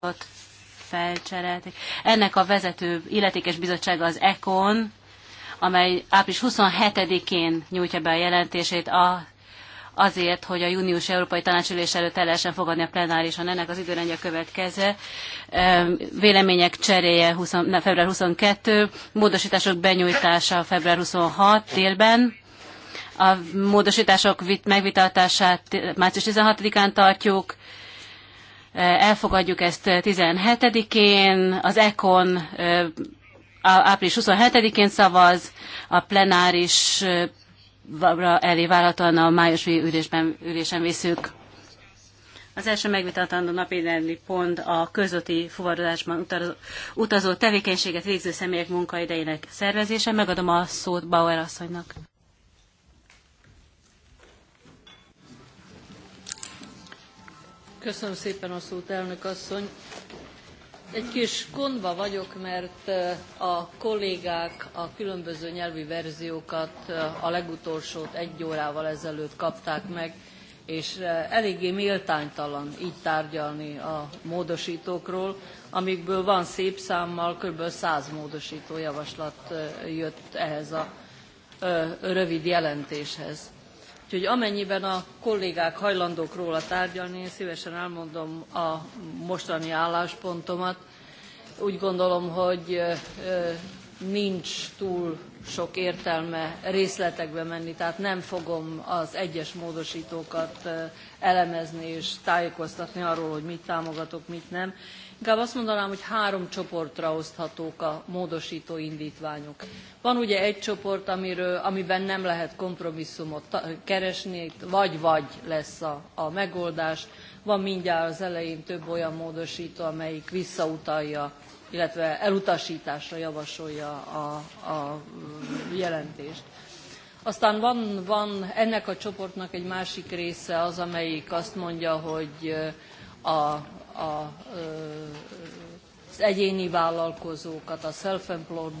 bizottságot felcserélték. Ennek a vezető illetékes bizottsága az ECON, amely április 27-én nyújtja be a jelentését a, azért, hogy a június Európai Tanácsülés előtt el lehessen fogadni a plenárisan. Ennek az időrendje a következő. Vélemények cseréje 20, ne, február 22, módosítások benyújtása február 26 délben. A módosítások megvitatását március 16-án tartjuk, elfogadjuk ezt 17-én, az ECON április 27-én szavaz, a plenáris elé várhatóan a májusi ülésben, ülésen viszük. Az első megvitatandó napi pont a közötti fuvarozásban utazó tevékenységet végző személyek munkaidejének szervezése. Megadom a szót Bauer asszonynak. Köszönöm szépen a szót, elnök asszony. Egy kis gondba vagyok, mert eh, a kollégák a különböző nyelvi verziókat eh, a legutolsót egy órával ezelőtt kapták meg, és eh, eléggé méltánytalan így tárgyalni a módosítókról, amikből van szép számmal, kb. 100 módosító javaslat jött ehhez a rövid jelentéshez. Úgyhogy amennyiben a kollégák hajlandók róla tárgyalni, én szívesen elmondom a mostani álláspontomat. Úgy gondolom, hogy nincs túl sok értelme részletekbe menni, tehát nem fogom az egyes módosítókat elemezni és tájékoztatni arról, hogy mit támogatok, mit nem Inkább azt mondanám, hogy három csoportra oszthatók a módosító indítványok. Van ugye egy csoport, amiről, amiben nem lehet kompromisszumot keresni, vagy-vagy lesz a, a megoldás. Van mindjárt az elején több olyan módosító, amelyik visszautalja, illetve elutasításra javasolja a, a jelentést. Aztán van, van ennek a csoportnak egy másik része az, amelyik azt mondja, hogy a, a, az egyéni vállalkozókat, a self-employed,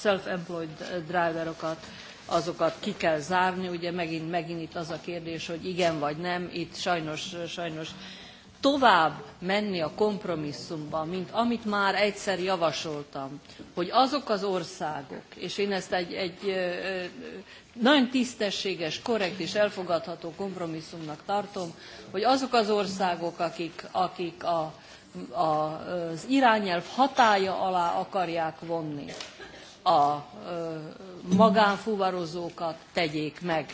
self-employed driverokat, azokat ki kell zárni. Ugye megint, megint itt az a kérdés, hogy igen vagy nem, itt sajnos, sajnos tovább menni a kompromisszumba, mint amit már egyszer javasoltam, hogy azok az országok, és én ezt egy, egy nagyon tisztességes, korrekt és elfogadható kompromisszumnak tartom, hogy azok az országok, akik, akik a, a, az irányelv hatája alá akarják vonni a magánfuvarozókat, tegyék meg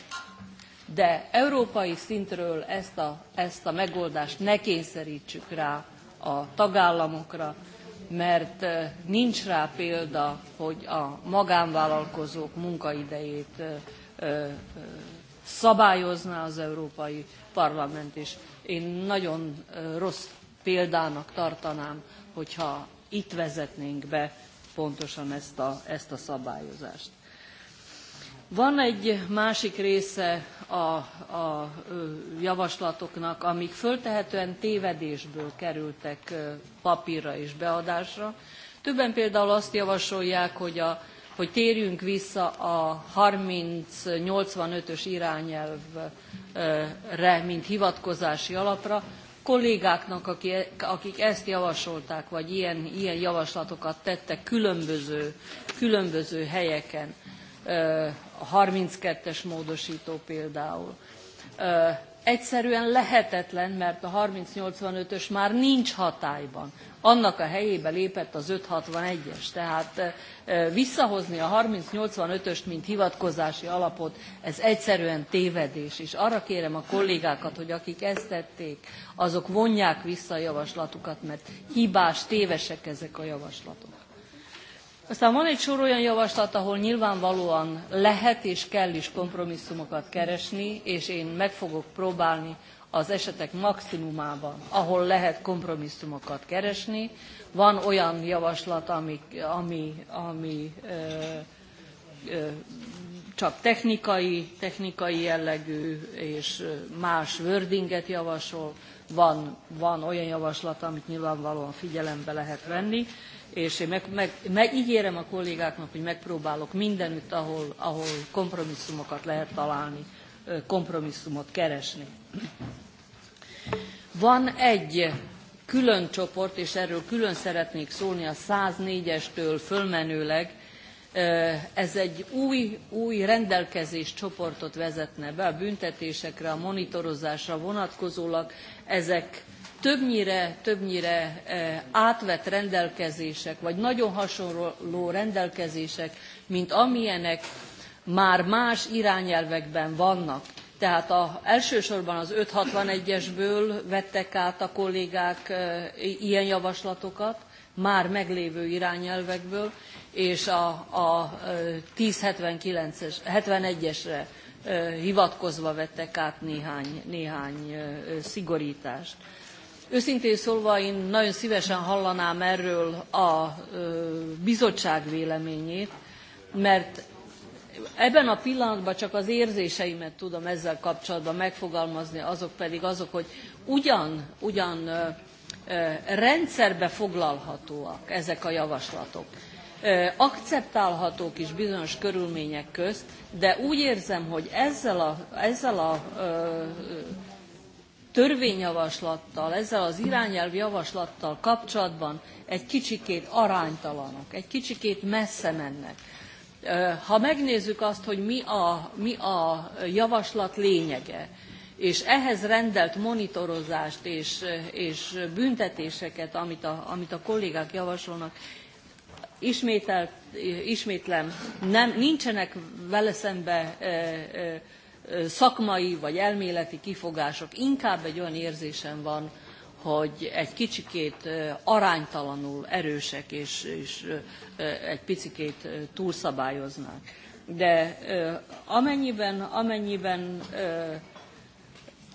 de európai szintről ezt a, ezt a megoldást ne kényszerítsük rá a tagállamokra, mert nincs rá példa, hogy a magánvállalkozók munkaidejét szabályozná az Európai Parlament, és én nagyon rossz példának tartanám, hogyha itt vezetnénk be pontosan ezt a, ezt a szabályozást. Van egy másik része a, a javaslatoknak, amik föltehetően tévedésből kerültek papírra és beadásra. Többen például azt javasolják, hogy, a, hogy térjünk vissza a 85 ös irányelvre, mint hivatkozási alapra, kollégáknak, akik ezt javasolták, vagy ilyen, ilyen javaslatokat tettek különböző, különböző helyeken a 32-es módosító például. Egyszerűen lehetetlen, mert a 3085-ös már nincs hatályban. Annak a helyébe lépett az 561-es. Tehát visszahozni a 3085-öst, mint hivatkozási alapot, ez egyszerűen tévedés. És arra kérem a kollégákat, hogy akik ezt tették, azok vonják vissza a javaslatukat, mert hibás, tévesek ezek a javaslatok. Aztán van egy sor olyan javaslat, ahol nyilvánvalóan lehet és kell is kompromisszumokat keresni, és én meg fogok próbálni az esetek maximumában, ahol lehet kompromisszumokat keresni. Van olyan javaslat, ami, ami, ami ö, ö, csak technikai, technikai jellegű és más wordinget javasol, van, van olyan javaslat, amit nyilvánvalóan figyelembe lehet venni, és én meg, meg, megígérem a kollégáknak, hogy megpróbálok mindenütt, ahol, ahol kompromisszumokat lehet találni, kompromisszumot keresni. Van egy külön csoport, és erről külön szeretnék szólni a 104-estől fölmenőleg, ez egy új, új rendelkezés csoportot vezetne be a büntetésekre, a monitorozásra vonatkozólag. Ezek többnyire, többnyire átvett rendelkezések, vagy nagyon hasonló rendelkezések, mint amilyenek már más irányelvekben vannak. Tehát a, elsősorban az 561-esből vettek át a kollégák ilyen javaslatokat, már meglévő irányelvekből, és a, a 1071-esre hivatkozva vettek át néhány, néhány szigorítást. Őszintén szólva én nagyon szívesen hallanám erről a bizottság véleményét, mert ebben a pillanatban csak az érzéseimet tudom ezzel kapcsolatban megfogalmazni, azok pedig azok, hogy ugyan, ugyan rendszerbe foglalhatóak ezek a javaslatok, akceptálhatók is bizonyos körülmények közt, de úgy érzem, hogy ezzel a, ezzel a törvényjavaslattal, ezzel az irányelv javaslattal kapcsolatban egy kicsikét aránytalanok, egy kicsikét messze mennek. Ha megnézzük azt, hogy mi a, mi a javaslat lényege, és ehhez rendelt monitorozást és, és büntetéseket, amit a, amit a kollégák javasolnak, Ismételt, ismétlem, nem, nincsenek vele szembe e, e, e, szakmai vagy elméleti kifogások, inkább egy olyan érzésem van, hogy egy kicsikét e, aránytalanul erősek, és, és e, egy picikét túlszabályoznak. De amennyiben, amennyiben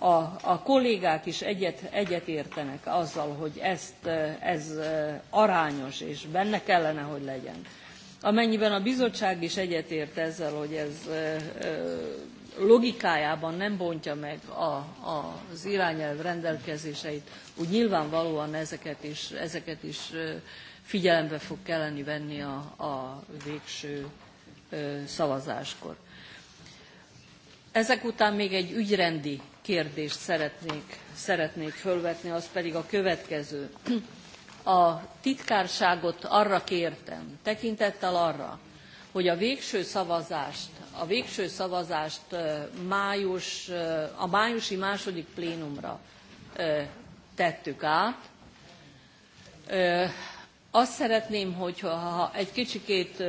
a, a kollégák is egyet, egyetértenek azzal, hogy ezt, ez arányos, és benne kellene, hogy legyen. Amennyiben a bizottság is egyetért ezzel, hogy ez logikájában nem bontja meg a, a, az irányelv rendelkezéseit, úgy nyilvánvalóan ezeket is, ezeket is figyelembe fog kelleni venni a, a végső szavazáskor. Ezek után még egy ügyrendi kérdést szeretnék, szeretnék fölvetni, az pedig a következő. A titkárságot arra kértem, tekintettel arra, hogy a végső szavazást, a végső szavazást május, a májusi második plénumra tettük át. Azt szeretném, hogyha egy kicsikét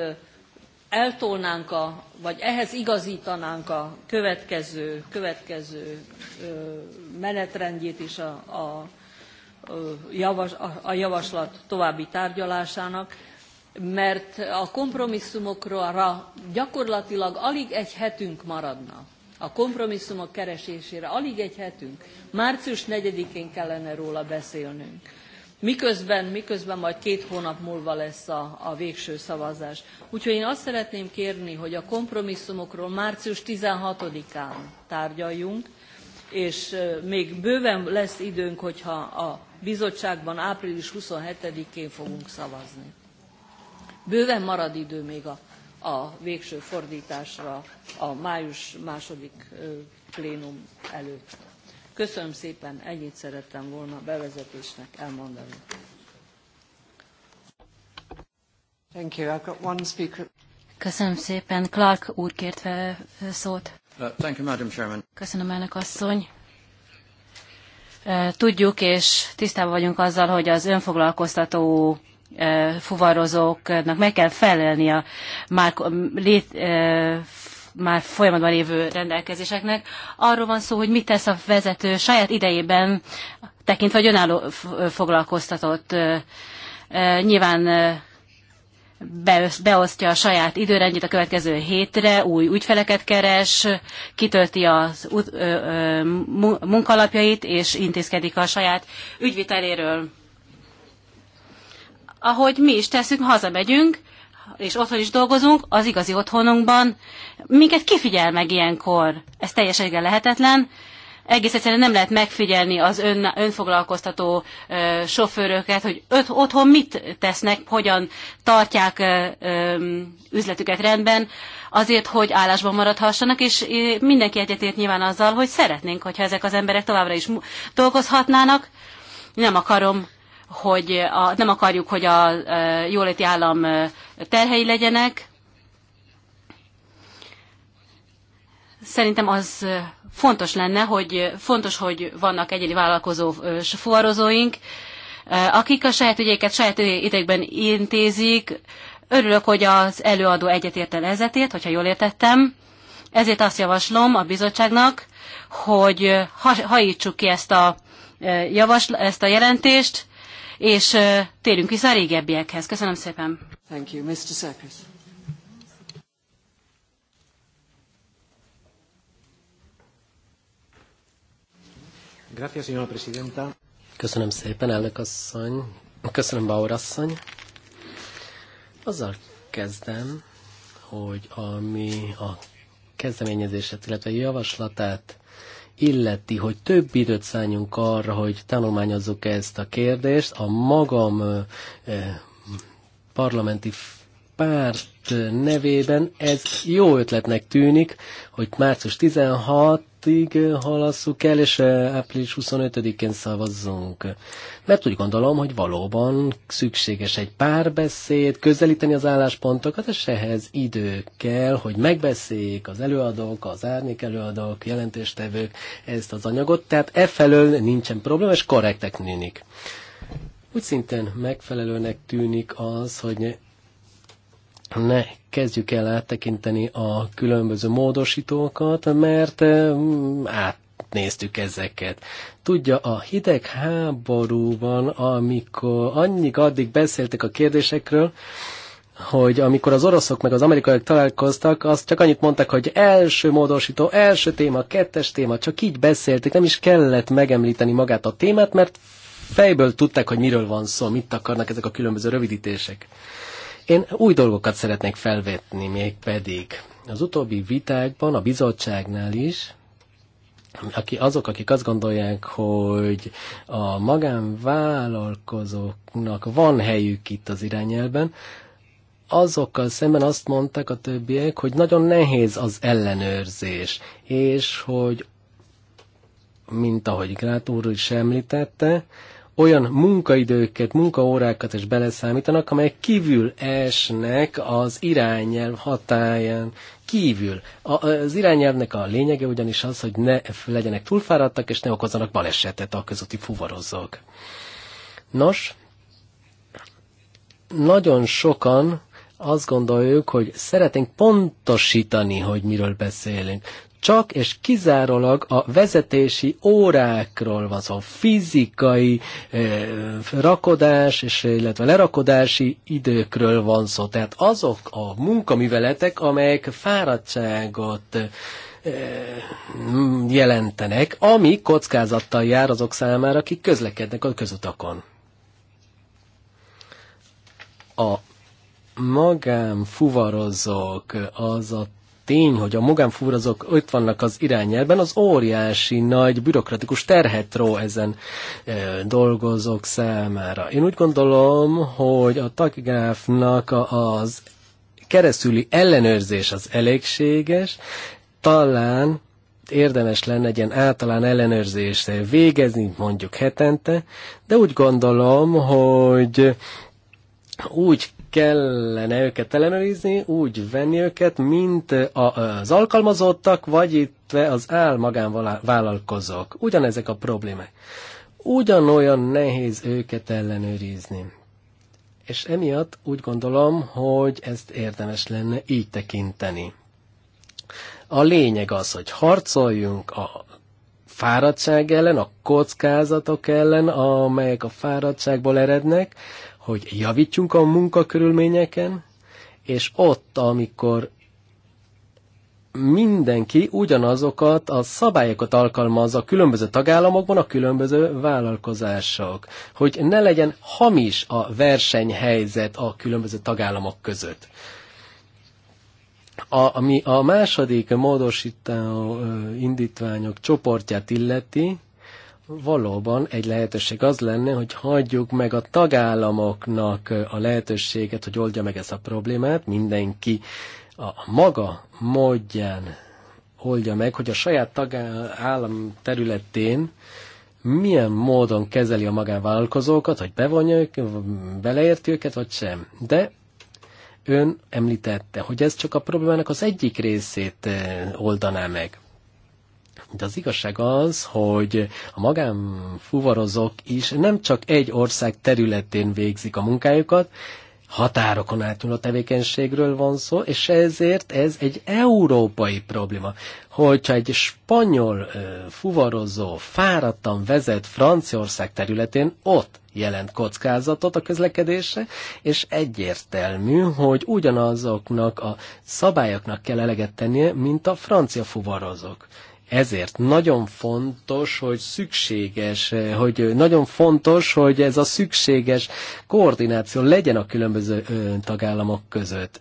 eltolnánk a, vagy ehhez igazítanánk a következő, következő menetrendjét is a, a, a javaslat további tárgyalásának, mert a kompromisszumokra gyakorlatilag alig egy hetünk maradna. A kompromisszumok keresésére alig egy hetünk. Március 4-én kellene róla beszélnünk miközben, miközben majd két hónap múlva lesz a, a végső szavazás. Úgyhogy én azt szeretném kérni, hogy a kompromisszumokról március 16-án tárgyaljunk, és még bőven lesz időnk, hogyha a bizottságban április 27-én fogunk szavazni. Bőven marad idő még a, a végső fordításra a május második plénum előtt. Köszönöm szépen, ennyit szerettem volna bevezetésnek elmondani. Thank you. I've got one speaker. Köszönöm szépen. Clark úr kért fel szót. Uh, thank you, Madam Chairman. Köszönöm, elnök asszony. Tudjuk és tisztában vagyunk azzal, hogy az önfoglalkoztató fuvarozóknak meg kell felelni a már lét, már folyamatban lévő rendelkezéseknek. Arról van szó, hogy mit tesz a vezető saját idejében, tekintve, hogy önálló foglalkoztatott. Nyilván beosztja a saját időrendjét a következő hétre, új ügyfeleket keres, kitölti az munkalapjait, és intézkedik a saját ügyviteléről. Ahogy mi is teszünk, hazamegyünk, és otthon is dolgozunk, az igazi otthonunkban, minket kifigyel meg ilyenkor. Ez teljesen lehetetlen. Egész egyszerűen nem lehet megfigyelni az ön, önfoglalkoztató ö, sofőröket, hogy öt, otthon mit tesznek, hogyan tartják ö, ö, üzletüket rendben, azért, hogy állásban maradhassanak, és mindenki egyetért nyilván azzal, hogy szeretnénk, hogyha ezek az emberek továbbra is dolgozhatnának. Nem akarom hogy a, nem akarjuk, hogy a, a jóléti állam terhei legyenek. Szerintem az fontos lenne, hogy fontos, hogy vannak egyedi vállalkozó fuvarozóink, akik a saját ügyéket saját idegben intézik. Örülök, hogy az előadó egyetért el ezzetért, hogyha jól értettem. Ezért azt javaslom a bizottságnak, hogy hajítsuk ki ezt a, javasl- ezt a jelentést, és térjünk vissza a régebbiekhez. Köszönöm szépen. Thank you, Mr. Gracias, señora presidenta. Köszönöm szépen, elnök asszony. Köszönöm, Bauer asszony. Azzal kezdem, hogy ami a kezdeményezését, illetve javaslatát illeti, hogy több időt szálljunk arra, hogy tanulmányozzuk ezt a kérdést. A magam parlamenti párt nevében ez jó ötletnek tűnik, hogy március 16 ig eh, halasszuk el, és eh, április 25-én szavazzunk. Mert úgy gondolom, hogy valóban szükséges egy párbeszéd, közelíteni az álláspontokat, és ehhez idő kell, hogy megbeszéljék az előadók, az árnyék előadók, jelentéstevők ezt az anyagot, tehát e felől nincsen probléma, és korrektek nőnik. Úgy szintén megfelelőnek tűnik az, hogy ne kezdjük el áttekinteni a különböző módosítókat, mert átnéztük ezeket. Tudja, a hideg háborúban, amikor annyig addig beszéltek a kérdésekről, hogy amikor az oroszok meg az amerikaiak találkoztak, azt csak annyit mondtak, hogy első módosító, első téma, kettes téma, csak így beszéltek, nem is kellett megemlíteni magát a témát, mert fejből tudták, hogy miről van szó, mit akarnak ezek a különböző rövidítések. Én új dolgokat szeretnék felvetni még pedig. Az utóbbi vitákban, a bizottságnál is, aki, azok, akik azt gondolják, hogy a magánvállalkozóknak van helyük itt az irányelben, azokkal szemben azt mondták a többiek, hogy nagyon nehéz az ellenőrzés, és hogy, mint ahogy Grát úr is említette, olyan munkaidőket, munkaórákat is beleszámítanak, amelyek kívül esnek az irányelv hatáján kívül. A, az irányelvnek a lényege ugyanis az, hogy ne legyenek túlfáradtak, és ne okozzanak balesetet a közötti fuvarozók. Nos, nagyon sokan azt gondoljuk, hogy szeretnénk pontosítani, hogy miről beszélünk csak és kizárólag a vezetési órákról van a szóval fizikai eh, rakodás, és, illetve lerakodási időkről van szó. Tehát azok a munkamiveletek, amelyek fáradtságot eh, jelentenek, ami kockázattal jár azok számára, akik közlekednek a közutakon. A magánfuvarozók, az a tény, hogy a magánfúrazók ott vannak az irányelben, az óriási nagy bürokratikus terhet ró ezen e, dolgozók számára. Én úgy gondolom, hogy a tagráfnak az keresztüli ellenőrzés az elégséges, talán érdemes lenne egy ilyen általán ellenőrzést végezni, mondjuk hetente, de úgy gondolom, hogy úgy kellene őket ellenőrizni, úgy venni őket, mint az alkalmazottak, vagy itt az álmagánvállalkozók. Ugyanezek a problémák. Ugyanolyan nehéz őket ellenőrizni. És emiatt úgy gondolom, hogy ezt érdemes lenne így tekinteni. A lényeg az, hogy harcoljunk a fáradtság ellen, a kockázatok ellen, amelyek a fáradtságból erednek, hogy javítsunk a munkakörülményeken, és ott, amikor mindenki ugyanazokat a szabályokat alkalmazza a különböző tagállamokban a különböző vállalkozások, hogy ne legyen hamis a versenyhelyzet a különböző tagállamok között. A, ami a második módosító indítványok csoportját illeti, valóban egy lehetőség az lenne, hogy hagyjuk meg a tagállamoknak a lehetőséget, hogy oldja meg ezt a problémát, mindenki a maga módján oldja meg, hogy a saját tagállam területén milyen módon kezeli a magánvállalkozókat, hogy bevonja őket, beleérti őket, vagy sem. De ön említette, hogy ez csak a problémának az egyik részét oldaná meg. De az igazság az, hogy a magánfuvarozók is nem csak egy ország területén végzik a munkájukat, határokon átnyúló tevékenységről van szó, és ezért ez egy európai probléma. Hogyha egy spanyol fuvarozó fáradtan vezet Franciaország területén, ott jelent kockázatot a közlekedése, és egyértelmű, hogy ugyanazoknak a szabályoknak kell eleget tennie, mint a francia fuvarozók. Ezért nagyon fontos, hogy szükséges, hogy nagyon fontos, hogy ez a szükséges koordináció legyen a különböző tagállamok között.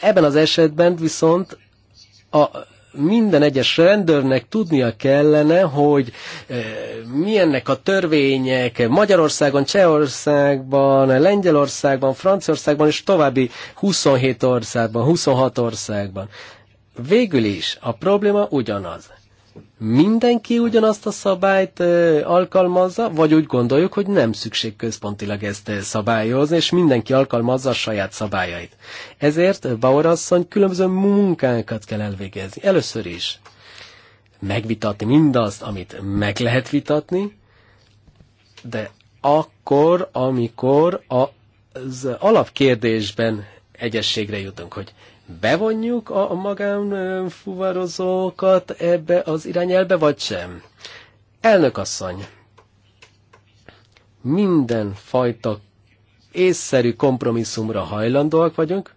Ebben az esetben viszont a minden egyes rendőrnek tudnia kellene, hogy eh, milyennek a törvények Magyarországon, Csehországban, Lengyelországban, Franciaországban és további 27 országban, 26 országban. Végül is a probléma ugyanaz mindenki ugyanazt a szabályt alkalmazza, vagy úgy gondoljuk, hogy nem szükség központilag ezt szabályozni, és mindenki alkalmazza a saját szabályait. Ezért Bauer asszony különböző munkákat kell elvégezni. Először is megvitatni mindazt, amit meg lehet vitatni, de akkor, amikor az alapkérdésben egyességre jutunk, hogy bevonjuk a magánfuvarozókat ebbe az irányelbe, vagy sem? Elnök asszony, minden fajta észszerű kompromisszumra hajlandóak vagyunk,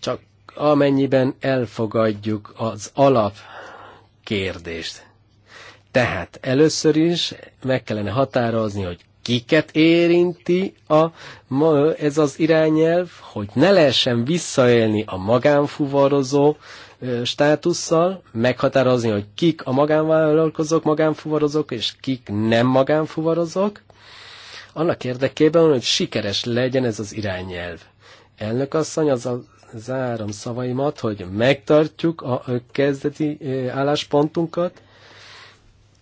csak amennyiben elfogadjuk az alap kérdést. Tehát először is meg kellene határozni, hogy kiket érinti a, ma, ez az irányelv, hogy ne lehessen visszaélni a magánfuvarozó státusszal, meghatározni, hogy kik a magánvállalkozók, magánfuvarozók, és kik nem magánfuvarozók, annak érdekében, hogy sikeres legyen ez az irányelv. Elnök asszony, az a zárom szavaimat, hogy megtartjuk a kezdeti álláspontunkat,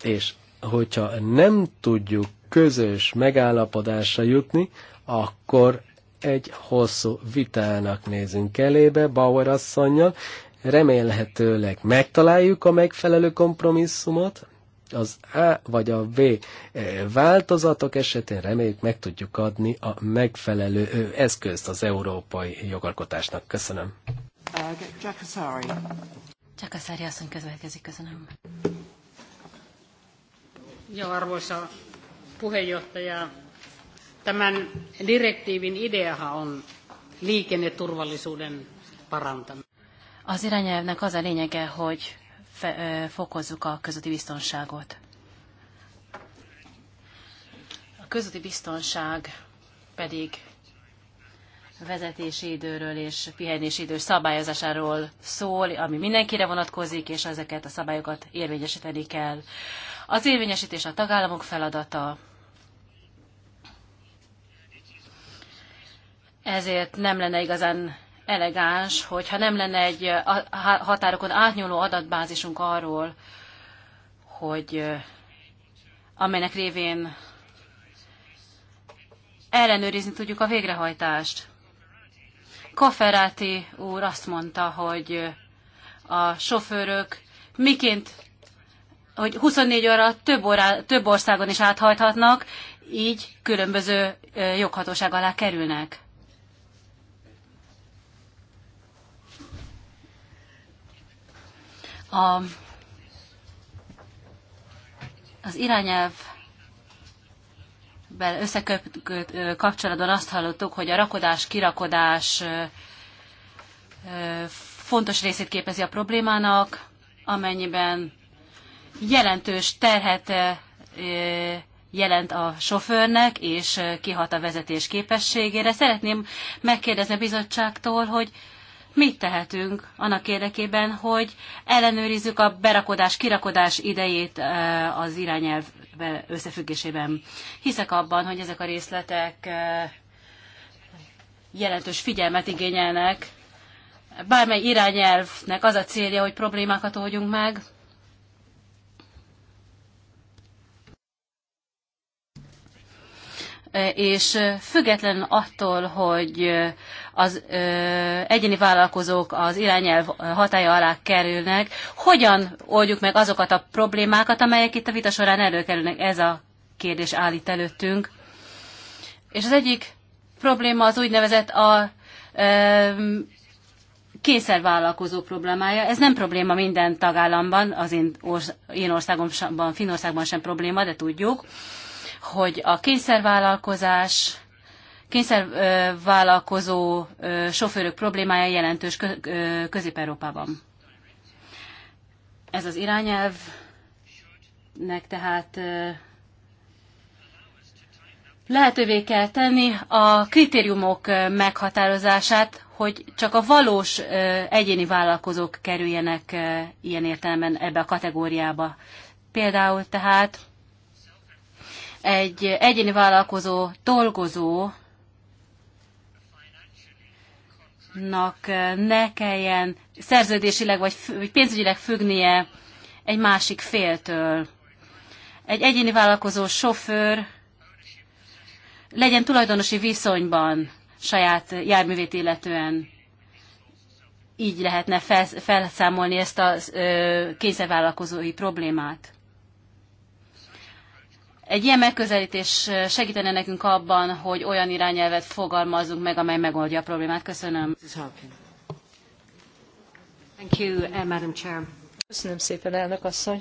és hogyha nem tudjuk közös megállapodásra jutni, akkor egy hosszú vitának nézünk elébe Bauer asszonynal. Remélhetőleg megtaláljuk a megfelelő kompromisszumot, az A vagy a V eh, változatok esetén reméljük meg tudjuk adni a megfelelő eh, eszközt az európai jogalkotásnak. Köszönöm. Csakaszari. Csakaszari asszony következik, köszönöm. Jó, arvosa puheenjohtaja. Tämän direktiivin ideahan on liikenneturvallisuuden parantaminen. Az irányelvnek az a lényege, hogy fe, fokozzuk a közötti biztonságot. A közötti biztonság pedig vezetési időről és pihenési idős szabályozásáról szól, ami mindenkire vonatkozik, és ezeket a szabályokat érvényesíteni kell. Az érvényesítés a tagállamok feladata, ezért nem lenne igazán elegáns, hogyha nem lenne egy határokon átnyúló adatbázisunk arról, hogy amelynek révén ellenőrizni tudjuk a végrehajtást. Kaferáti úr azt mondta, hogy a sofőrök miként, hogy 24 óra több, orá, több országon is áthajthatnak, így különböző joghatóság alá kerülnek. A, az irányelv összekapcsolatban azt hallottuk, hogy a rakodás-kirakodás fontos részét képezi a problémának, amennyiben jelentős terhet jelent a sofőrnek, és kihat a vezetés képességére. Szeretném megkérdezni a bizottságtól, hogy Mit tehetünk annak érdekében, hogy ellenőrizzük a berakodás-kirakodás idejét az irányelv összefüggésében? Hiszek abban, hogy ezek a részletek jelentős figyelmet igényelnek. Bármely irányelvnek az a célja, hogy problémákat oldjunk meg, és független attól, hogy az egyéni vállalkozók az irányelv hatája alá kerülnek, hogyan oldjuk meg azokat a problémákat, amelyek itt a vita során előkerülnek? Ez a kérdés állít előttünk. És az egyik probléma az úgynevezett a kényszervállalkozó problémája. Ez nem probléma minden tagállamban, az én, országomban, Finországban sem probléma, de tudjuk hogy a kényszervállalkozás, kényszervállalkozó sofőrök problémája jelentős Közép-Európában. Ez az irányelvnek tehát lehetővé kell tenni a kritériumok meghatározását, hogy csak a valós egyéni vállalkozók kerüljenek ilyen értelemben ebbe a kategóriába. Például tehát egy egyéni vállalkozó dolgozó eh, ne kelljen szerződésileg vagy, vagy pénzügyileg függnie egy másik féltől. Egy egyéni vállalkozó sofőr legyen tulajdonosi viszonyban saját járművét illetően. Így lehetne felszámolni ezt a eh, kényszervállalkozói problémát. Egy ilyen megközelítés segítene nekünk abban, hogy olyan irányelvet fogalmazzunk meg, amely megoldja a problémát. Köszönöm. Thank you, eh, Madam Chair. Köszönöm szépen, elnök asszony.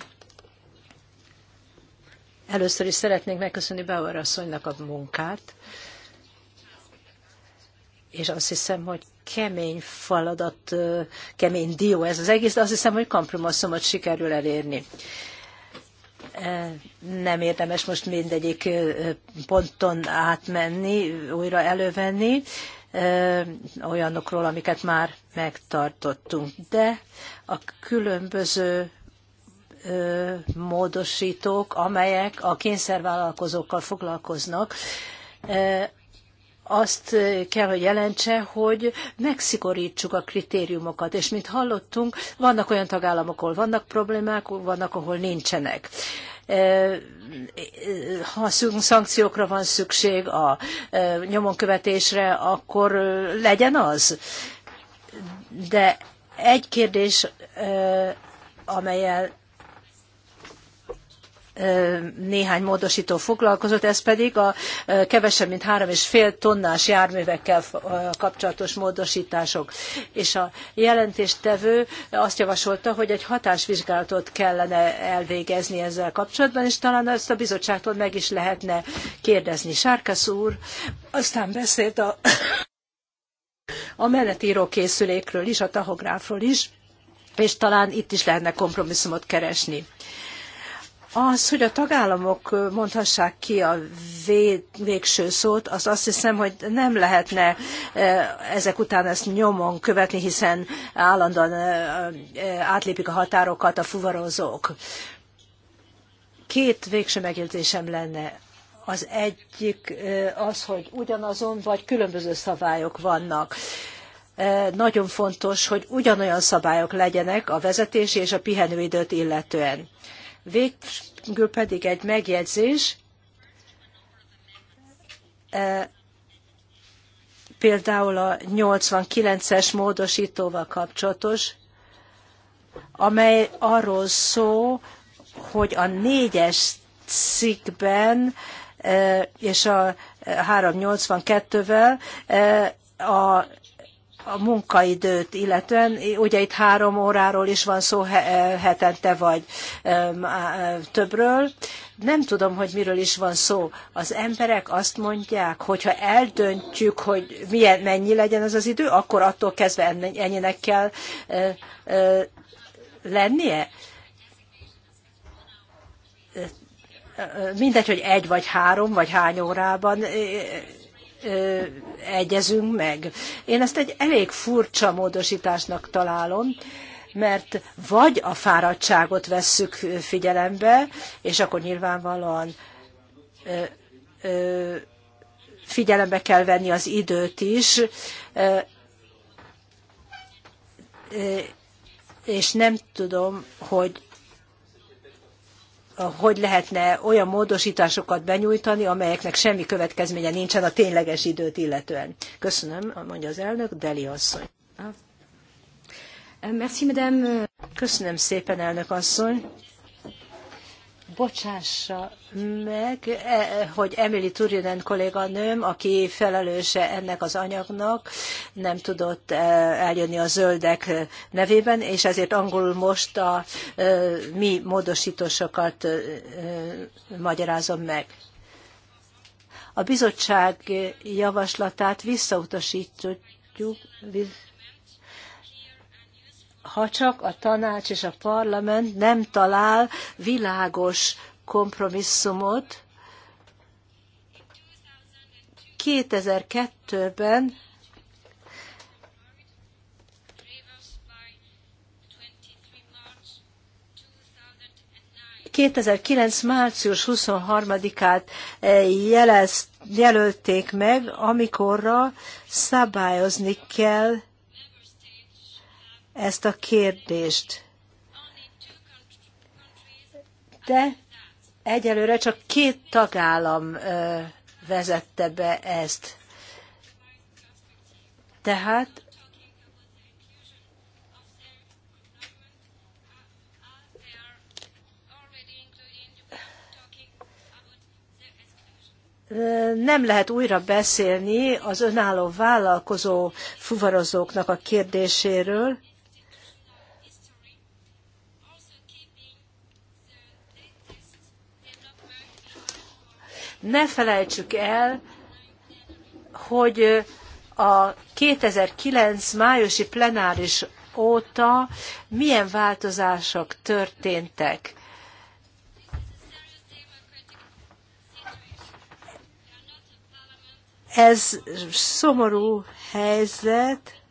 Először is szeretnék megköszönni Bauer asszonynak a munkát, és azt hiszem, hogy kemény feladat, kemény dió ez az egész, de azt hiszem, hogy kompromisszumot sikerül elérni nem érdemes most mindegyik ponton átmenni, újra elővenni olyanokról, amiket már megtartottunk. De a különböző módosítók, amelyek a kényszervállalkozókkal foglalkoznak, azt kell, hogy jelentse, hogy megszigorítsuk a kritériumokat, és mint hallottunk, vannak olyan tagállamok, ahol vannak problémák, vannak, ahol nincsenek e, ha szankciókra van szükség a e, nyomonkövetésre, akkor e, legyen az. De egy kérdés, amelyel néhány módosító foglalkozott, ez pedig a kevesebb, mint három és fél tonnás járművekkel kapcsolatos módosítások. És a jelentéstevő azt javasolta, hogy egy hatásvizsgálatot kellene elvégezni ezzel kapcsolatban, és talán ezt a bizottságtól meg is lehetne kérdezni. Sárkasz úr aztán beszélt a, a menetíró készülékről is, a tahográfról is, és talán itt is lehetne kompromisszumot keresni. Az, hogy a tagállamok mondhassák ki a végső szót, az azt hiszem, hogy nem lehetne ezek után ezt nyomon követni, hiszen állandóan átlépik a határokat a fuvarozók. Két végső megjegyzésem lenne. Az egyik az, hogy ugyanazon vagy különböző szabályok vannak nagyon fontos, hogy ugyanolyan szabályok legyenek a vezetési és a pihenőidőt illetően. Végül pedig egy megjegyzés, e, például a 89-es módosítóval kapcsolatos, amely arról szól, hogy a négyes cikkben e, és a 382-vel e, a a munkaidőt illetően, ugye itt három óráról is van szó e, hetente vagy e, e, többről, nem tudom, hogy miről is van szó. Az emberek azt mondják, hogy ha eldöntjük, hogy milyen, mennyi legyen az az idő, akkor attól kezdve ennyinek kell lennie mindegy, hogy egy vagy három, vagy hány órában egyezünk meg. Én ezt egy elég furcsa módosításnak találom, mert vagy a fáradtságot vesszük figyelembe, és akkor nyilvánvalóan figyelembe kell venni az időt is, és nem tudom, hogy hogy lehetne olyan módosításokat benyújtani, amelyeknek semmi következménye nincsen a tényleges időt illetően. Köszönöm, mondja az elnök, Deli asszony. Köszönöm szépen, elnök asszony bocsássa meg, e, hogy Emily Turinen kolléganőm, aki felelőse ennek az anyagnak, nem tudott e, eljönni a zöldek nevében, és ezért angolul most a e, mi módosítósokat magyarázom meg. A bizottság javaslatát visszautasítjuk, ha csak a tanács és a parlament nem talál világos kompromisszumot, 2002-ben ...2009. március 23-át eh, jelölték meg, amikorra szabályozni kell ezt a kérdést. De egyelőre csak két tagállam vezette be ezt. Tehát nem lehet újra beszélni az önálló vállalkozó fuvarozóknak a kérdéséről, Ne felejtsük el, hogy a 2009 májusi plenáris óta milyen változások történtek. Ez szomorú helyzet,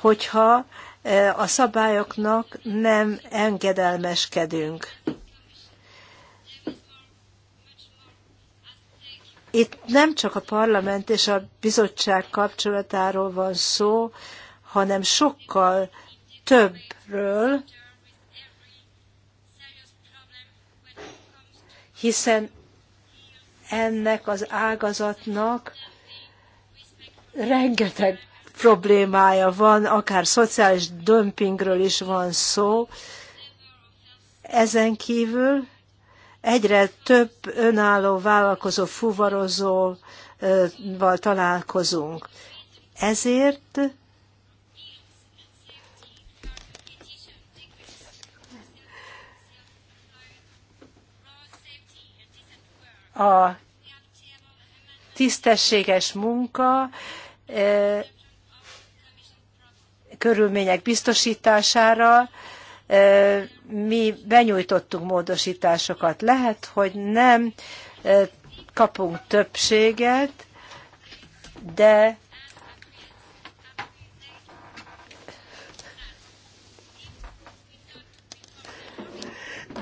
hogyha a szabályoknak nem engedelmeskedünk. Itt nem csak a parlament és a bizottság kapcsolatáról van szó, hanem sokkal többről, hiszen ennek az ágazatnak rengeteg problémája van, akár szociális dömpingről is van szó. Ezen kívül Egyre több önálló vállalkozó, fuvarozóval találkozunk. Ezért a tisztességes munka eh, körülmények biztosítására mi benyújtottunk módosításokat. Lehet, hogy nem kapunk többséget, de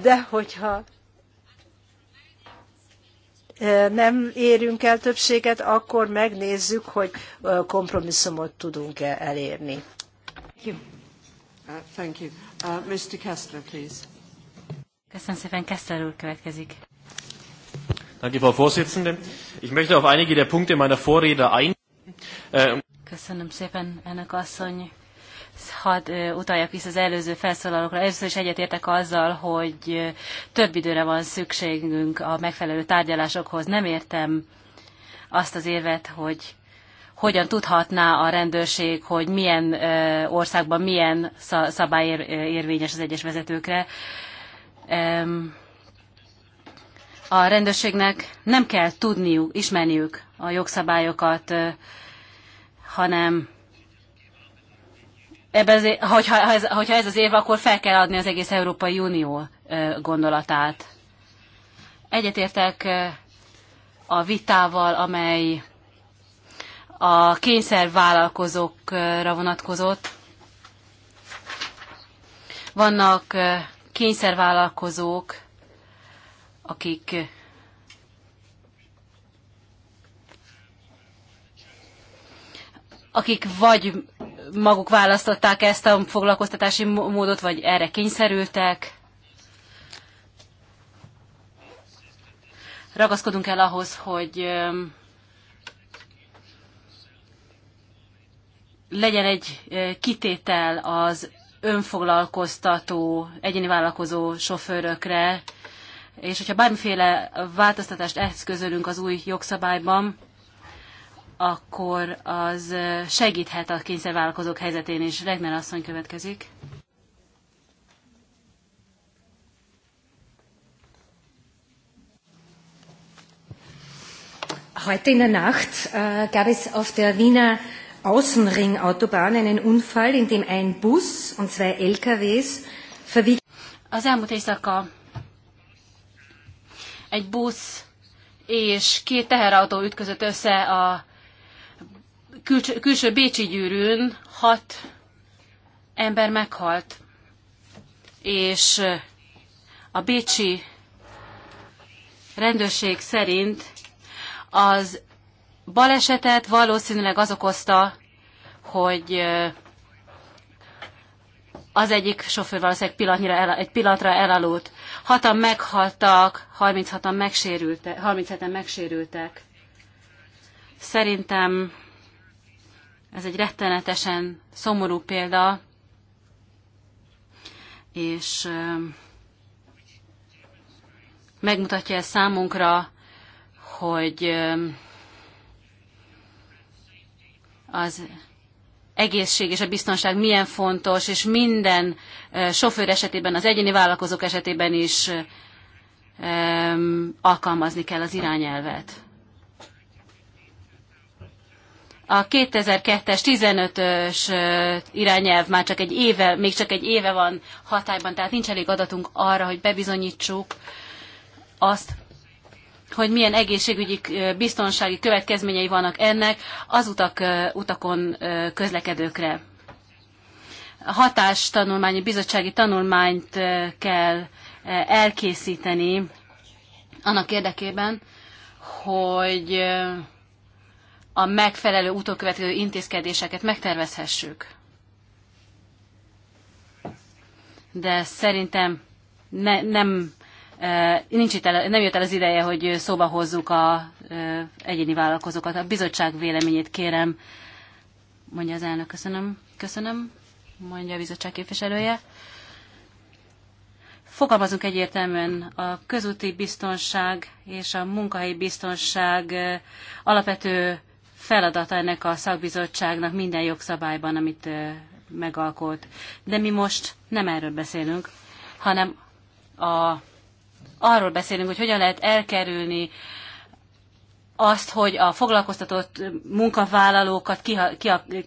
de hogyha nem érünk el többséget, akkor megnézzük, hogy kompromisszumot tudunk-e elérni. Uh, thank you. Uh, Mr. Kessler, please. Köszönöm szépen, Kessler úr következik. Danke, Frau Vorsitzende. Ich möchte auf einige der Punkte meiner Vorrede eingehen. Ähm, Köszönöm szépen, elnök asszony. Hadd utaljak vissza az előző felszólalókra. Először is egyetértek azzal, hogy több időre van szükségünk a megfelelő tárgyalásokhoz. Nem értem azt az érvet, hogy hogyan tudhatná a rendőrség, hogy milyen országban milyen szabály érvényes az egyes vezetőkre. A rendőrségnek nem kell tudniuk, ismerniük a jogszabályokat, hanem az, hogyha, ez, hogyha ez az év, akkor fel kell adni az egész Európai Unió gondolatát. Egyetértek a vitával, amely a kényszervállalkozókra vonatkozott. Vannak kényszervállalkozók, akik akik vagy maguk választották ezt a foglalkoztatási módot, vagy erre kényszerültek. Ragaszkodunk el ahhoz, hogy legyen egy kitétel az önfoglalkoztató, egyéni vállalkozó sofőrökre, és hogyha bármiféle változtatást eszközölünk az új jogszabályban, akkor az segíthet a kényszervállalkozók helyzetén is. Regner asszony következik. Heute in der Nacht äh, gab es auf der Wiener Außenringautobahn einen Unfall, in dem ein Bus und zwei LKWs verwickelt. Az elmúlt éjszaka egy busz és két teherautó ütközött össze a külső, külső Bécsi gyűrűn, hat ember meghalt, és a Bécsi rendőrség szerint az balesetet valószínűleg az okozta, hogy az egyik sofőr valószínűleg pillanatnyira el, egy pillanatra elaludt. Hatan meghaltak, 36-an megsérültek, 37-en megsérültek. Szerintem ez egy rettenetesen szomorú példa, és megmutatja ez számunkra, hogy az egészség és a biztonság milyen fontos, és minden sofőr esetében, az egyéni vállalkozók esetében is alkalmazni kell az irányelvet. A 2002-es 15-ös irányelv már csak egy éve, még csak egy éve van hatályban, tehát nincs elég adatunk arra, hogy bebizonyítsuk azt, hogy milyen egészségügyi, biztonsági következményei vannak ennek az utak, utakon közlekedőkre. A hatástanulmányi bizottsági tanulmányt kell elkészíteni annak érdekében, hogy a megfelelő utókövetkező intézkedéseket megtervezhessük. De szerintem ne, nem Nincs itt el, nem jött el az ideje, hogy szóba hozzuk a egyéni vállalkozókat. A bizottság véleményét kérem, mondja az elnök. Köszönöm, köszönöm, mondja a bizottság képviselője. Fogalmazunk egyértelműen a közúti biztonság és a munkahelyi biztonság alapvető feladata ennek a szakbizottságnak minden jogszabályban, amit megalkot. De mi most nem erről beszélünk, hanem a arról beszélünk, hogy hogyan lehet elkerülni azt, hogy a foglalkoztatott munkavállalókat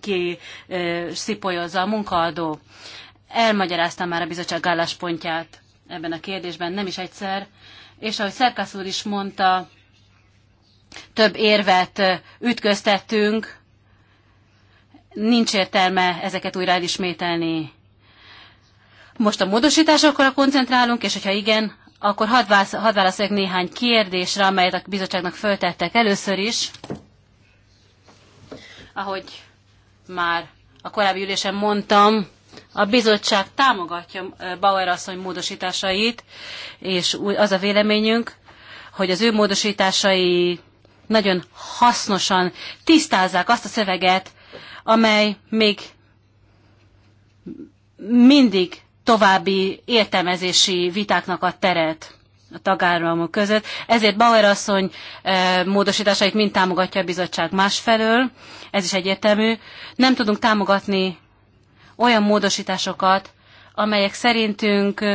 kiszipolyozza ki, ki, a munkaadó. Elmagyaráztam már a bizottság álláspontját ebben a kérdésben, nem is egyszer, és ahogy Szerkász úr is mondta, több érvet ütköztettünk, nincs értelme ezeket újra elismételni. Most a módosításokra koncentrálunk, és hogyha igen, akkor hadd, válasz, hadd válaszoljak néhány kérdésre, amelyet a bizottságnak föltettek először is. Ahogy már a korábbi ülésen mondtam, a bizottság támogatja Bauer asszony módosításait, és az a véleményünk, hogy az ő módosításai nagyon hasznosan tisztázzák azt a szöveget, amely még mindig további értelmezési vitáknak a teret a tagállamok között. Ezért Bauer asszony eh, módosításait mind támogatja a bizottság másfelől, ez is egyértelmű. Nem tudunk támogatni olyan módosításokat, amelyek szerintünk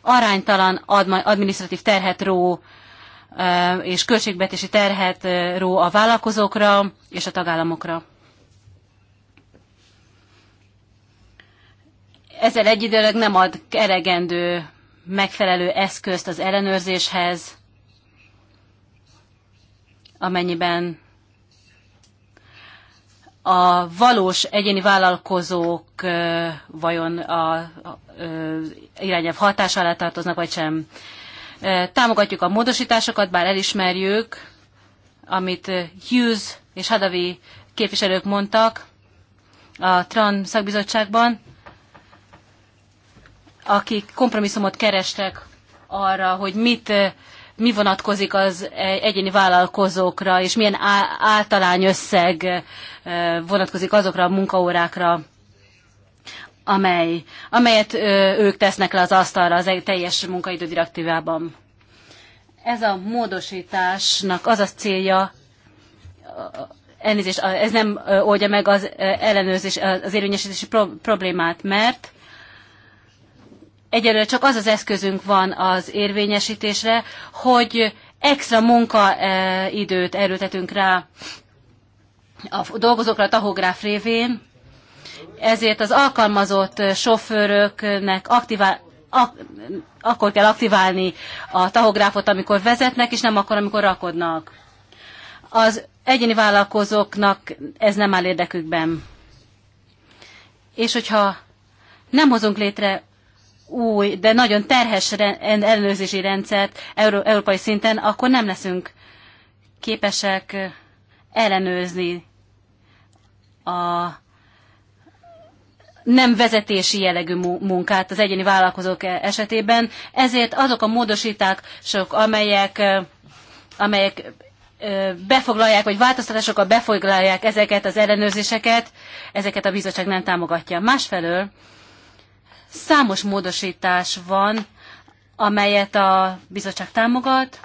aránytalan adminisztratív terhet ró eh, és költségvetési terhet eh, ró a vállalkozókra és a tagállamokra. ezzel egyidőleg nem ad elegendő megfelelő eszközt az ellenőrzéshez, amennyiben a valós egyéni vállalkozók vajon a irányelv hatás alá tartoznak, vagy sem. Támogatjuk a módosításokat, bár elismerjük, amit Hughes és Hadavi képviselők mondtak a TRAN szakbizottságban, akik kompromisszumot kerestek arra, hogy mit, eh, mi vonatkozik az e- egyéni vállalkozókra, és milyen általány összeg eh, vonatkozik azokra a munkaórákra, amely, amelyet eh, ők tesznek le az asztalra az e- teljes munkaidő direktívában. Ez a módosításnak az a célja, elnézést, ez nem oldja meg az ellenőrzés, az érvényesítési problémát, mert egyelőre csak az az eszközünk van az érvényesítésre, hogy extra munkaidőt e, erőtetünk rá a dolgozókra a tahográf révén, ezért az alkalmazott e, sofőröknek aktivál, ak, akkor kell aktiválni a tahográfot, amikor vezetnek, és nem akkor, amikor rakodnak. Az egyéni vállalkozóknak ez nem áll érdekükben. És hogyha nem hozunk létre új, de nagyon terhes ellenőrzési rendszert euró, európai szinten, akkor nem leszünk képesek ellenőrzni a nem vezetési jellegű munkát az egyéni vállalkozók e-, esetében. Ezért azok a módosítások, amelyek, amelyek befoglalják, vagy változtatásokkal befoglalják ezeket az ellenőrzéseket, ezeket a bizottság nem támogatja. Másfelől Számos módosítás van, amelyet a bizottság támogat,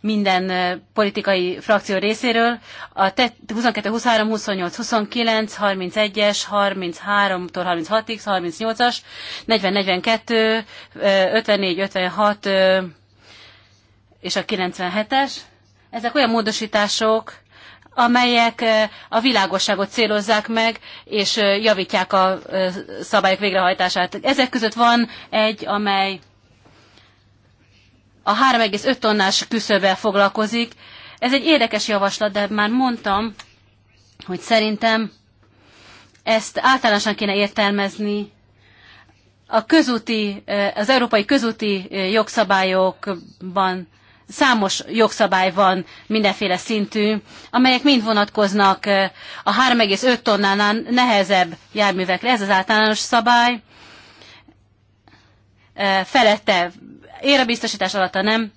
minden politikai frakció részéről. A 22, 23, 28, 29, 31-es, 33-tól 36-ig, 38-as, 40, 42, 54, 56 és a 97-es. Ezek olyan módosítások, amelyek a világosságot célozzák meg, és javítják a szabályok végrehajtását. Ezek között van egy, amely a 3,5 tonnás küszöbbel foglalkozik. Ez egy érdekes javaslat, de már mondtam, hogy szerintem ezt általánosan kéne értelmezni. A közúti, az európai közúti jogszabályokban Számos jogszabály van mindenféle szintű, amelyek mind vonatkoznak a 3,5 tonnánál nehezebb járművekre. Ez az általános szabály. Felette érebiztosítás alatta nem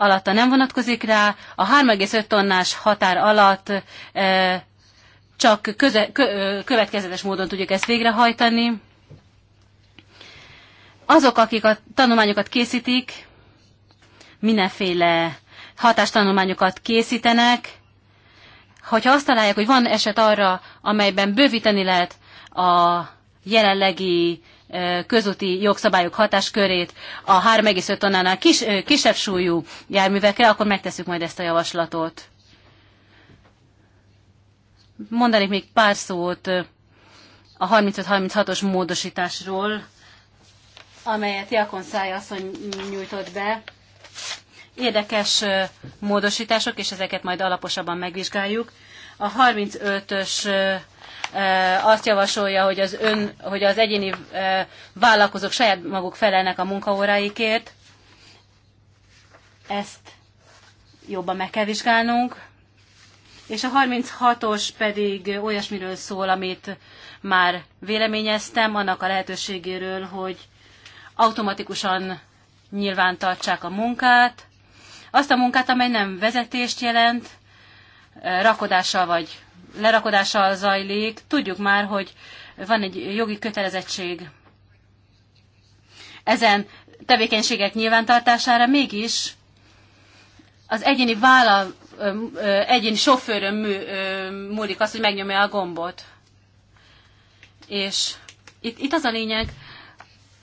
alatta nem vonatkozik rá, a 3,5 tonnás határ alatt e, csak köze, kö, következetes módon tudjuk ezt végrehajtani. Azok, akik a tanulmányokat készítik, mindenféle hatástanulmányokat készítenek. Hogyha azt találják, hogy van eset arra, amelyben bővíteni lehet a jelenlegi közúti jogszabályok hatáskörét a 3,5 tonnánál kis, kisebb súlyú járművekre, akkor megteszük majd ezt a javaslatot. Mondanék még pár szót a 35-36-os módosításról, amelyet Jakon Szája asszony nyújtott be. Érdekes módosítások, és ezeket majd alaposabban megvizsgáljuk. A 35-ös azt javasolja, hogy az, ön, hogy az egyéni vállalkozók saját maguk felelnek a munkaóráikért. Ezt jobban meg kell vizsgálnunk. És a 36-os pedig olyasmiről szól, amit már véleményeztem, annak a lehetőségéről, hogy automatikusan nyilvántartsák a munkát, azt a munkát, amely nem vezetést jelent, rakodással vagy lerakodással zajlik. Tudjuk már, hogy van egy jogi kötelezettség ezen tevékenységek nyilvántartására, mégis az egyéni vállal, egyéni sofőrön múlik az, hogy megnyomja a gombot. És itt, itt az a lényeg,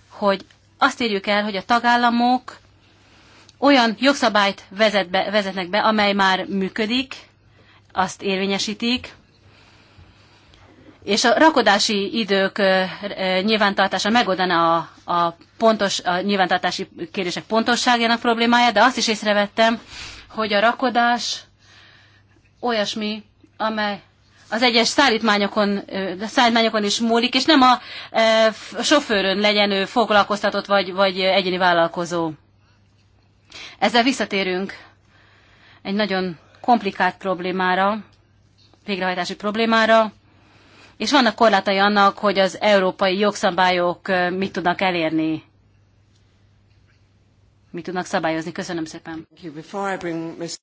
hogy azt érjük el, hogy a tagállamok olyan jogszabályt vezet be, vezetnek be, amely már működik, azt érvényesítik, és a rakodási idők nyilvántartása megoldana a, a, pontos, a nyilvántartási kérdések pontosságának problémáját, de azt is észrevettem, hogy a rakodás olyasmi, amely az egyes szállítmányokon, szállítmányokon is múlik, és nem a, a sofőrön legyen ő foglalkoztatott vagy, vagy egyéni vállalkozó. Ezzel visszatérünk egy nagyon komplikált problémára, végrehajtási problémára, és vannak korlátai annak, hogy az európai jogszabályok mit tudnak elérni, mit tudnak szabályozni. Köszönöm szépen.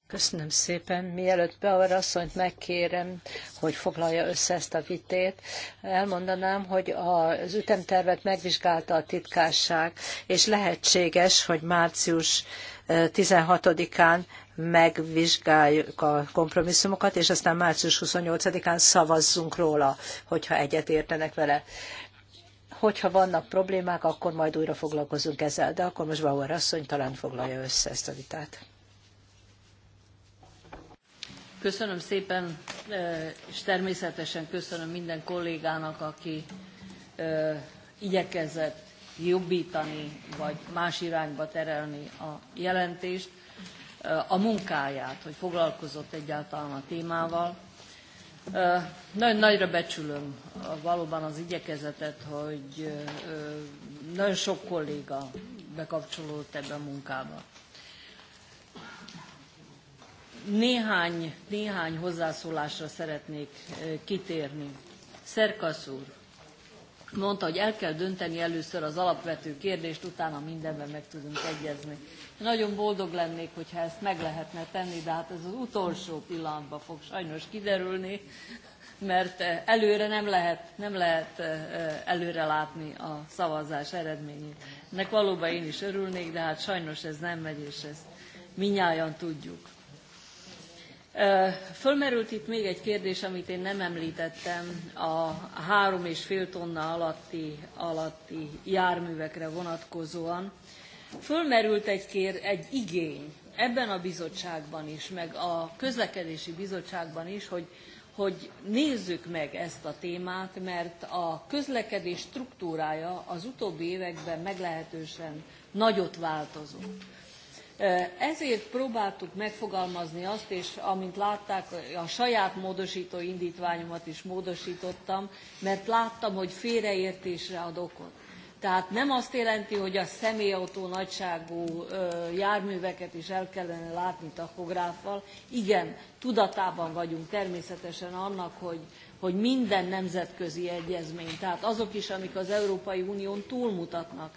Köszönöm szépen. Mielőtt Bauer asszonyt megkérem, hogy foglalja össze ezt a vitét, elmondanám, hogy az ütemtervet megvizsgálta a titkárság, és lehetséges, hogy március 16-án megvizsgáljuk a kompromisszumokat, és aztán március 28-án szavazzunk róla, hogyha egyet értenek vele. Hogyha vannak problémák, akkor majd újra foglalkozunk ezzel, de akkor most Bauer asszony talán foglalja össze ezt a vitát. Köszönöm szépen, e, és természetesen köszönöm minden kollégának, aki e, igyekezett jobbítani, vagy más irányba terelni a jelentést, a munkáját, hogy foglalkozott egyáltalán a témával. Nagyon nagyra becsülöm valóban az igyekezetet, hogy nagyon sok kolléga bekapcsolódott ebbe a munkába. Néhány, néhány hozzászólásra szeretnék kitérni. Szerkasz úr, mondta, hogy el kell dönteni először az alapvető kérdést, utána mindenben meg tudunk egyezni. nagyon boldog lennék, hogyha ezt meg lehetne tenni, de hát ez az utolsó pillanatban fog sajnos kiderülni, mert eh, előre nem lehet, nem lehet eh, eh, előre látni a szavazás eredményét. Ennek valóban én is örülnék, de hát sajnos ez nem megy, és ezt minnyáján tudjuk. Fölmerült itt még egy kérdés, amit én nem említettem, a három és fél tonna alatti, alatti járművekre vonatkozóan. Fölmerült egy, kér, egy igény ebben a bizottságban is, meg a közlekedési bizottságban is, hogy, hogy nézzük meg ezt a témát, mert a közlekedés struktúrája az utóbbi években meglehetősen nagyot változott ezért próbáltuk megfogalmazni azt, és amint látták, a saját módosító indítványomat is módosítottam, mert láttam, hogy félreértésre ad okot. Tehát nem azt jelenti, hogy a személyautó nagyságú járműveket is el kellene látni tachográffal. Igen, tudatában vagyunk természetesen annak, hogy, hogy minden nemzetközi egyezmény, tehát azok is, amik az Európai Unión túlmutatnak,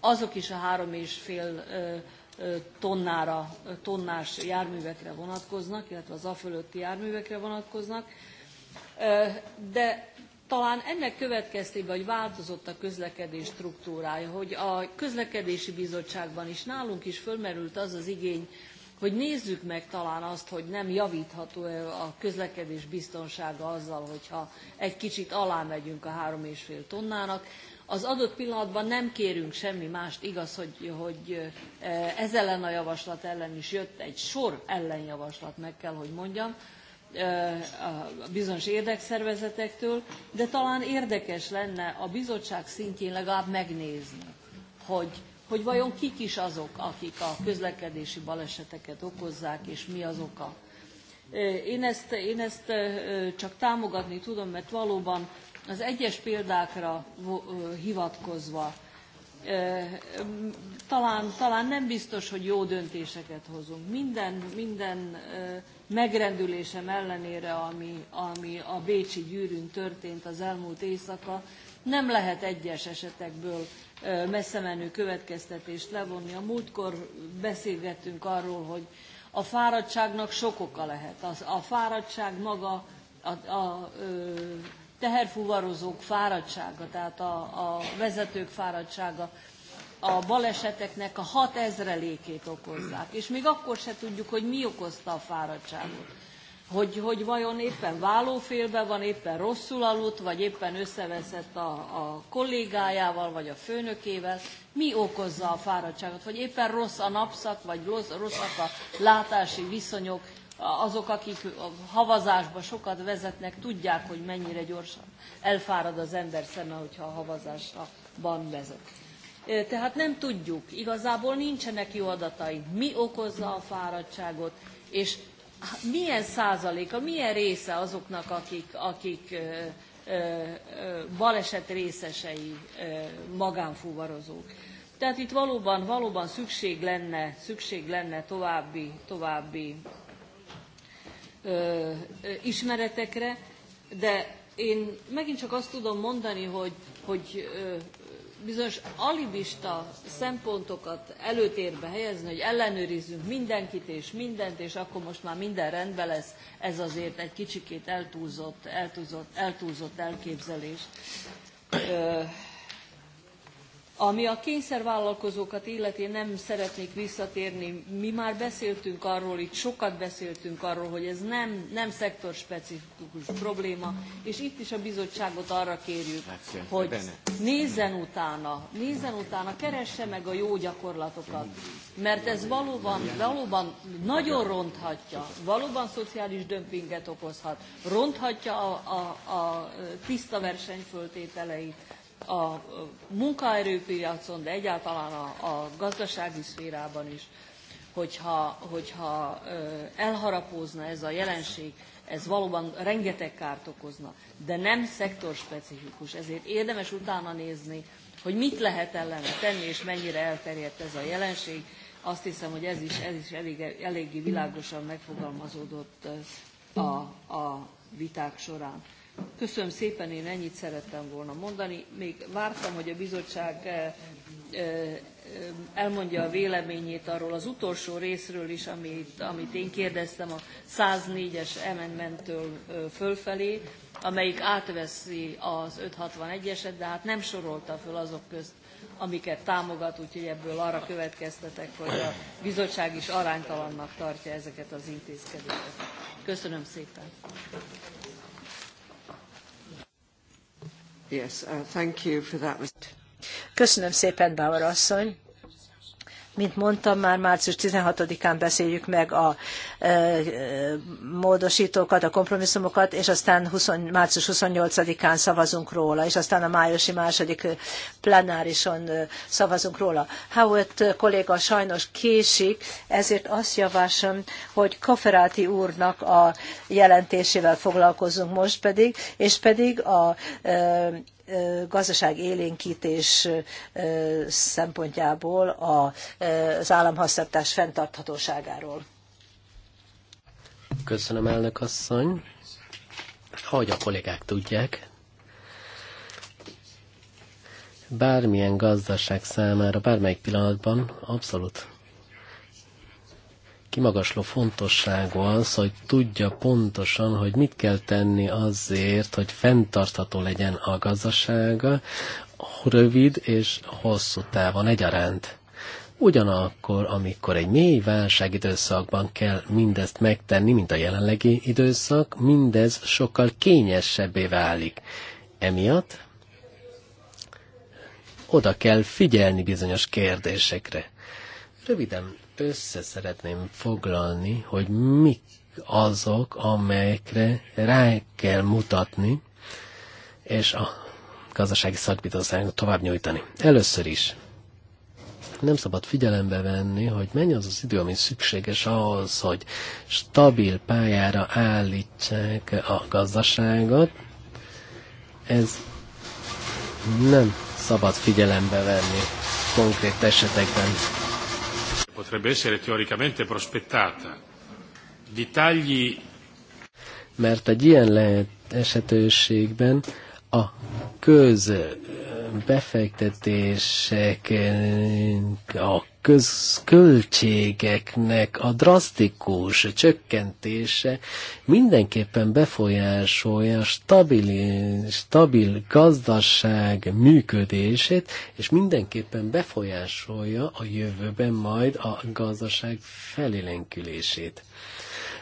azok is a három és fél tonnára, tonnás járművekre vonatkoznak, illetve az afölötti járművekre vonatkoznak, de talán ennek következtében, hogy változott a közlekedés struktúrája, hogy a közlekedési bizottságban is nálunk is fölmerült az az igény, hogy nézzük meg talán azt, hogy nem javítható a közlekedés biztonsága azzal, hogyha egy kicsit alá megyünk a három és fél tonnának az adott pillanatban nem kérünk semmi mást, igaz, hogy, hogy ez ellen a javaslat ellen is jött egy sor ellenjavaslat, meg kell, hogy mondjam, a bizonyos érdekszervezetektől, de talán érdekes lenne a bizottság szintjén legalább megnézni, hogy, hogy vajon kik is azok, akik a közlekedési baleseteket okozzák, és mi az oka. Én ezt, én ezt csak támogatni tudom, mert valóban az egyes példákra hivatkozva talán, talán nem biztos, hogy jó döntéseket hozunk. Minden, minden megrendülésem ellenére, ami, ami a Bécsi gyűrűn történt az elmúlt éjszaka, nem lehet egyes esetekből menő következtetést levonni. A múltkor beszélgettünk arról, hogy a fáradtságnak sok oka lehet. A, a fáradtság maga a, a, a teherfuvarozók fáradtsága, tehát a, a vezetők fáradtsága a baleseteknek a hat ezrelékét okozzák. És még akkor se tudjuk, hogy mi okozta a fáradtságot. Hogy, hogy vajon éppen vállófélben van, éppen rosszul aludt, vagy éppen összeveszett a, a kollégájával, vagy a főnökével. Mi okozza a fáradtságot? Vagy éppen rossz a napszak, vagy rossz, rosszak a látási viszonyok azok, akik a havazásba sokat vezetnek, tudják, hogy mennyire gyorsan elfárad az ember szeme, hogyha a havazásban vezet. Tehát nem tudjuk, igazából nincsenek jó adataink, mi okozza a fáradtságot, és milyen százaléka, milyen része azoknak, akik, akik baleset részesei magánfuvarozók. Tehát itt valóban, valóban szükség lenne, szükség lenne további, további ö, ismeretekre, de én megint csak azt tudom mondani, hogy, hogy ö, bizonyos alibista szempontokat előtérbe helyezni, hogy ellenőrizzünk mindenkit és mindent, és akkor most már minden rendben lesz, ez azért egy kicsikét eltúlzott, eltúlzott, eltúlzott elképzelés. Ö, ami a kényszervállalkozókat illeti, nem szeretnék visszatérni. Mi már beszéltünk arról, itt sokat beszéltünk arról, hogy ez nem, nem szektorspecifikus probléma, és itt is a bizottságot arra kérjük, hát, hogy nézzen utána, nézzen utána, keresse meg a jó gyakorlatokat, mert ez valóban, valóban nagyon ronthatja, valóban szociális dömpinget okozhat, ronthatja a, a, a tiszta verseny föltételeit a munkaerőpiacon, de egyáltalán a, a gazdasági szférában is, hogyha, hogyha elharapózna ez a jelenség, ez valóban rengeteg kárt okozna, de nem szektorspecifikus, ezért érdemes utána nézni, hogy mit lehet ellene tenni, és mennyire elterjedt ez a jelenség. Azt hiszem, hogy ez is, ez is elég, eléggé világosan megfogalmazódott a, a viták során. Köszönöm szépen, én ennyit szerettem volna mondani. Még vártam, hogy a bizottság eh, eh, eh, elmondja a véleményét arról az utolsó részről is, amit, amit én kérdeztem a 104-es amendmenttől fölfelé, amelyik átveszi az 561-eset, de hát nem sorolta föl azok közt, amiket támogat, úgyhogy ebből arra következtetek, hogy a bizottság is aránytalannak tartja ezeket az intézkedéseket. Köszönöm szépen! Uh, Köszönöm szépen, Bauer asszony. Mint mondtam, már március 16-án beszéljük meg a e, módosítókat, a kompromisszumokat, és aztán 20, március 28-án szavazunk róla, és aztán a májusi második e, plenárison e, szavazunk róla. Howard kolléga sajnos késik, ezért azt javaslom, hogy Kaferáti úrnak a jelentésével foglalkozunk most pedig, és pedig a e, gazdaság élénkítés szempontjából az államháztartás fenntarthatóságáról. Köszönöm, elnök asszony. Ahogy a kollégák tudják, bármilyen gazdaság számára, bármelyik pillanatban abszolút kimagasló fontosságú az, hogy tudja pontosan, hogy mit kell tenni azért, hogy fenntartható legyen a gazdasága, rövid és hosszú távon egyaránt. Ugyanakkor, amikor egy mély időszakban kell mindezt megtenni, mint a jelenlegi időszak, mindez sokkal kényesebbé válik. Emiatt oda kell figyelni bizonyos kérdésekre. Röviden össze szeretném foglalni, hogy mik azok, amelyekre rá kell mutatni, és a gazdasági szakbizottságnak tovább nyújtani. Először is nem szabad figyelembe venni, hogy mennyi az az idő, ami szükséges ahhoz, hogy stabil pályára állítsák a gazdaságot. Ez nem szabad figyelembe venni konkrét esetekben potrebbe essere teoricamente prospettata di tagli mert egy ilyen lehet esetőségben a köz befektetések a közköltségeknek a drasztikus csökkentése mindenképpen befolyásolja a stabil, stabil gazdaság működését, és mindenképpen befolyásolja a jövőben majd a gazdaság felélenkülését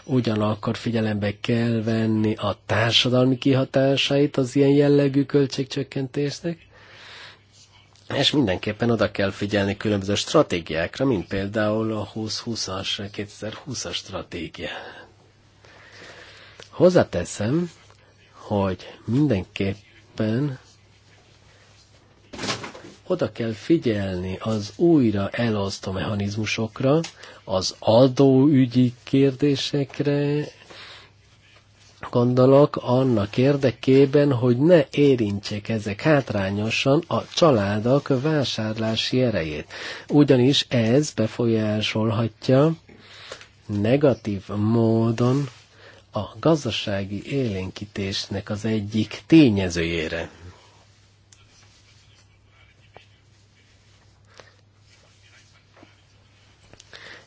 ugyanakkor figyelembe kell venni a társadalmi kihatásait az ilyen jellegű költségcsökkentésnek, és mindenképpen oda kell figyelni különböző stratégiákra, mint például a 2020-as, 2020-as stratégia. Hozzáteszem, hogy mindenképpen oda kell figyelni az újra elosztó mechanizmusokra, az adóügyi kérdésekre, gondolok annak érdekében, hogy ne érintsék ezek hátrányosan a családok vásárlási erejét. Ugyanis ez befolyásolhatja negatív módon a gazdasági élénkítésnek az egyik tényezőjére.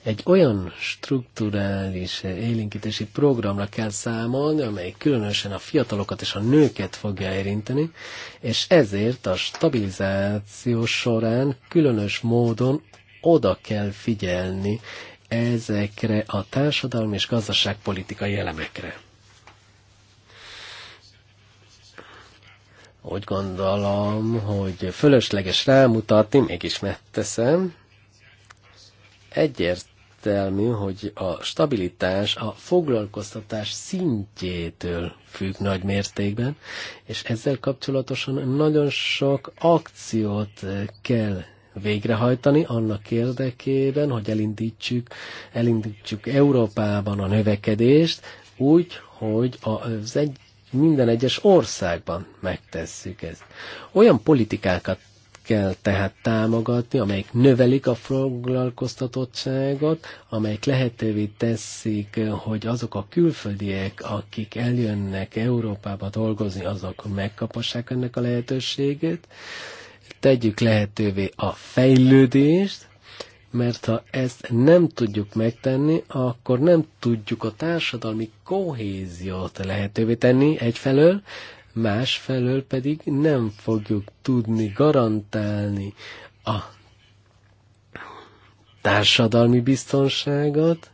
egy olyan strukturális élinkítési programra kell számolni, amely különösen a fiatalokat és a nőket fogja érinteni, és ezért a stabilizáció során különös módon oda kell figyelni ezekre a társadalmi és gazdaságpolitikai elemekre. Úgy gondolom, hogy fölösleges rámutatni, mégis megteszem, egyértelmű, hogy a stabilitás a foglalkoztatás szintjétől függ nagy mértékben, és ezzel kapcsolatosan nagyon sok akciót kell végrehajtani annak érdekében, hogy elindítsuk, elindítsuk Európában a növekedést, úgy, hogy az egy, minden egyes országban megtesszük ezt. Olyan politikákat kell tehát támogatni, amelyek növelik a foglalkoztatottságot, amelyek lehetővé teszik, hogy azok a külföldiek, akik eljönnek Európába dolgozni, azok megkapassák ennek a lehetőségét. Tegyük lehetővé a fejlődést, mert ha ezt nem tudjuk megtenni, akkor nem tudjuk a társadalmi kohéziót lehetővé tenni egyfelől, másfelől pedig nem fogjuk tudni garantálni a társadalmi biztonságot,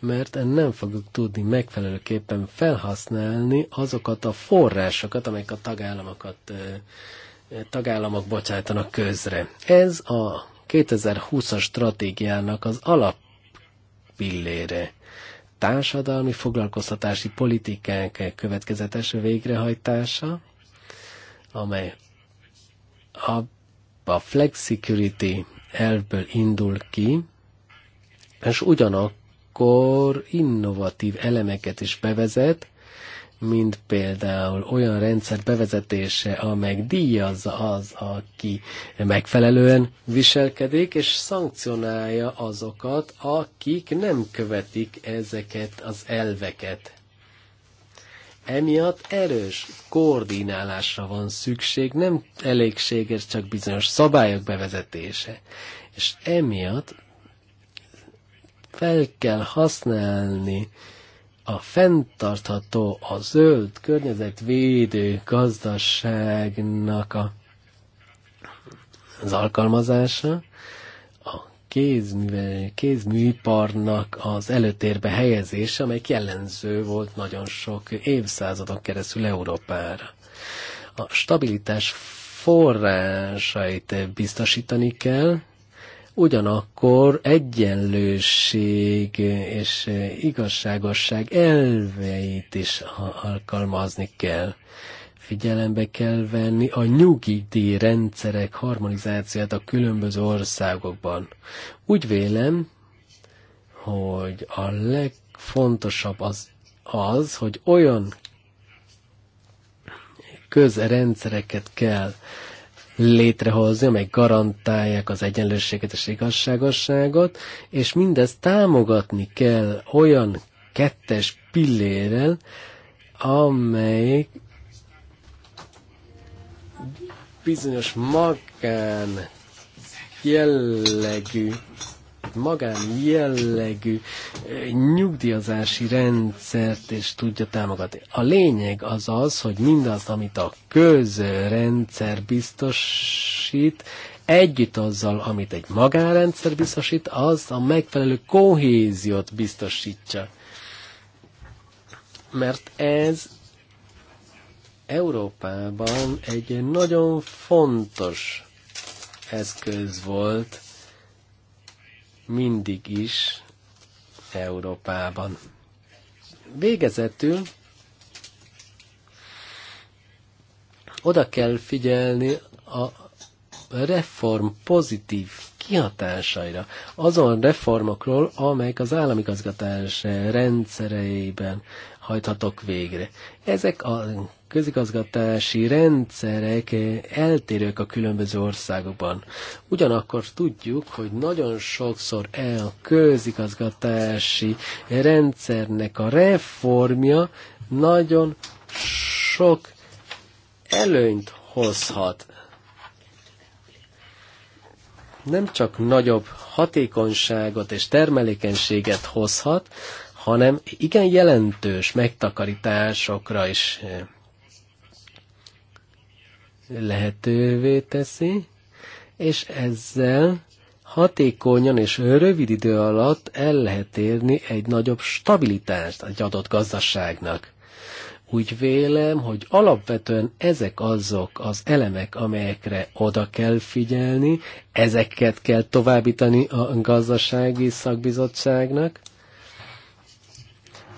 mert nem fogjuk tudni megfelelőképpen felhasználni azokat a forrásokat, amelyek a tagállamokat, tagállamok bocsájtanak közre. Ez a 2020-as stratégiának az alap pillére társadalmi foglalkoztatási politikánk következetes végrehajtása, amely a, a flexicurity elvből indul ki, és ugyanakkor innovatív elemeket is bevezet, mint például olyan rendszer bevezetése, amely díjazza az, aki megfelelően viselkedik, és szankcionálja azokat, akik nem követik ezeket az elveket. Emiatt erős koordinálásra van szükség, nem elégséges csak bizonyos szabályok bevezetése. És emiatt fel kell használni a fenntartható, a zöld környezetvédő gazdaságnak a, az alkalmazása, a kézmű, kézműiparnak az előtérbe helyezése, amely jellemző volt nagyon sok évszázadon keresztül Európára. A stabilitás forrásait biztosítani kell, ugyanakkor egyenlőség és igazságosság elveit is alkalmazni kell. Figyelembe kell venni a nyugdíj rendszerek harmonizációját a különböző országokban. Úgy vélem, hogy a legfontosabb az, az hogy olyan közrendszereket kell létrehozni, amely garantálják az egyenlőséget és igazságosságot, és mindezt támogatni kell olyan kettes pillérrel, amelyik bizonyos magán jellegű magán jellegű nyugdíjazási rendszert is tudja támogatni. A lényeg az az, hogy mindaz, amit a közrendszer biztosít, együtt azzal, amit egy magánrendszer biztosít, az a megfelelő kohéziót biztosítsa. Mert ez Európában egy nagyon fontos eszköz volt mindig is Európában. Végezetül oda kell figyelni a reform pozitív kihatásaira, azon reformokról, amelyek az államigazgatás rendszereiben hajthatok végre. Ezek a közigazgatási rendszerek eltérők a különböző országokban. Ugyanakkor tudjuk, hogy nagyon sokszor el a közigazgatási rendszernek a reformja nagyon sok előnyt hozhat. Nem csak nagyobb hatékonyságot és termelékenységet hozhat, hanem igen jelentős megtakarításokra is eh, lehetővé teszi, és ezzel hatékonyan és rövid idő alatt el lehet érni egy nagyobb stabilitást egy adott gazdaságnak. Úgy vélem, hogy alapvetően ezek azok az elemek, amelyekre oda kell figyelni, ezeket kell továbbítani a gazdasági szakbizottságnak,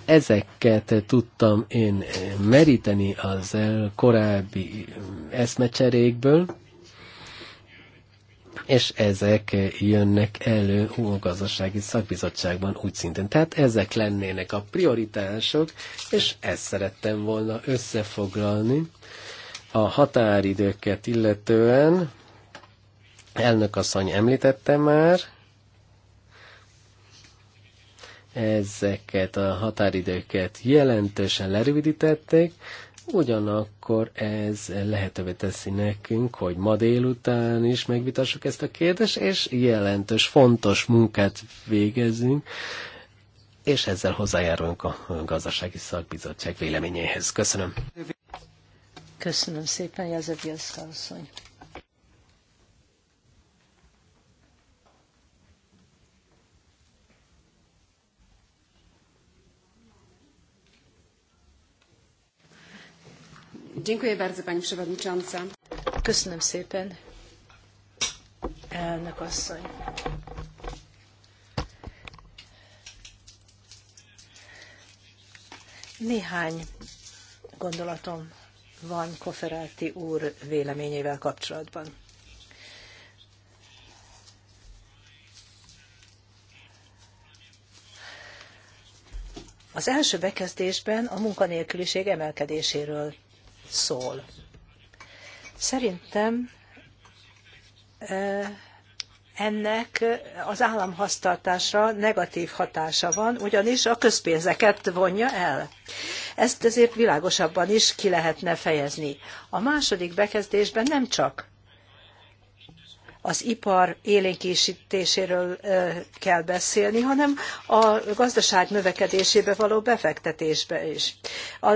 ezeket tudtam én meríteni az korábbi eszmecserékből, és ezek jönnek elő a gazdasági szakbizottságban úgy szintén. Tehát ezek lennének a prioritások, és ezt szerettem volna összefoglalni a határidőket illetően. Elnök asszony említette már, ezeket a határidőket jelentősen lerövidítették, ugyanakkor ez lehetővé teszi nekünk, hogy ma délután is megvitassuk ezt a kérdést, és jelentős, fontos munkát végezzünk, és ezzel hozzájárulunk a gazdasági szakbizottság véleményéhez. Köszönöm. Köszönöm szépen, Jazebi asszony. Dziękuję bardzo, pani przewodnicząca. Köszönöm szépen, elnök asszony. Néhány gondolatom van Koferáti úr véleményével kapcsolatban. Az első bekezdésben a munkanélküliség emelkedéséről szól. Szerintem ennek az államhasztartásra negatív hatása van, ugyanis a közpénzeket vonja el. Ezt azért világosabban is ki lehetne fejezni. A második bekezdésben nem csak az ipar élénkítéséről kell beszélni, hanem a gazdaság növekedésébe való befektetésbe is. A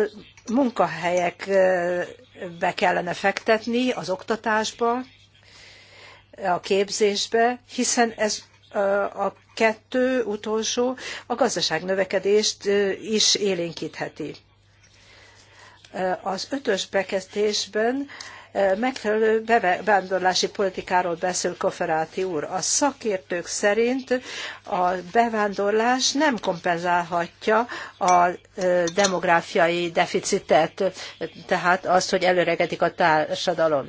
munkahelyekbe kellene fektetni, az oktatásba, a képzésbe, hiszen ez a kettő utolsó a gazdaság növekedést is élénkítheti. Az ötös bekezdésben Megfelelő bevándorlási politikáról beszél Koferáti úr. A szakértők szerint a bevándorlás nem kompenzálhatja a demográfiai deficitet, tehát azt, hogy előregedik a társadalom,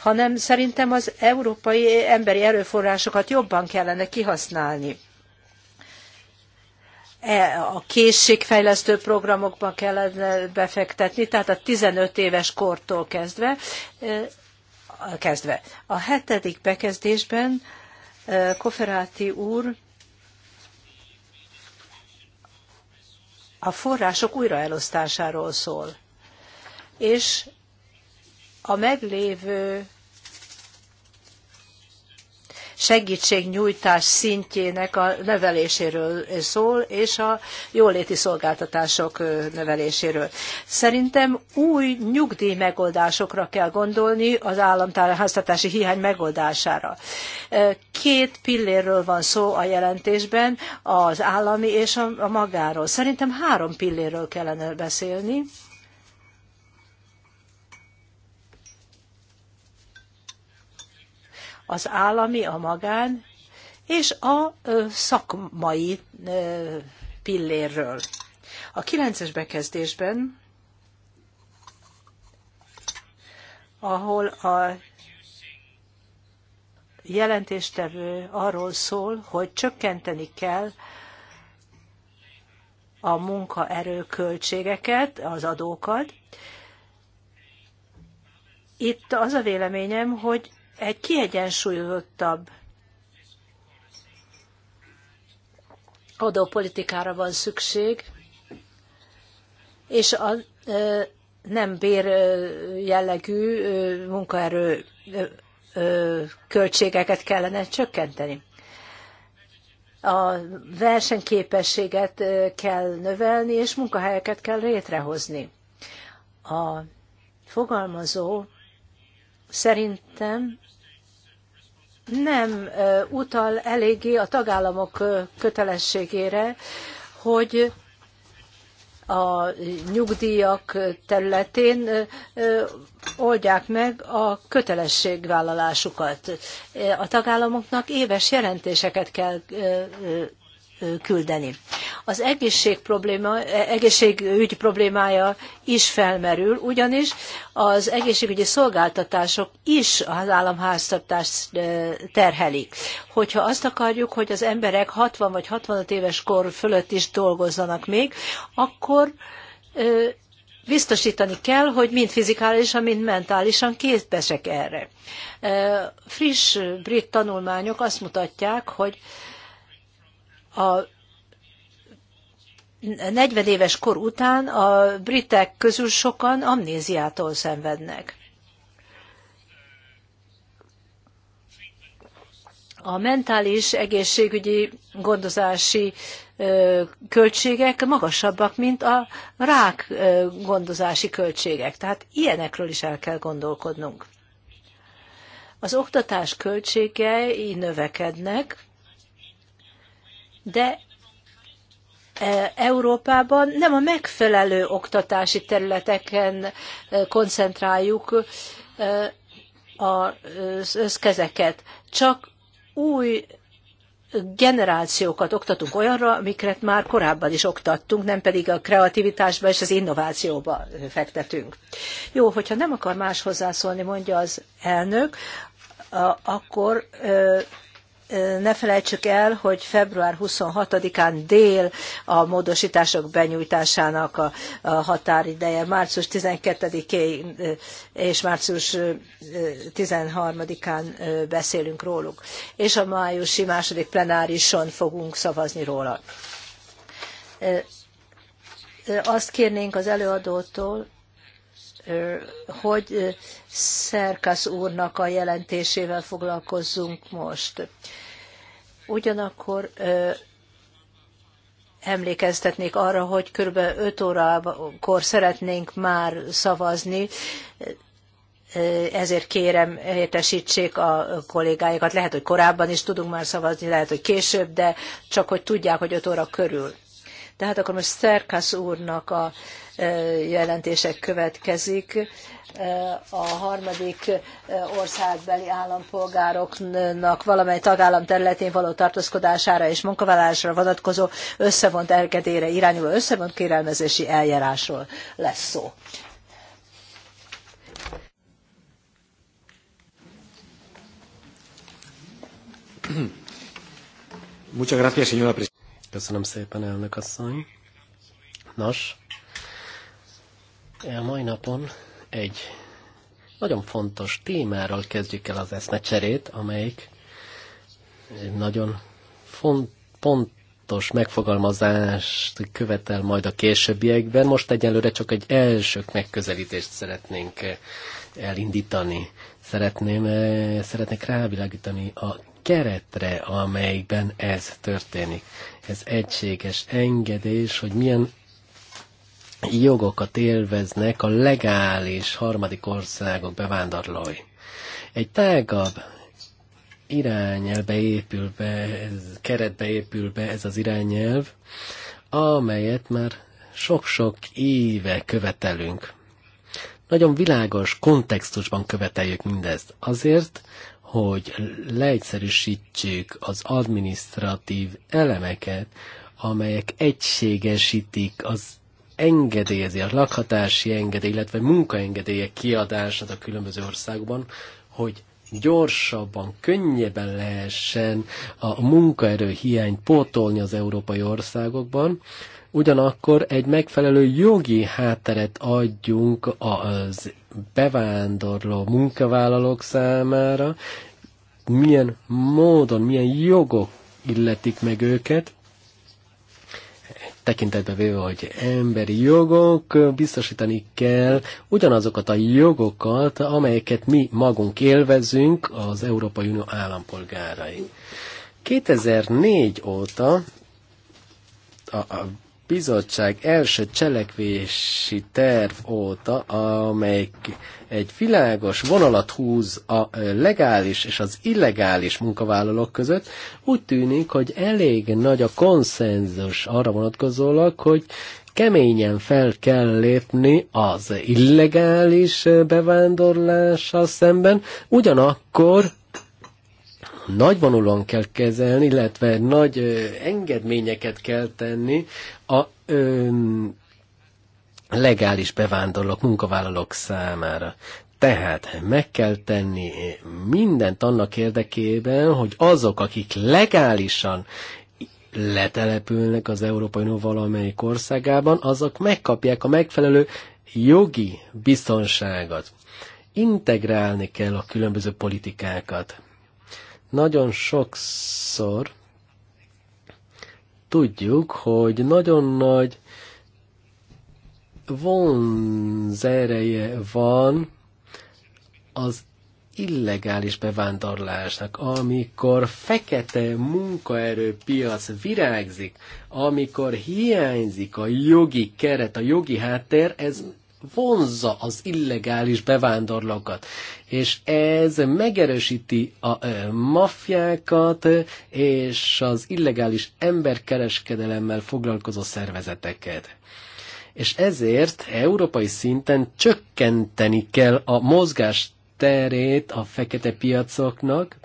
hanem szerintem az európai emberi erőforrásokat jobban kellene kihasználni E, a készségfejlesztő programokba kellene befektetni, tehát a 15 éves kortól kezdve. E, kezdve. A hetedik bekezdésben e, Koferáti úr a források újraelosztásáról szól, és a meglévő segítségnyújtás szintjének a növeléséről szól, és a jóléti szolgáltatások növeléséről. Szerintem új nyugdíj megoldásokra kell gondolni az államháztatási hiány megoldására. Két pillérről van szó a jelentésben, az állami és a magáról. Szerintem három pillérről kellene beszélni az állami, a magán és a szakmai pillérről. A kilences bekezdésben, ahol a jelentéstevő arról szól, hogy csökkenteni kell a munkaerő költségeket, az adókat. Itt az a véleményem, hogy egy kiegyensúlyozottabb adópolitikára van szükség, és a nem bér jellegű munkaerő költségeket kellene csökkenteni. A versenyképességet kell növelni, és munkahelyeket kell létrehozni. A fogalmazó szerintem nem utal eléggé a tagállamok kötelességére, hogy a nyugdíjak területén oldják meg a kötelességvállalásukat. A tagállamoknak éves jelentéseket kell küldeni. Az egészség probléma, e, egészségügy problémája is felmerül, ugyanis az egészségügyi szolgáltatások is az államháztartást terhelik. Hogyha azt akarjuk, hogy az emberek 60 vagy 65 éves kor fölött is dolgozzanak még, akkor biztosítani kell, hogy mind fizikálisan, mind mentálisan képesek erre. Friss brit tanulmányok azt mutatják, hogy a 40 éves kor után a britek közül sokan amnéziától szenvednek. A mentális egészségügyi gondozási költségek magasabbak, mint a rák gondozási költségek. Tehát ilyenekről is el kell gondolkodnunk. Az oktatás költségei növekednek, de e, Európában nem a megfelelő oktatási területeken e, koncentráljuk e, az összkezeket, csak új generációkat oktatunk olyanra, amiket már korábban is oktattunk, nem pedig a kreativitásba és az innovációba fektetünk. Jó, hogyha nem akar más hozzászólni, mondja az elnök, akkor ne felejtsük el, hogy február 26-án dél a módosítások benyújtásának a, határideje, március 12-én és március 13-án beszélünk róluk, és a májusi második plenárison fogunk szavazni róla. Azt kérnénk az előadótól, hogy Szerkasz úrnak a jelentésével foglalkozzunk most. Ugyanakkor emlékeztetnék arra, hogy kb. 5 órakor szeretnénk már szavazni, ezért kérem, értesítsék a kollégáikat. Lehet, hogy korábban is tudunk már szavazni, lehet, hogy később, de csak hogy tudják, hogy 5 óra körül. Tehát akkor most Szerkasz úrnak a jelentések következik. A harmadik országbeli állampolgároknak valamely tagállam területén való tartózkodására és munkavállalásra vonatkozó összevont elkedére irányuló összevont kérelmezési eljárásról lesz szó. Köszönöm szépen, elnök asszony. Nos, a e, mai napon egy nagyon fontos témáról kezdjük el az eszmecserét, amelyik nagyon font, pontos megfogalmazást követel majd a későbbiekben. Most egyelőre csak egy elsők megközelítést szeretnénk elindítani. Szeretném, e, szeretnék rávilágítani a keretre, amelyikben ez történik. Ez egységes engedés, hogy milyen jogokat élveznek a legális harmadik országok bevándorlói. Egy tágabb irányelbe épül be, ez, keretbe épül be ez az irányelv, amelyet már sok-sok éve követelünk. Nagyon világos kontextusban követeljük mindezt. Azért, hogy leegyszerűsítsük az administratív elemeket, amelyek egységesítik az engedélyezi, a lakhatási engedély, illetve munkaengedélyek kiadását a különböző országokban, hogy gyorsabban, könnyebben lehessen a munkaerő hiányt pótolni az európai országokban, ugyanakkor egy megfelelő jogi hátteret adjunk az bevándorló munkavállalók számára, milyen módon, milyen jogok illetik meg őket, tekintetbe véve, hogy emberi jogok, biztosítani kell ugyanazokat a jogokat, amelyeket mi magunk élvezünk az Európai Unió állampolgárai. 2004 óta a, a bizottság első cselekvési terv óta, amely egy világos vonalat húz a legális és az illegális munkavállalók között, úgy tűnik, hogy elég nagy a konszenzus arra vonatkozólag, hogy keményen fel kell lépni az illegális bevándorlással szemben, ugyanakkor nagyvonulóan kell kezelni, illetve nagy engedményeket kell tenni a legális bevándorlók, munkavállalók számára. Tehát meg kell tenni mindent annak érdekében, hogy azok, akik legálisan letelepülnek az Európai Unió valamelyik országában, azok megkapják a megfelelő jogi biztonságot. Integrálni kell a különböző politikákat. Nagyon sokszor tudjuk, hogy nagyon nagy vonzereje van az illegális bevándorlásnak, amikor fekete munkaerőpiac virágzik, amikor hiányzik a jogi keret, a jogi háttér, ez vonzza az illegális bevándorlókat, és ez megerősíti a maffiákat és az illegális emberkereskedelemmel foglalkozó szervezeteket és ezért európai szinten csökkenteni kell a mozgás terét a fekete piacoknak,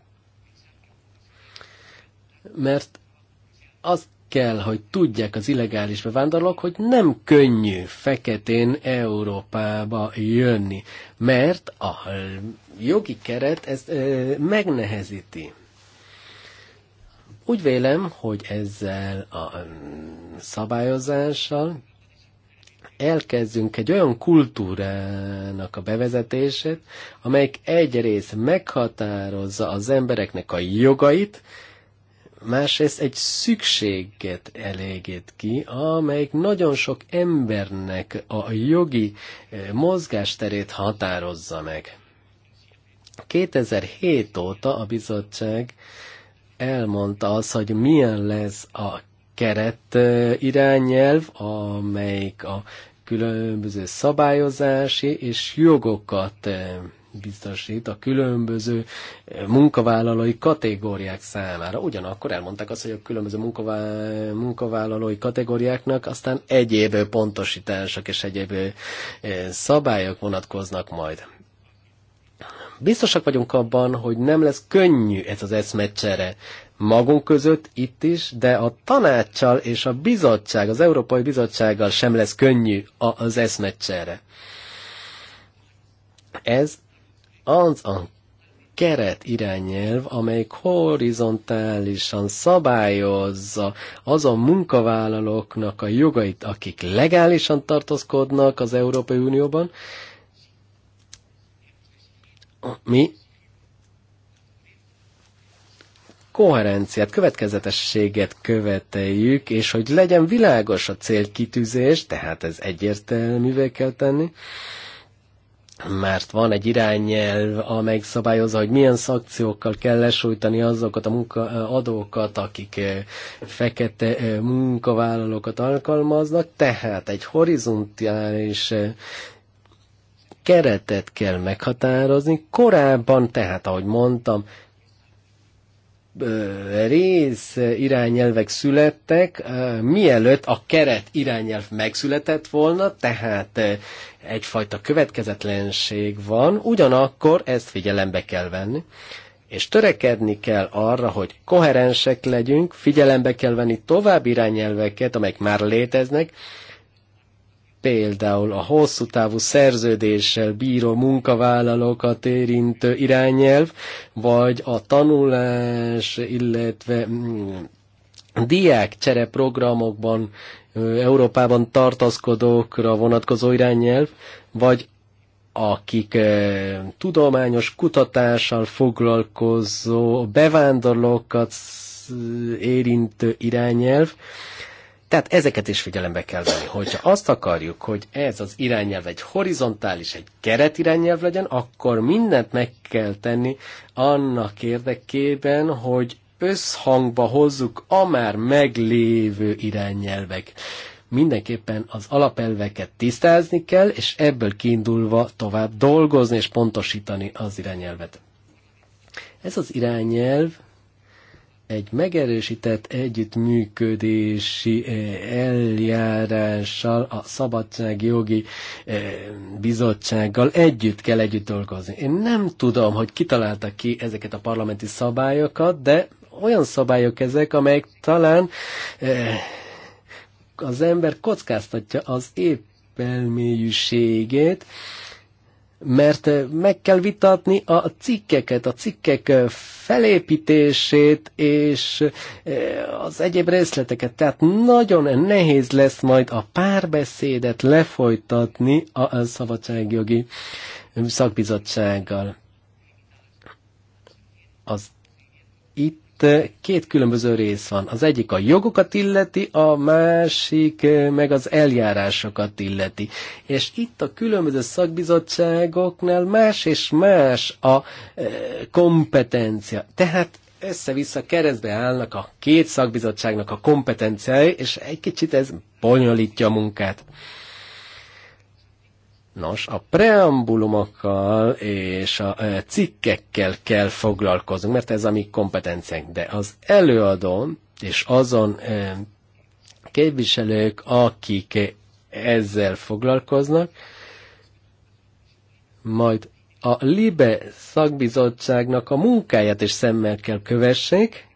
mert azt kell, hogy tudják az illegális bevándorlók, hogy nem könnyű feketén Európába jönni, mert a jogi keret ezt ö, megnehezíti. Úgy vélem, hogy ezzel a szabályozással elkezdünk egy olyan kultúrának a bevezetését, amelyik egyrészt meghatározza az embereknek a jogait, másrészt egy szükséget elégít ki, amelyik nagyon sok embernek a jogi eh, mozgásterét határozza meg. 2007 óta a bizottság elmondta az, hogy milyen lesz a keret eh, irányelv, amelyik a különböző szabályozási és jogokat eh, biztosít a különböző munkavállalói kategóriák számára. Ugyanakkor elmondták azt, hogy a különböző munkavállalói kategóriáknak aztán egyéb pontosítások és egyéb eh, szabályok vonatkoznak majd. Biztosak vagyunk abban, hogy nem lesz könnyű ez az eszmecsere magunk között itt is, de a tanácssal és a bizottság, az Európai Bizottsággal sem lesz könnyű az eszmecsere. Ez az a keret irányelv, amely horizontálisan szabályozza az a munkavállalóknak a jogait, akik legálisan tartózkodnak az Európai Unióban. Mi koherenciát, következetességet követeljük, és hogy legyen világos a célkitűzés, tehát ez egyértelművé kell tenni, mert van egy irányelv, amely szabályozza, hogy milyen szakciókkal kell lesújtani azokat a munkaadókat, akik eh, fekete eh, munkavállalókat alkalmaznak, tehát egy horizontális eh, keretet kell meghatározni. Korábban, tehát ahogy mondtam, rész irányelvek születtek, mielőtt a keret irányelv megszületett volna, tehát egyfajta következetlenség van, ugyanakkor ezt figyelembe kell venni, és törekedni kell arra, hogy koherensek legyünk, figyelembe kell venni további irányelveket, amelyek már léteznek, például a hosszú távú szerződéssel bíró munkavállalókat érintő irányelv, vagy a tanulás, illetve mm, diák csereprogramokban Európában tartaszkodókra vonatkozó irányelv, vagy akik tudományos kutatással foglalkozó bevándorlókat érintő irányelv. Tehát ezeket is figyelembe kell venni. Hogyha azt akarjuk, hogy ez az irányelv egy horizontális, egy keret irányelv legyen, akkor mindent meg kell tenni annak érdekében, hogy összhangba hozzuk a már meglévő irányelvek. Mindenképpen az alapelveket tisztázni kell, és ebből kiindulva tovább dolgozni és pontosítani az irányelvet. Ez az irányelv egy megerősített együttműködési eh, eljárással a Szabadságjogi eh, Bizottsággal együtt kell együtt dolgozni. Én nem tudom, hogy kitalálta ki ezeket a parlamenti szabályokat, de olyan szabályok ezek, amelyek talán eh, az ember kockáztatja az épp mert eh, meg kell vitatni a cikkeket, a cikkek eh, felépítését és az egyéb részleteket. Tehát nagyon nehéz lesz majd a párbeszédet lefolytatni a szabadságjogi szakbizottsággal. Az itt itt eh, két különböző rész van. Az egyik a jogokat illeti, a másik eh, meg az eljárásokat illeti. És itt a különböző szakbizottságoknál más és más a eh, kompetencia. Tehát össze-vissza keresztbe állnak a két szakbizottságnak a kompetenciái, és egy kicsit ez bonyolítja a munkát. Nos, a preambulumokkal és a cikkekkel kell foglalkoznunk, mert ez a mi kompetenciánk, de az előadón és azon képviselők, akik ezzel foglalkoznak, majd a LIBE szakbizottságnak a munkáját is szemmel kell kövessék,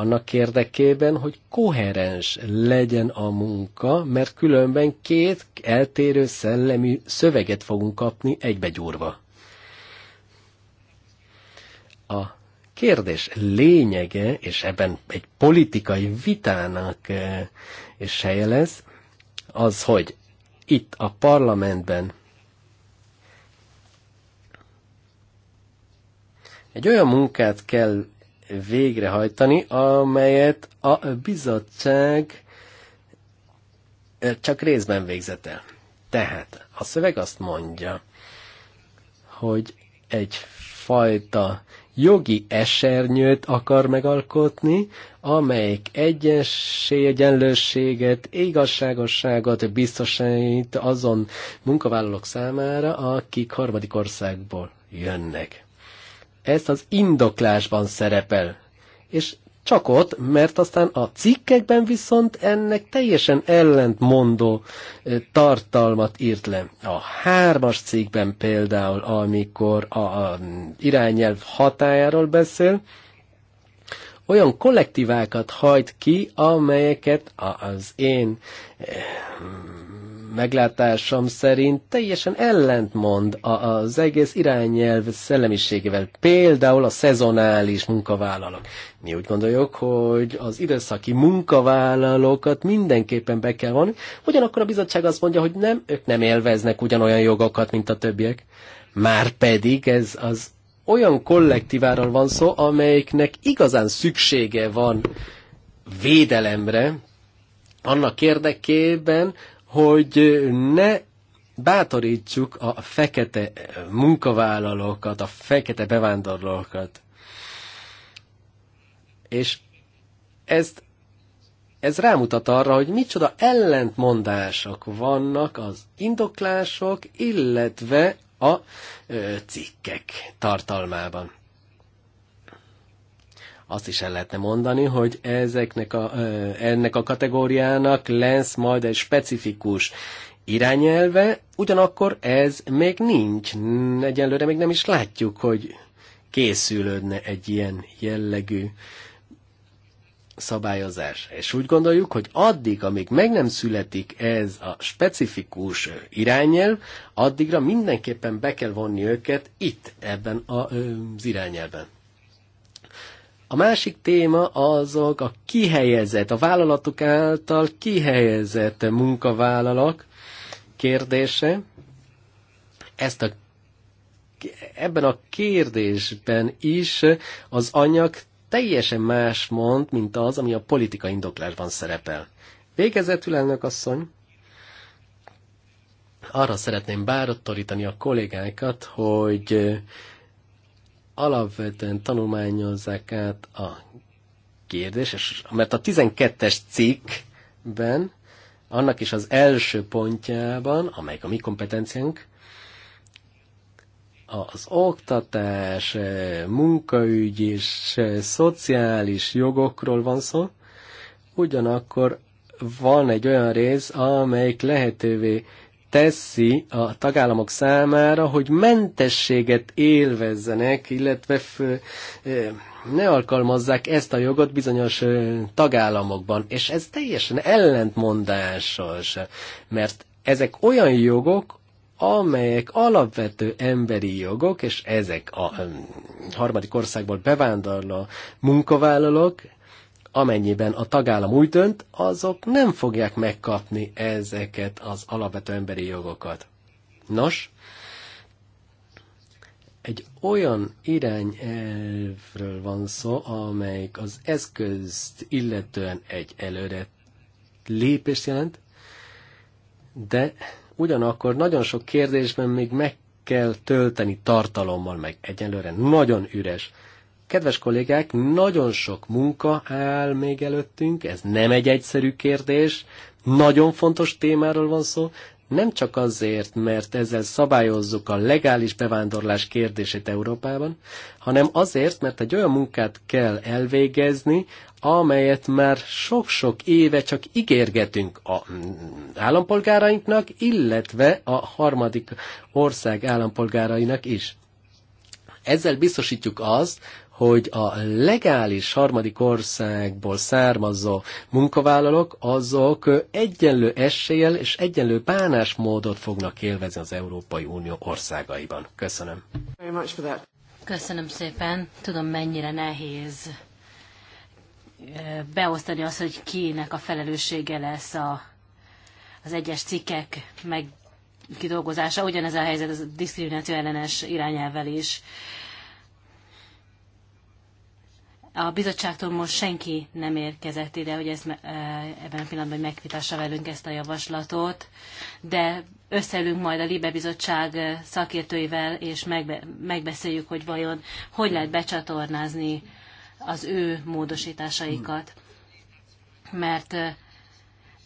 annak érdekében, hogy koherens legyen a munka, mert különben két eltérő szellemi szöveget fogunk kapni egybegyúrva. A kérdés lényege, és ebben egy politikai vitának eh, és helye lesz, az, hogy itt a parlamentben egy olyan munkát kell végrehajtani, amelyet a bizottság eh, csak részben végzett el. Tehát a szöveg azt mondja, hogy egyfajta jogi esernyőt akar megalkotni, amelyik egyenség, egyenlőséget, igazságosságot biztosít azon munkavállalók számára, akik harmadik országból jönnek ez az indoklásban szerepel. És csak ott, mert aztán a cikkekben viszont ennek teljesen ellentmondó tartalmat írt le. A hármas cikkben például, amikor a, a irányelv hatájáról beszél, olyan kollektívákat hajt ki, amelyeket az én eh, meglátásom szerint teljesen ellentmond az egész irányelv szellemiségével. Például a szezonális munkavállalók. Mi úgy gondoljuk, hogy az időszaki munkavállalókat mindenképpen be kell vonni, ugyanakkor a bizottság azt mondja, hogy nem, ők nem élveznek ugyanolyan jogokat, mint a többiek. Márpedig ez az olyan kollektíváról van szó, amelyiknek igazán szüksége van védelemre, annak érdekében, hogy ne bátorítsuk a fekete munkavállalókat, a fekete bevándorlókat. És ezt, ez rámutat arra, hogy micsoda ellentmondások vannak az indoklások, illetve a ö, cikkek tartalmában azt is el lehetne mondani, hogy ezeknek a, ennek a kategóriának lesz majd egy specifikus irányelve, ugyanakkor ez még nincs. Egyelőre még nem is látjuk, hogy készülődne egy ilyen jellegű szabályozás. És úgy gondoljuk, hogy addig, amíg meg nem születik ez a specifikus irányelv, addigra mindenképpen be kell vonni őket itt, ebben az irányelben. A másik téma azok a kihelyezett, a vállalatok által kihelyezett munkavállalak kérdése. Ezt a, ebben a kérdésben is az anyag teljesen más mond, mint az, ami a politika indoklásban szerepel. Végezetül, elnök asszony, arra szeretném bárottorítani a kollégákat, hogy alapvetően tanulmányozzák át a kérdés, mert a 12-es cikkben, annak is az első pontjában, amelyik a mi kompetenciánk, az oktatás, munkaügy és szociális jogokról van szó, ugyanakkor van egy olyan rész, amelyik lehetővé teszi a tagállamok számára, hogy mentességet élvezzenek, illetve f, ne alkalmazzák ezt a jogot bizonyos tagállamokban. És ez teljesen ellentmondásos, mert ezek olyan jogok, amelyek alapvető emberi jogok, és ezek a harmadik országból bevándorló munkavállalók, amennyiben a tagállam úgy dönt, azok nem fogják megkapni ezeket az alapvető emberi jogokat. Nos, egy olyan irányelvről van szó, amelyik az eszközt illetően egy előre lépést jelent, de ugyanakkor nagyon sok kérdésben még meg kell tölteni tartalommal, meg egyelőre nagyon üres Kedves kollégák, nagyon sok munka áll még előttünk, ez nem egy egyszerű kérdés, nagyon fontos témáról van szó, nem csak azért, mert ezzel szabályozzuk a legális bevándorlás kérdését Európában, hanem azért, mert egy olyan munkát kell elvégezni, amelyet már sok-sok éve csak ígérgetünk a állampolgárainknak, illetve a harmadik ország állampolgárainak is. Ezzel biztosítjuk azt, hogy a legális harmadik országból származó munkavállalók azok egyenlő eséllyel és egyenlő bánásmódot fognak élvezni az Európai Unió országaiban. Köszönöm. Köszönöm szépen. Tudom, mennyire nehéz beosztani azt, hogy kinek a felelőssége lesz a, az egyes cikkek meg kidolgozása. Ugyanez a helyzet a diszkrimináció ellenes irányelvel is. A bizottságtól most senki nem érkezett ide, hogy ez, e, ebben a pillanatban megvitassa velünk ezt a javaslatot, de összeülünk majd a Libe Bizottság szakértőivel, és megbe, megbeszéljük, hogy vajon hogy lehet becsatornázni az ő módosításaikat. Mert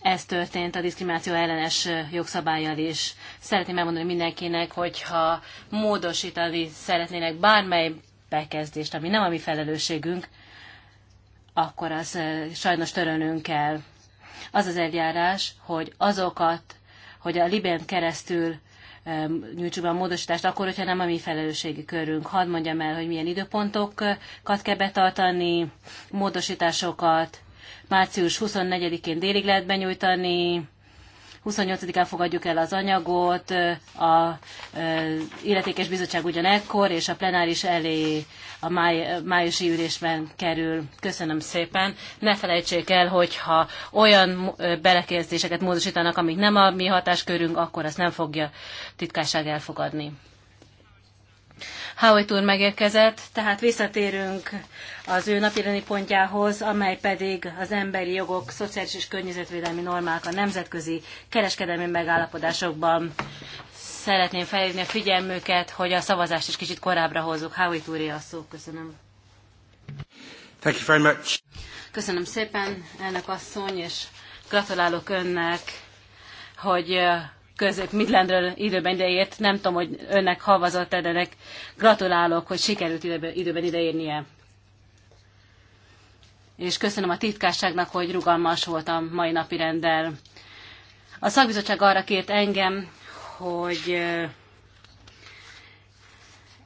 ez történt a diszkrimináció ellenes jogszabályjal is. Szeretném elmondani mindenkinek, hogyha módosítani szeretnének bármely bekezdést, ami nem a mi felelősségünk, akkor az sajnos törölnünk kell. Az az eljárás, hogy azokat, hogy a Libén keresztül nyújtsuk be a módosítást, akkor, hogyha nem a mi felelősségi körünk. Hadd mondjam el, hogy milyen időpontokat kell betartani, módosításokat március 24-én délig lehet benyújtani, 28-án fogadjuk el az anyagot, a illetékes bizottság ugyanekkor, és a plenáris elé a máj, májusi ülésben kerül. Köszönöm szépen. Ne felejtsék el, hogyha olyan belekezdéseket módosítanak, amik nem a mi hatáskörünk, akkor azt nem fogja titkásság elfogadni. Howitt úr megérkezett, tehát visszatérünk az ő napirani pontjához, amely pedig az emberi jogok, szociális és környezetvédelmi normák a nemzetközi kereskedelmi megállapodásokban. Szeretném felhívni a figyelmüket, hogy a szavazást is kicsit korábbra hozzuk. Howitt úr, a szó. Köszönöm. Thank you very much. Köszönöm szépen, elnök asszony, és gratulálok önnek, hogy közép Midlandről időben ideért. Nem tudom, hogy önnek havazott edenek. Gratulálok, hogy sikerült időben ideérnie. És köszönöm a titkásságnak, hogy rugalmas voltam mai napi rendel. A szakbizottság arra kért engem, hogy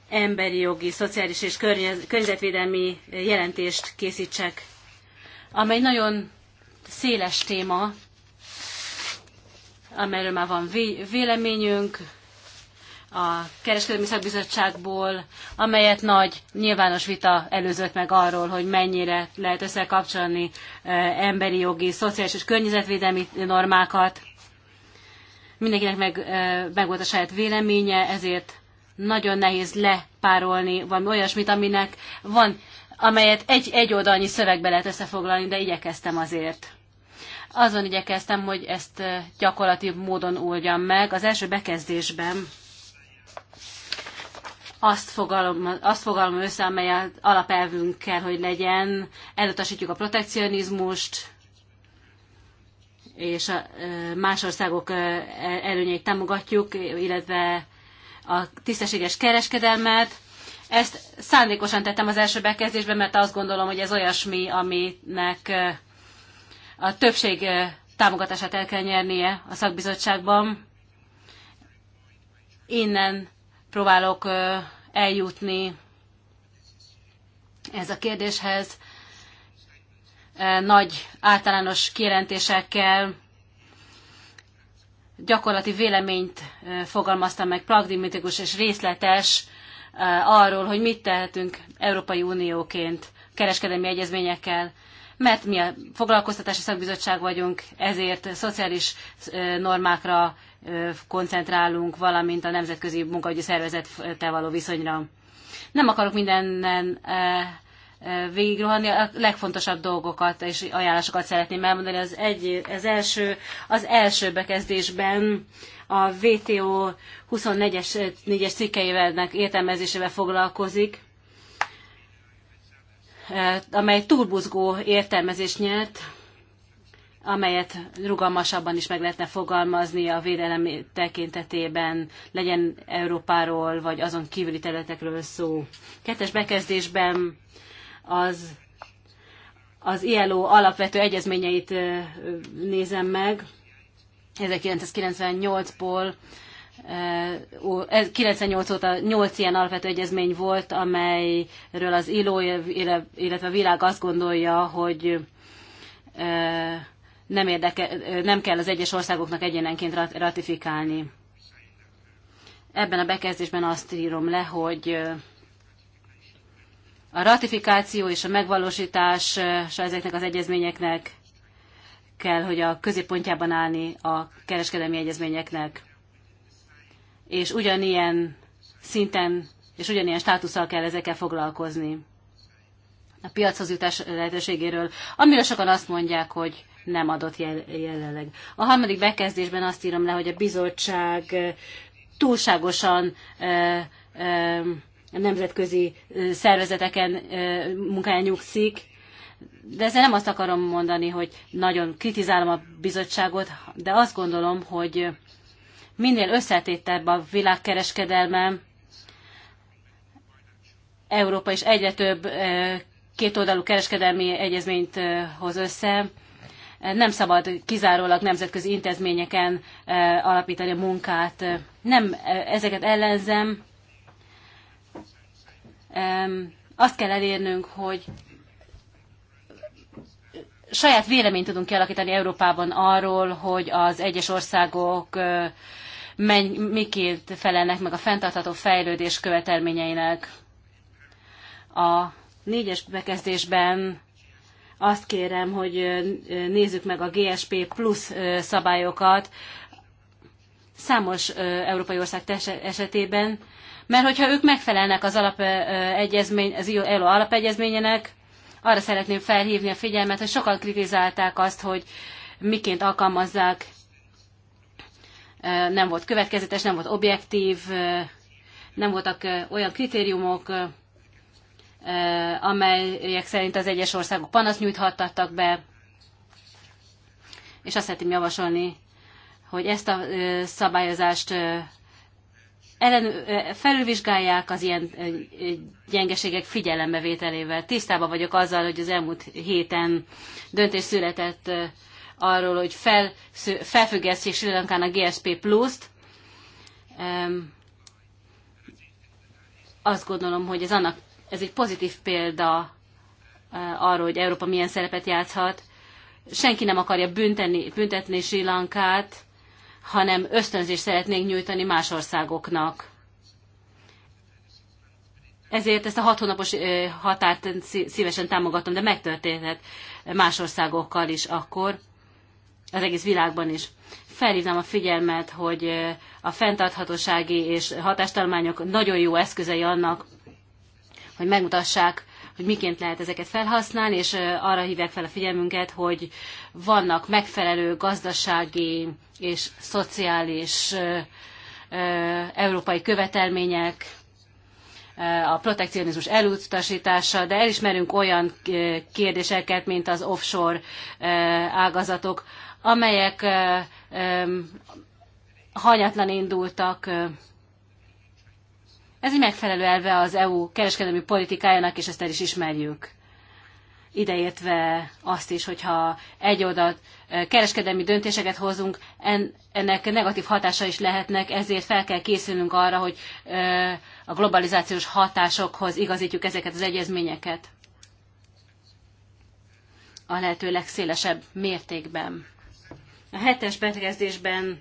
emberi jogi, szociális és környezetvédelmi jelentést készítsek, amely nagyon széles téma, amelyről már van véleményünk a Kereskedelmi Szakbizottságból, amelyet nagy nyilvános vita előzött meg arról, hogy mennyire lehet összekapcsolni e, emberi jogi, szociális és környezetvédelmi normákat. Mindenkinek meg, e, meg volt a saját véleménye, ezért nagyon nehéz lepárolni valami olyasmit, aminek van, amelyet egy, egy oldalnyi szövegbe lehet összefoglalni, de igyekeztem azért. Azon igyekeztem, hogy ezt gyakorlati módon oldjam meg. Az első bekezdésben azt fogalom, azt fogalom össze, amely alapelvünk kell, hogy legyen. Elutasítjuk a protekcionizmust, és a más országok előnyeit támogatjuk, illetve a tisztességes kereskedelmet. Ezt szándékosan tettem az első bekezdésben, mert azt gondolom, hogy ez olyasmi, aminek a többség eh, támogatását el kell nyernie a szakbizottságban. Innen próbálok eh, eljutni ez a kérdéshez eh, nagy általános kijelentésekkel gyakorlati véleményt fogalmaztam meg, pragmatikus és részletes arról, hogy mit tehetünk Európai Unióként kereskedelmi egyezményekkel mert mi a foglalkoztatási szakbizottság vagyunk, ezért szociális normákra koncentrálunk, valamint a Nemzetközi Munkaügyi Szervezettel való viszonyra. Nem akarok mindenen végigrohanni, a legfontosabb dolgokat és ajánlásokat szeretném elmondani. Az, egy, az, első, az első bekezdésben a WTO 24-es cikkeivelnek értelmezésével foglalkozik, E, amely túlbuzgó értelmezést nyert, amelyet rugalmasabban is meg lehetne fogalmazni a védelem tekintetében, legyen Európáról vagy azon kívüli területekről szó. Kettes bekezdésben az, az ILO alapvető egyezményeit e, nézem meg, 1998-ból 98 óta 8 ilyen alapvető egyezmény volt, amelyről az ILO, illetve a világ azt gondolja, hogy nem, érdeke, nem kell az egyes országoknak egyenenként ratifikálni. Ebben a bekezdésben azt írom le, hogy a ratifikáció és a megvalósítás ezeknek az egyezményeknek kell, hogy a középpontjában állni a kereskedelmi egyezményeknek és ugyanilyen szinten és ugyanilyen státusszal kell ezekkel foglalkozni. A piachoz jutás lehetőségéről, amire sokan azt mondják, hogy nem adott jelenleg. A harmadik bekezdésben azt írom le, hogy a bizottság túlságosan nemzetközi szervezeteken munkáján nyugszik, de ezzel nem azt akarom mondani, hogy nagyon kritizálom a bizottságot, de azt gondolom, hogy minél összetétebb a világkereskedelme. Európa is egyre több kétoldalú kereskedelmi egyezményt hoz össze. Nem szabad kizárólag nemzetközi intézményeken alapítani a munkát. Nem ezeket ellenzem. Azt kell elérnünk, hogy saját véleményt tudunk kialakítani Európában arról, hogy az egyes országok miként felelnek meg a fenntartható fejlődés követelményeinek. A négyes bekezdésben azt kérem, hogy nézzük meg a GSP plusz szabályokat számos európai ország esetében, mert hogyha ők megfelelnek az, alapegyezmény, az ELO alapegyezményének, arra szeretném felhívni a figyelmet, hogy sokan kritizálták azt, hogy miként alkalmazzák nem volt következetes, nem volt objektív, nem voltak olyan kritériumok, amelyek szerint az egyes országok panaszt nyújthattak be, és azt szeretném javasolni, hogy ezt a szabályozást ellen, felülvizsgálják az ilyen gyengeségek figyelembevételével. Tisztában vagyok azzal, hogy az elmúlt héten döntés született arról, hogy fel, felfüggesztjék Sri Lankán a GSP Plus-t. Azt gondolom, hogy ez, annak, ez egy pozitív példa e, arról, hogy Európa milyen szerepet játszhat. Senki nem akarja bünteni, büntetni Sri Lankát, hanem ösztönzést szeretnénk nyújtani más országoknak. Ezért ezt a hat hónapos e, határt szívesen támogatom, de megtörténhet más országokkal is akkor, az egész világban is. Felhívnám a figyelmet, hogy a fenntarthatósági és hatástalmányok nagyon jó eszközei annak, hogy megmutassák, hogy miként lehet ezeket felhasználni, és arra hívják fel a figyelmünket, hogy vannak megfelelő gazdasági és szociális európai követelmények, a protekcionizmus elutasítása, de elismerünk olyan kérdéseket, mint az offshore ágazatok, amelyek hanyatlan indultak. Ez egy megfelelő elve az EU kereskedelmi politikájának, és ezt el is ismerjük. Ideértve azt is, hogyha egy oldalt kereskedelmi döntéseket hozunk, ennek negatív hatása is lehetnek, ezért fel kell készülnünk arra, hogy a globalizációs hatásokhoz igazítjuk ezeket az egyezményeket a lehető legszélesebb mértékben. A hetes betegezésben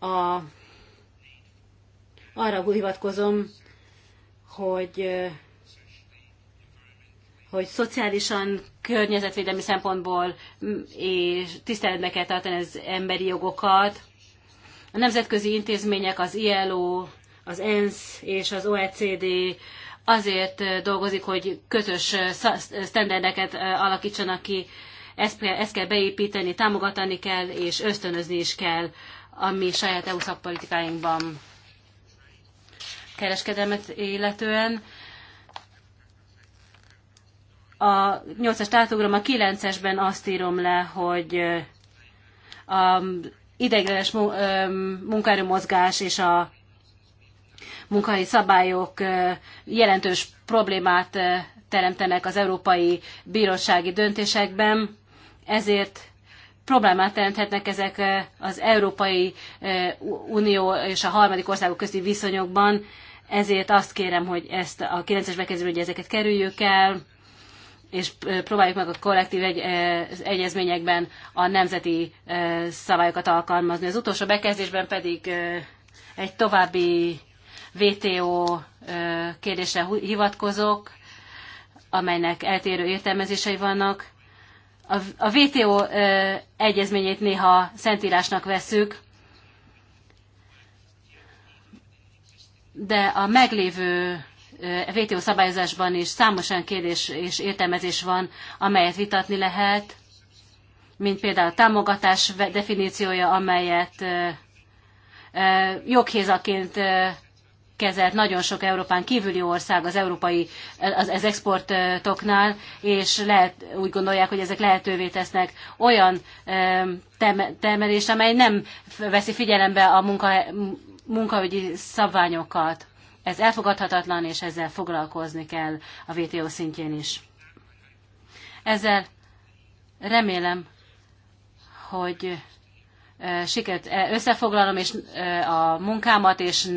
a, arra hivatkozom, hogy hogy szociálisan, környezetvédelmi szempontból mm, és tiszteletbe kell tartani az emberi jogokat. A nemzetközi intézmények, az ILO, az ENSZ és az OECD azért dolgozik, hogy kötös standardeket alakítsanak ki ezt, ezt kell beépíteni, támogatni kell, és ösztönözni is kell a mi saját EU szakpolitikáinkban kereskedelmet illetően. A 8-as tátogram a 9-esben azt írom le, hogy a ideiglenes munkaerő mozgás és a munkahelyi szabályok jelentős problémát teremtenek az európai bírósági döntésekben ezért problémát teremthetnek ezek eh, az Európai eh, Unió és a harmadik országok közti viszonyokban, ezért azt kérem, hogy ezt a 9-es bekezdő, hogy ezeket kerüljük el, és eh, próbáljuk meg a kollektív egy, egyezményekben a nemzeti szabályokat alkalmazni. Az utolsó bekezdésben pedig egy további VTO kérdésre hivatkozok, amelynek eltérő értelmezései vannak a, WTO egyezményét néha szentírásnak veszük, de a meglévő WTO szabályozásban is számos olyan kérdés és értelmezés van, amelyet vitatni lehet, mint például a támogatás definíciója, amelyet joghézaként kezelt nagyon sok Európán kívüli ország az európai az, az exportoknál, és lehet, úgy gondolják, hogy ezek lehetővé tesznek olyan termelést, amely nem veszi figyelembe a munka, munkaügyi szabványokat. Ez elfogadhatatlan, és ezzel foglalkozni kell a WTO szintjén is. Ezzel remélem, hogy sikert összefoglalom és a munkámat, és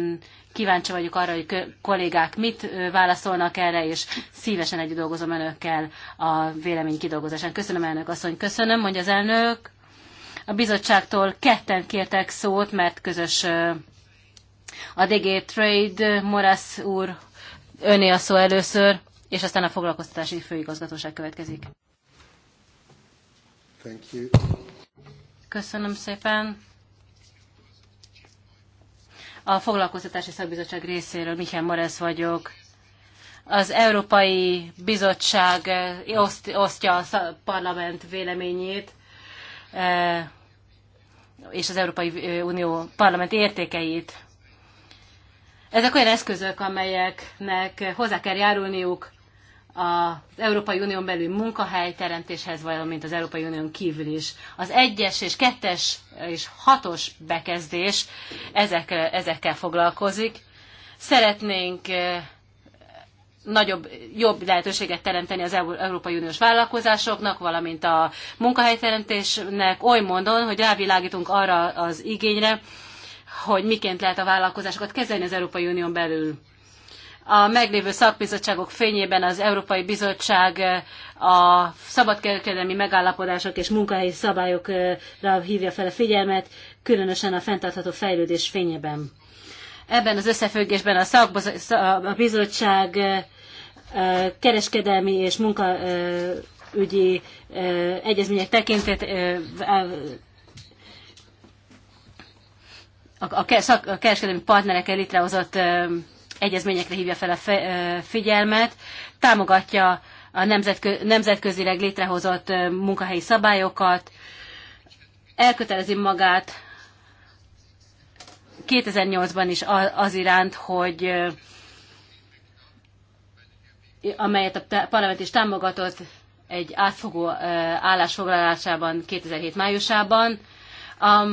kíváncsi vagyok arra, hogy kollégák mit válaszolnak erre, és szívesen együtt dolgozom önökkel a vélemény kidolgozásán. Köszönöm, elnök asszony, köszönöm, mondja az elnök. A bizottságtól ketten kértek szót, mert közös a DG Trade, Morasz úr, öné a szó először, és aztán a foglalkoztatási főigazgatóság következik. Thank you. Köszönöm szépen. A Foglalkoztatási Szakbizottság részéről Mihály Moresz vagyok. Az Európai Bizottság eh, oszt, osztja a parlament véleményét, eh, és az Európai eh, Unió parlament értékeit. Ezek olyan eszközök, amelyeknek hozzá kell járulniuk az Európai Unión belül munkahelyteremtéshez, valamint az Európai Unión kívül is. Az egyes és kettes és hatos bekezdés ezek, ezekkel foglalkozik. Szeretnénk eh, nagyobb, jobb lehetőséget teremteni az Európai Uniós vállalkozásoknak, valamint a munkahelyteremtésnek oly mondom, hogy rávilágítunk arra az igényre, hogy miként lehet a vállalkozásokat kezelni az Európai Unión belül a meglévő szakbizottságok fényében az Európai Bizottság eh, a szabadkereskedelmi megállapodások és munkahelyi szabályokra hívja fel a figyelmet, különösen a fenntartható fejlődés fényében. Ebben az összefüggésben a, szakboz, a bizottság eh, kereskedelmi és munkaügyi eh, egyezmények tekintet a kereskedelmi partnerekkel létrehozott egyezményekre hívja fel a figyelmet, támogatja a nemzetkö, nemzetközileg létrehozott munkahelyi szabályokat, elkötelezi magát 2008-ban is az iránt, hogy amelyet a parlament is támogatott egy átfogó állásfoglalásában 2007 májusában. A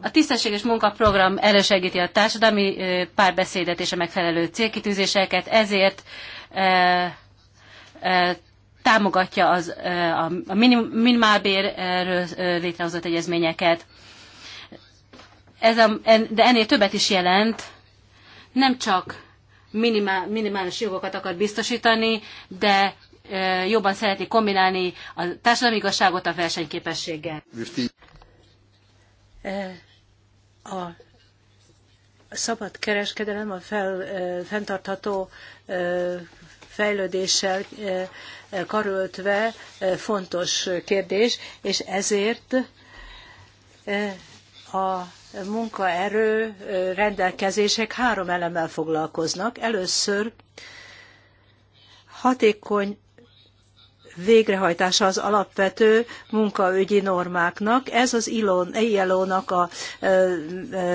A tisztességes munkaprogram elősegíti a társadalmi párbeszédet és a megfelelő célkitűzéseket, ezért támogatja az, a minimálbérről létrehozott egyezményeket. Ez a, de ennél többet is jelent, nem csak minimál, minimális jogokat akar biztosítani, de jobban szeretné kombinálni a társadalmi igazságot a versenyképességgel a szabad kereskedelem a fel, fenntartható fejlődéssel karöltve fontos kérdés, és ezért a munkaerő rendelkezések három elemmel foglalkoznak. Először hatékony végrehajtása az alapvető munkaügyi normáknak. Ez az ILO-nak a,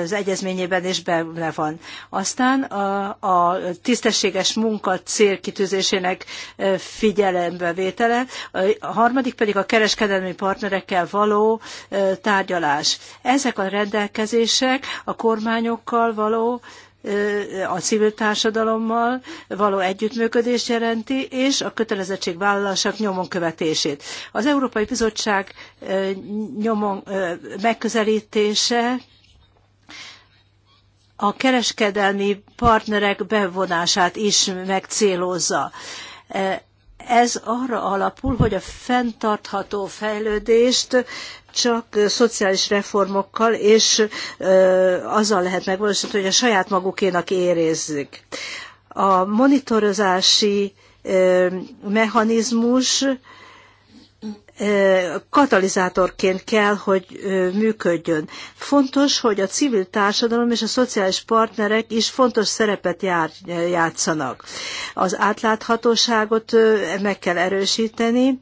az egyezményében is benne van. Aztán a, a tisztességes munka célkitűzésének figyelembevétele, a harmadik pedig a kereskedelmi partnerekkel való tárgyalás. Ezek a rendelkezések a kormányokkal való a civil társadalommal való együttműködést jelenti, és a kötelezettségvállalások nyomon követését. Az Európai Bizottság nyomon megközelítése a kereskedelmi partnerek bevonását is megcélozza. Ez arra alapul, hogy a fenntartható fejlődést csak szociális reformokkal, és azzal lehet megvalósítani, hogy a saját magukénak érezzük. A monitorozási mechanizmus katalizátorként kell, hogy működjön. Fontos, hogy a civil társadalom és a szociális partnerek is fontos szerepet játszanak. Az átláthatóságot meg kell erősíteni,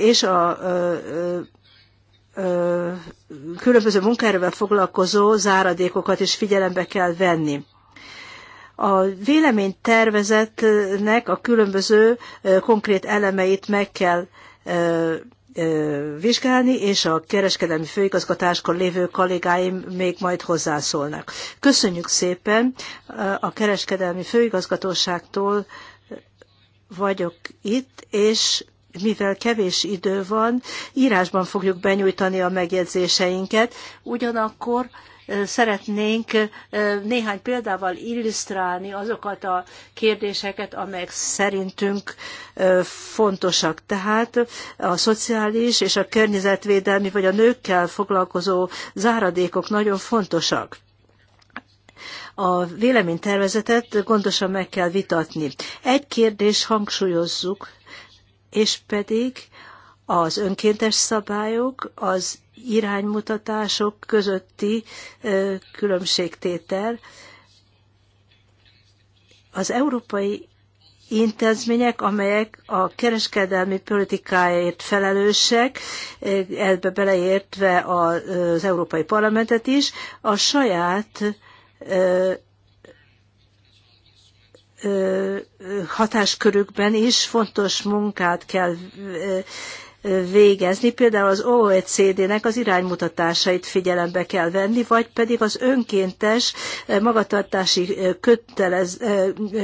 és a különböző munkaerővel foglalkozó záradékokat is figyelembe kell venni. A véleménytervezetnek a különböző konkrét elemeit meg kell vizsgálni, és a kereskedelmi főigazgatáskor lévő kollégáim még majd hozzászólnak. Köszönjük szépen a kereskedelmi főigazgatóságtól vagyok itt, és mivel kevés idő van, írásban fogjuk benyújtani a megjegyzéseinket, ugyanakkor szeretnénk néhány példával illusztrálni azokat a kérdéseket, amelyek szerintünk fontosak. Tehát a szociális és a környezetvédelmi vagy a nőkkel foglalkozó záradékok nagyon fontosak a véleménytervezetet gondosan meg kell vitatni. Egy kérdés hangsúlyozzuk és pedig az önkéntes szabályok, az iránymutatások közötti különbségtétel. Az európai intézmények, amelyek a kereskedelmi politikáért felelősek, ebbe beleértve az Európai Parlamentet is, a saját hatáskörükben is fontos munkát kell végezni, például az OECD-nek az iránymutatásait figyelembe kell venni, vagy pedig az önkéntes magatartási kötelez,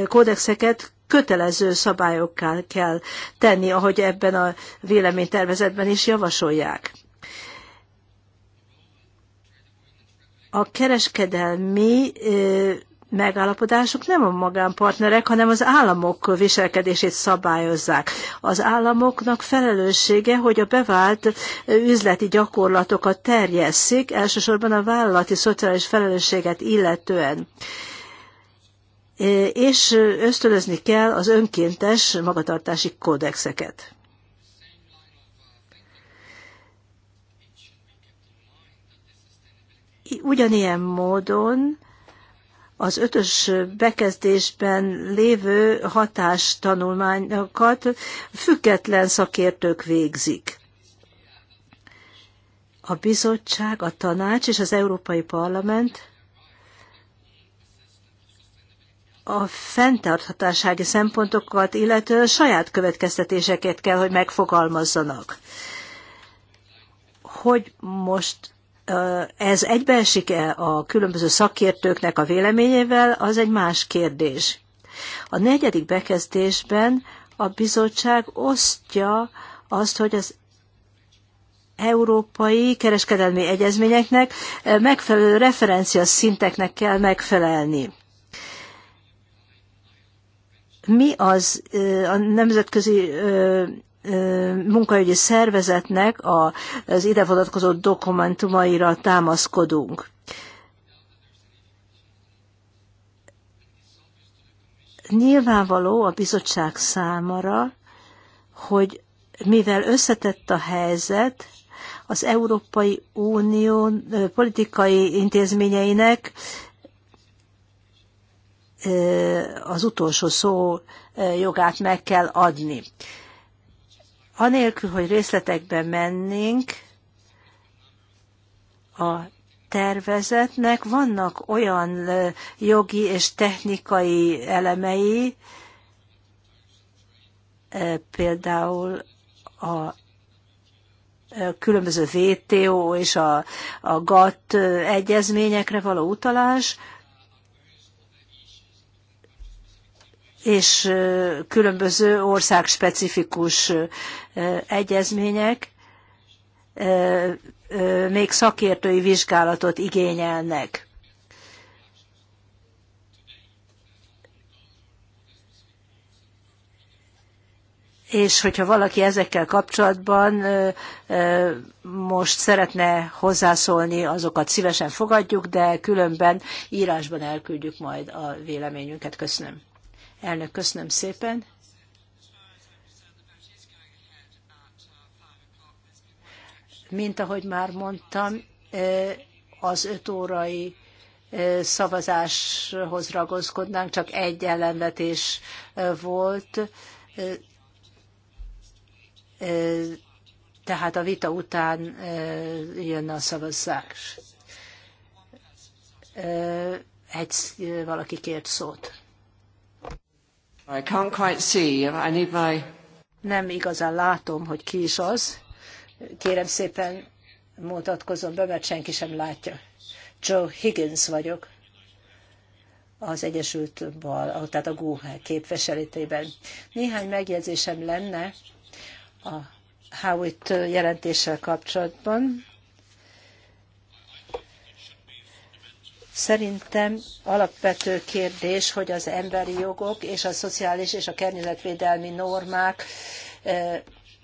kódexeket kötelező szabályokká kell tenni, ahogy ebben a véleménytervezetben is javasolják. A kereskedelmi megállapodások nem a magánpartnerek, hanem az államok viselkedését szabályozzák. Az államoknak felelőssége, hogy a bevált üzleti gyakorlatokat terjesszik, elsősorban a vállalati szociális felelősséget illetően e, és ösztönözni kell az önkéntes magatartási kódexeket. Ugyanilyen módon az ötös bekezdésben lévő hatástanulmányokat független szakértők végzik. A bizottság, a tanács és az Európai Parlament a fenntarthatósági szempontokat, illetve saját következtetéseket kell, hogy megfogalmazzanak. Hogy most ez egybeesik-e a különböző szakértőknek a véleményével, az egy más kérdés. A negyedik bekezdésben a bizottság osztja azt, hogy az európai kereskedelmi egyezményeknek megfelelő referencia szinteknek kell megfelelni. Mi az a nemzetközi munkaügyi szervezetnek az ide vonatkozó dokumentumaira támaszkodunk. Nyilvánvaló a bizottság számára, hogy mivel összetett a helyzet, az Európai Unió politikai intézményeinek az utolsó szó jogát meg kell adni. Anélkül, hogy részletekben mennénk, a tervezetnek vannak olyan jogi és technikai elemei, például a különböző VTO és a, a GATT egyezményekre való utalás, és különböző országspecifikus egyezmények még szakértői vizsgálatot igényelnek. és hogyha valaki ezekkel kapcsolatban most szeretne hozzászólni, azokat szívesen fogadjuk, de különben írásban elküldjük majd a véleményünket. Köszönöm. Elnök, köszönöm szépen. Mint ahogy már mondtam, az öt órai szavazáshoz ragaszkodnánk, csak egy ellenvetés volt. Tehát a vita után jön a szavazás. Egy, valaki kért szót. I can't quite see. I need my... Nem igazán látom, hogy ki is az. Kérem szépen mutatkozom be, mert senki sem látja. Joe Higgins vagyok az Egyesült Bal, tehát a GU képviseletében. Néhány megjegyzésem lenne a Howitt jelentéssel kapcsolatban. Szerintem alapvető kérdés, hogy az emberi jogok és a szociális és a környezetvédelmi normák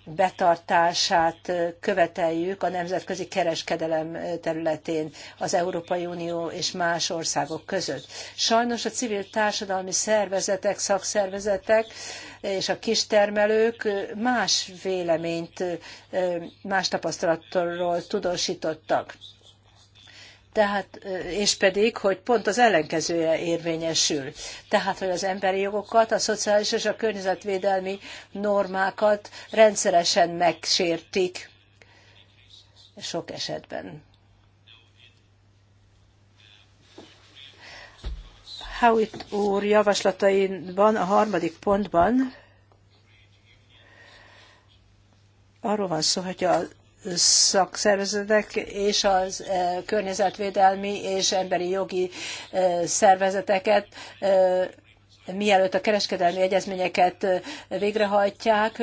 betartását követeljük a nemzetközi kereskedelem területén az Európai Unió és más országok között. Sajnos a civil társadalmi szervezetek, szakszervezetek és a kistermelők más véleményt, más tapasztalatról tudósítottak tehát, és pedig, hogy pont az ellenkezője érvényesül. Tehát, hogy az emberi jogokat, a szociális és a környezetvédelmi normákat rendszeresen megsértik sok esetben. Howitt úr javaslataiban, a harmadik pontban arról van szó, hogy a szakszervezetek és az e, környezetvédelmi és emberi jogi e, szervezeteket e, mielőtt a kereskedelmi egyezményeket végrehajtják,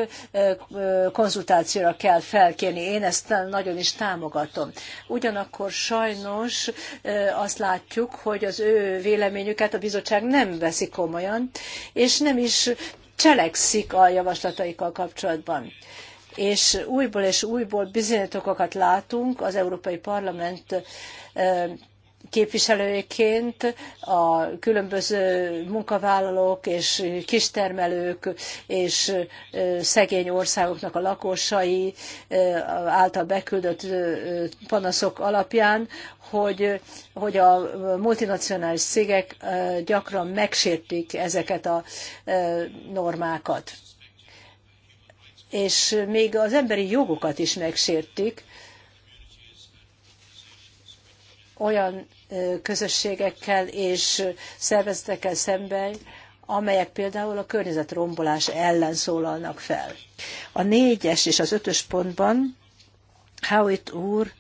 konzultációra kell felkérni. Én ezt nagyon is támogatom. Ugyanakkor sajnos azt látjuk, hogy az ő véleményüket a bizottság nem veszi komolyan, és nem is cselekszik a javaslataikkal kapcsolatban és újból és újból bizonyítékokat látunk az Európai Parlament képviselőjeként a különböző munkavállalók és kistermelők és szegény országoknak a lakosai által beküldött panaszok alapján, hogy, hogy a multinacionális cégek gyakran megsértik ezeket a normákat és még az emberi jogokat is megsértik olyan közösségekkel és szervezetekkel szemben, amelyek például a környezetrombolás ellen szólalnak fel. A négyes és az ötös pontban Howitt úr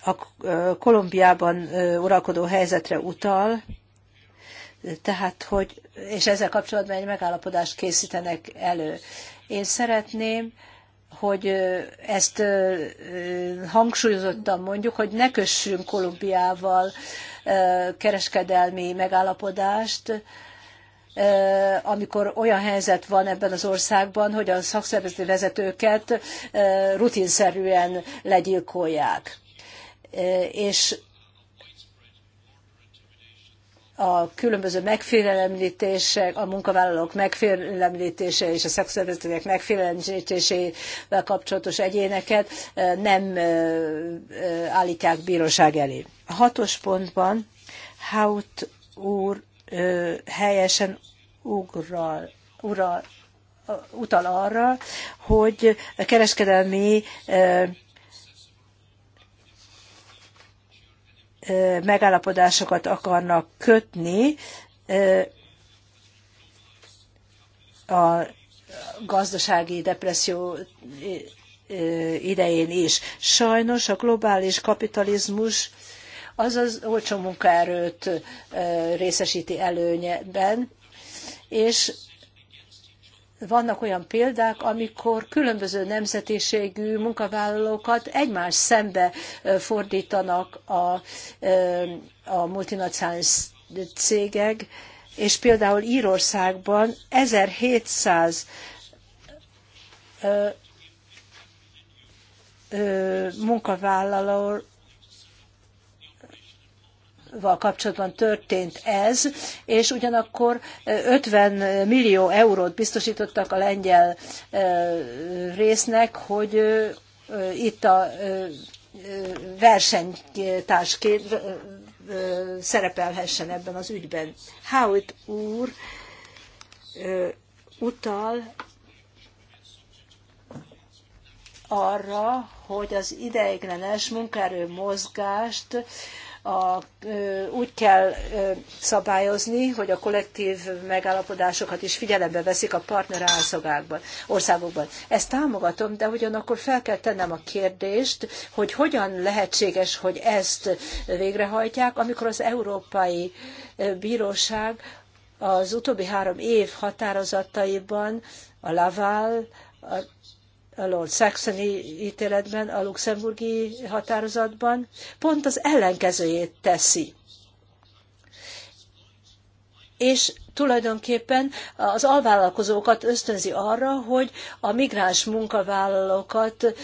a Kolumbiában uralkodó helyzetre utal, tehát, hogy, és ezzel kapcsolatban egy megállapodást készítenek elő. Én szeretném, hogy ezt hangsúlyozottan mondjuk, hogy ne kössünk Kolumbiával kereskedelmi megállapodást, amikor olyan helyzet van ebben az országban, hogy a szakszervezeti vezetőket rutinszerűen legyilkolják. És a különböző megfélemlítések, a munkavállalók megfélemlítése és a szexuálisek megfélemlítésével kapcsolatos egyéneket nem állítják bíróság elé. A hatos pontban Haut úr helyesen ugral, ural, utal arra, hogy a kereskedelmi megállapodásokat akarnak kötni a gazdasági depresszió idején is. Sajnos a globális kapitalizmus az az olcsó munkaerőt részesíti előnyben, és vannak olyan példák, amikor különböző nemzetiségű munkavállalókat egymás szembe fordítanak a, a multinacionális cégek, és például Írországban 1700 munkavállaló val kapcsolatban történt ez, és ugyanakkor 50 millió eurót biztosítottak a lengyel résznek, hogy itt a versenytársként szerepelhessen ebben az ügyben. Howitt úr utal arra, hogy az ideiglenes munkaerő mozgást a, úgy kell szabályozni, hogy a kollektív megállapodásokat is figyelembe veszik a partner országokban. Ezt támogatom, de ugyanakkor fel kell tennem a kérdést, hogy hogyan lehetséges, hogy ezt végrehajtják, amikor az Európai Bíróság az utóbbi három év határozataiban a Laval, a Lord Saxony ítéletben, a luxemburgi határozatban, pont az ellenkezőjét teszi és tulajdonképpen az alvállalkozókat ösztönzi arra, hogy a migráns munkavállalókat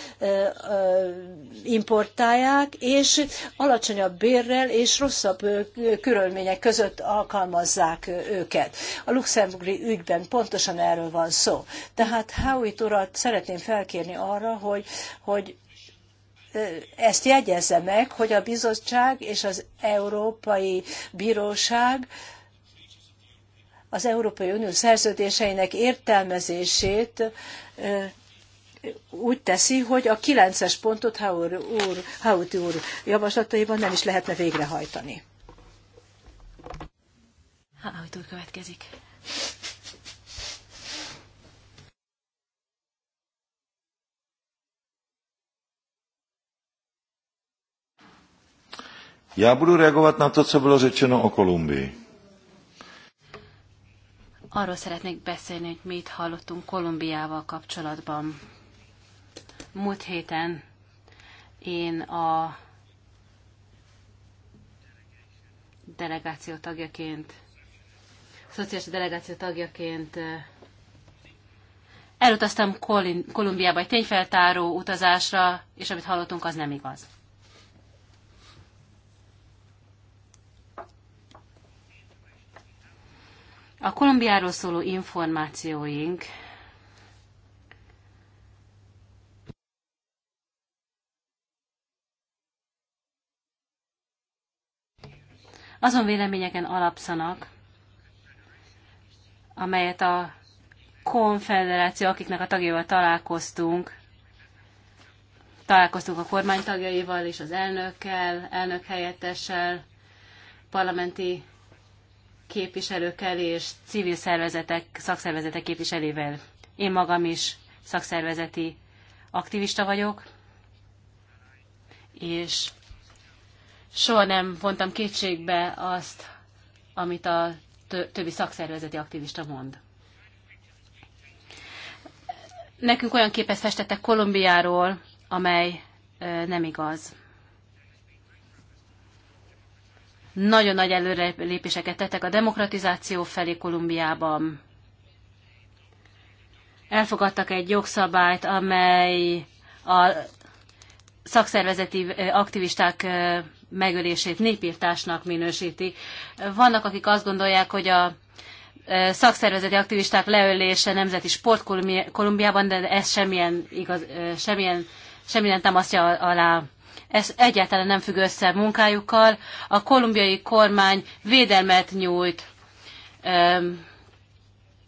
importálják, és alacsonyabb bérrel és rosszabb körülmények között alkalmazzák őket. A luxemburgi ügyben pontosan erről van szó. Tehát Howitt urat szeretném felkérni arra, hogy, hogy ezt jegyezze meg, hogy a bizottság és az Európai Bíróság az Európai Unió szerződéseinek értelmezését úgy teszi, hogy a 9-es pontot Haur úr, Hauti úr javaslataiban nem is lehetne végrehajtani. Hauti úr következik. Já budu reagovat na to, co bylo řečeno o Kolumbii. Arról szeretnék beszélni, hogy mit hallottunk Kolumbiával kapcsolatban. Múlt héten én a delegáció tagjaként, szociális delegáció tagjaként elutaztam Kolumbiába egy tényfeltáró utazásra, és amit hallottunk, az nem igaz. A Kolumbiáról szóló információink azon véleményeken alapszanak, amelyet a konfederáció, akiknek a tagjaival találkoztunk, találkoztunk a kormány tagjaival és az elnökkel, elnök helyettessel, parlamenti képviselőkkel és civil szervezetek, szakszervezetek képviselével. Én magam is szakszervezeti aktivista vagyok, és soha nem vontam kétségbe azt, amit a többi szakszervezeti aktivista mond. Nekünk olyan képet festettek Kolumbiáról, amely nem igaz. Nagyon nagy előrelépéseket tettek a demokratizáció felé Kolumbiában. Elfogadtak egy jogszabályt, amely a szakszervezeti aktivisták megölését népírtásnak minősíti. Vannak, akik azt gondolják, hogy a szakszervezeti aktivisták leölése nemzeti sport Kolumbiában, de ez semmilyen, igaz, semmilyen, semmilyen támasztja alá ez egyáltalán nem függ össze a munkájukkal. A kolumbiai kormány védelmet nyújt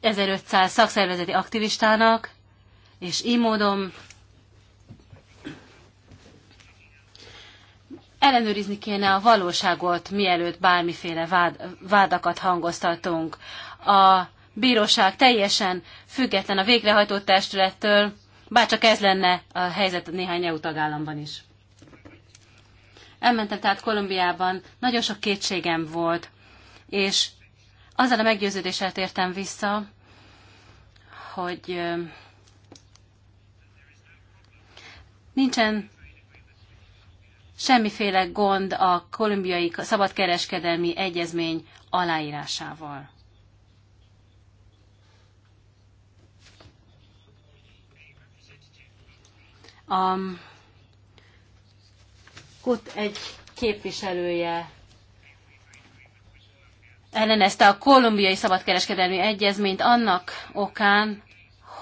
1500 szakszervezeti aktivistának, és így módon ellenőrizni kéne a valóságot, mielőtt bármiféle vád, vádakat hangoztatunk. A bíróság teljesen független a végrehajtó testülettől, csak ez lenne a helyzet néhány EU tagállamban is. Elmentem tehát Kolumbiában, nagyon sok kétségem volt, és azzal a meggyőződéssel tértem vissza, hogy nincsen semmiféle gond a kolumbiai szabadkereskedelmi egyezmény aláírásával. A Kut egy képviselője ellenezte a kolumbiai szabadkereskedelmi egyezményt annak okán,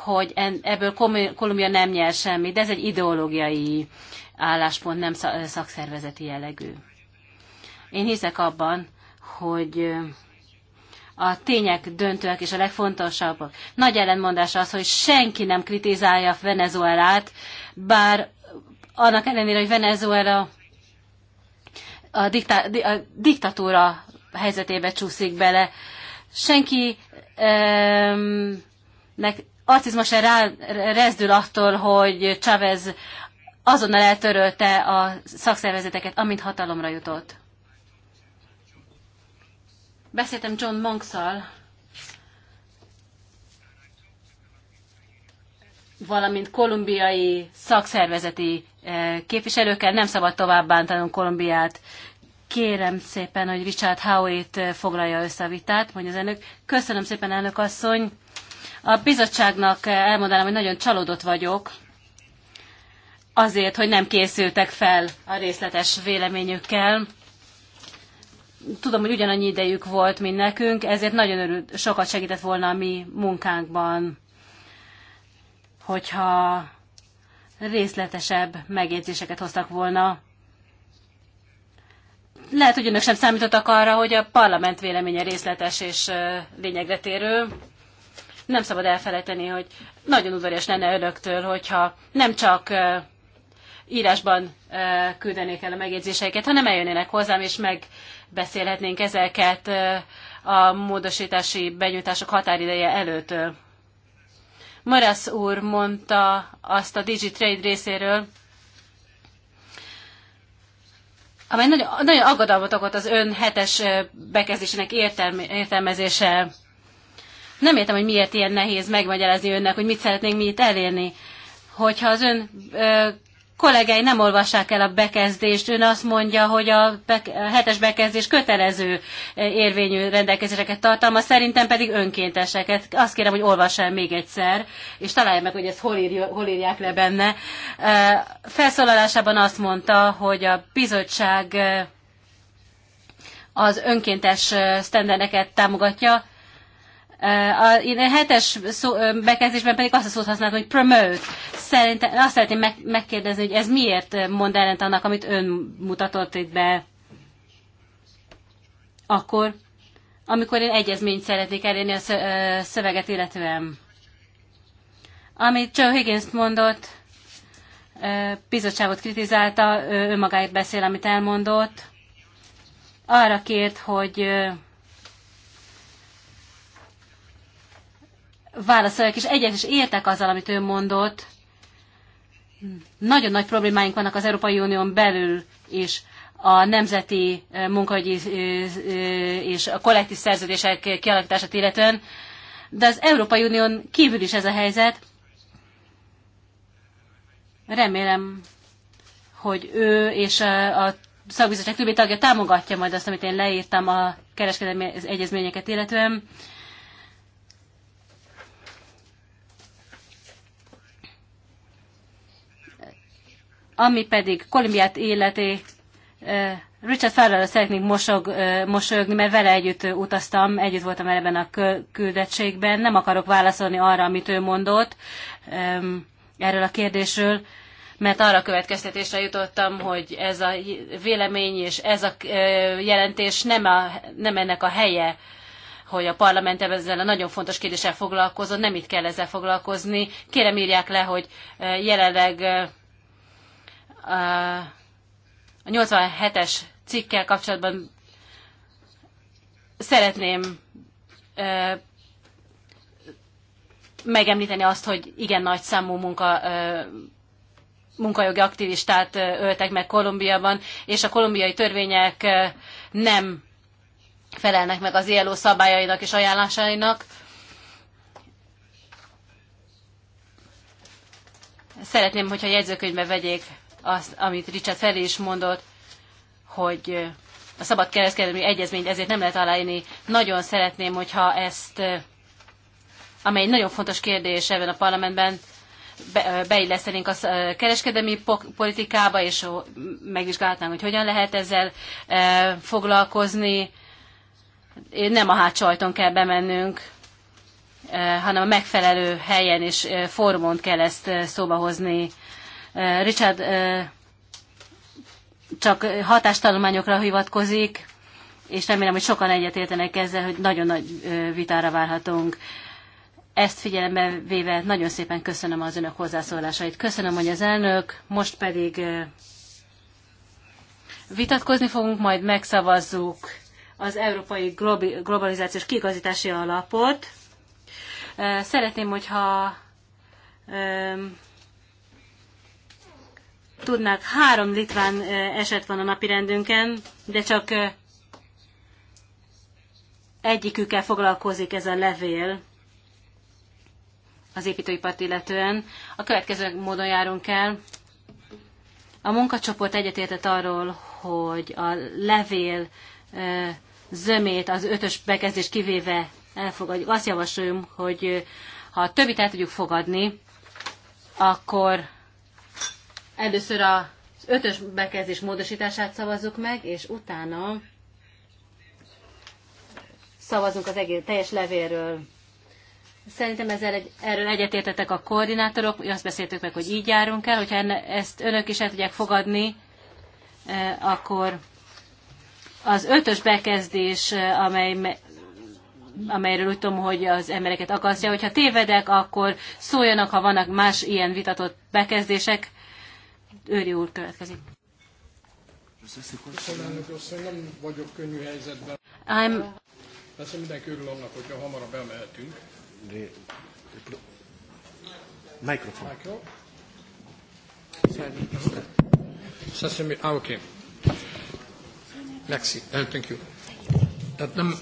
hogy ebből Kolumbia nem nyer semmit, de ez egy ideológiai álláspont, nem szakszervezeti jellegű. Én hiszek abban, hogy a tények döntőek és a legfontosabbak. Nagy ellentmondás az, hogy senki nem kritizálja Venezuelát, bár annak ellenére, hogy Venezuela a, diktá, a diktatúra helyzetébe csúszik bele. Senki nek arcizmosan rá, rezdül attól, hogy Chavez azonnal eltörölte a szakszervezeteket, amint hatalomra jutott. Beszéltem John Monkszal, valamint kolumbiai szakszervezeti eh, képviselőkkel. Nem szabad tovább bántanunk Kolumbiát. Kérem szépen, hogy Richard Howitt eh, foglalja össze a vitát, mondja az elnök. Köszönöm szépen, elnök asszony. A bizottságnak eh, elmondanám, hogy nagyon csalódott vagyok azért, hogy nem készültek fel a részletes véleményükkel. Tudom, hogy ugyanannyi idejük volt, mint nekünk, ezért nagyon örül, sokat segített volna a mi munkánkban hogyha részletesebb megjegyzéseket hoztak volna. Lehet, hogy önök sem számítottak arra, hogy a parlament véleménye részletes és lényegre térő. Nem szabad elfelejteni, hogy nagyon udvarias lenne önöktől, hogyha nem csak írásban küldenék el a megjegyzéseiket, hanem eljönnének hozzám, és megbeszélhetnénk ezeket a módosítási benyújtások határideje előtt. Marasz úr mondta azt a DigiTrade részéről, amely nagyon, nagyon aggodalmat okot az ön hetes bekezdésének értelme, értelmezése. Nem értem, hogy miért ilyen nehéz megmagyarázni önnek, hogy mit szeretnénk mi itt elérni. Hogyha az ön ö, kollégái nem olvassák el a bekezdést. Ön azt mondja, hogy a hetes bekezdés kötelező eh, érvényű rendelkezéseket tartalmaz, szerintem pedig önkénteseket. Azt kérem, hogy olvassál el még egyszer, és találja meg, hogy ezt hol, írja, hol írják le benne. Eh, felszólalásában azt mondta, hogy a bizottság eh, az önkéntes sztendereket támogatja, a, a hetes szó, bekezdésben pedig azt a szót használtam, hogy promote. Szerintem, azt szeretném meg, megkérdezni, hogy ez miért mond ellent annak, amit ön mutatott itt be akkor, amikor én egyezményt szeretnék elérni a szöveget illetően. Amit Joe Higgins mondott, bizottságot kritizálta, ő magáért beszél, amit elmondott. Arra kért, hogy válaszoljak, és egyet is értek azzal, amit ő mondott. Nagyon nagy problémáink vannak az Európai Unión belül is a nemzeti munkahogyi és a kollektív szerződések kialakítását illetően, de az Európai Unión kívül is ez a helyzet. Remélem, hogy ő és a, a szakbizottság többi tagja támogatja majd azt, amit én leírtam a kereskedelmi egyezményeket illetően. Ami pedig Kolumbiát életé, Richard Farrell szeretnék mosog, mosogni, mert vele együtt utaztam, együtt voltam ebben a küldettségben. Nem akarok válaszolni arra, amit ő mondott erről a kérdésről, mert arra a következtetésre jutottam, hogy ez a vélemény és ez a jelentés nem, a, nem ennek a helye, hogy a parlament ezzel a nagyon fontos kérdéssel foglalkozott, nem itt kell ezzel foglalkozni. Kérem írják le, hogy jelenleg a 87-es cikkkel kapcsolatban szeretném megemlíteni azt, hogy igen nagy számú munka, munkajogi aktivistát öltek meg Kolumbiaban, és a kolumbiai törvények nem felelnek meg az ILO szabályainak és ajánlásainak. Szeretném, hogyha jegyzőkönyvbe vegyék azt, amit Richard felé is mondott, hogy a szabad kereskedelmi egyezményt ezért nem lehet aláírni. Nagyon szeretném, hogyha ezt, amely egy nagyon fontos kérdés ebben a parlamentben, beillesztenénk a kereskedelmi politikába, és megvizsgálhatnánk, hogy hogyan lehet ezzel foglalkozni. Nem a ajtón kell bemennünk, hanem a megfelelő helyen és fórumon kell ezt szóba hozni Eh, Richard eh, csak hatástanulmányokra hivatkozik, és remélem, hogy sokan egyetértenek ezzel, hogy nagyon nagy eh, vitára várhatunk. Ezt figyelembe véve nagyon szépen köszönöm az önök hozzászólásait. Köszönöm, hogy az elnök, most pedig vitatkozni fogunk, majd megszavazzuk az Európai Globalizációs Kigazítási Alapot. Szeretném, hogyha tudnák, három litván eset van a napi de csak egyikükkel foglalkozik ez a levél az építőipart illetően. A következő módon járunk el. A munkacsoport egyetértett arról, hogy a levél zömét az ötös bekezdés kivéve elfogadjuk. Azt javasoljuk, hogy ha a többit el tudjuk fogadni, akkor Először az ötös bekezdés módosítását szavazzuk meg, és utána szavazunk az egész teljes levélről. Szerintem ezzel egy, erről egyetértettek a koordinátorok, azt beszéltük meg, hogy így járunk el, hogyha ezt önök is el tudják fogadni, e, akkor az ötös bekezdés, e, amely, amelyről úgy tudom, hogy az embereket akasztja, hogyha tévedek, akkor szóljanak, ha vannak más ilyen vitatott bekezdések, Őri úr következik. Köszönöm, nem vagyok könnyű helyzetben. I'm... Persze mindenki örül annak, hogyha hamarabb elmehetünk. De... Mikrofon. Mikro. ah, oké. Merci, eh, thank you. Tehát nem,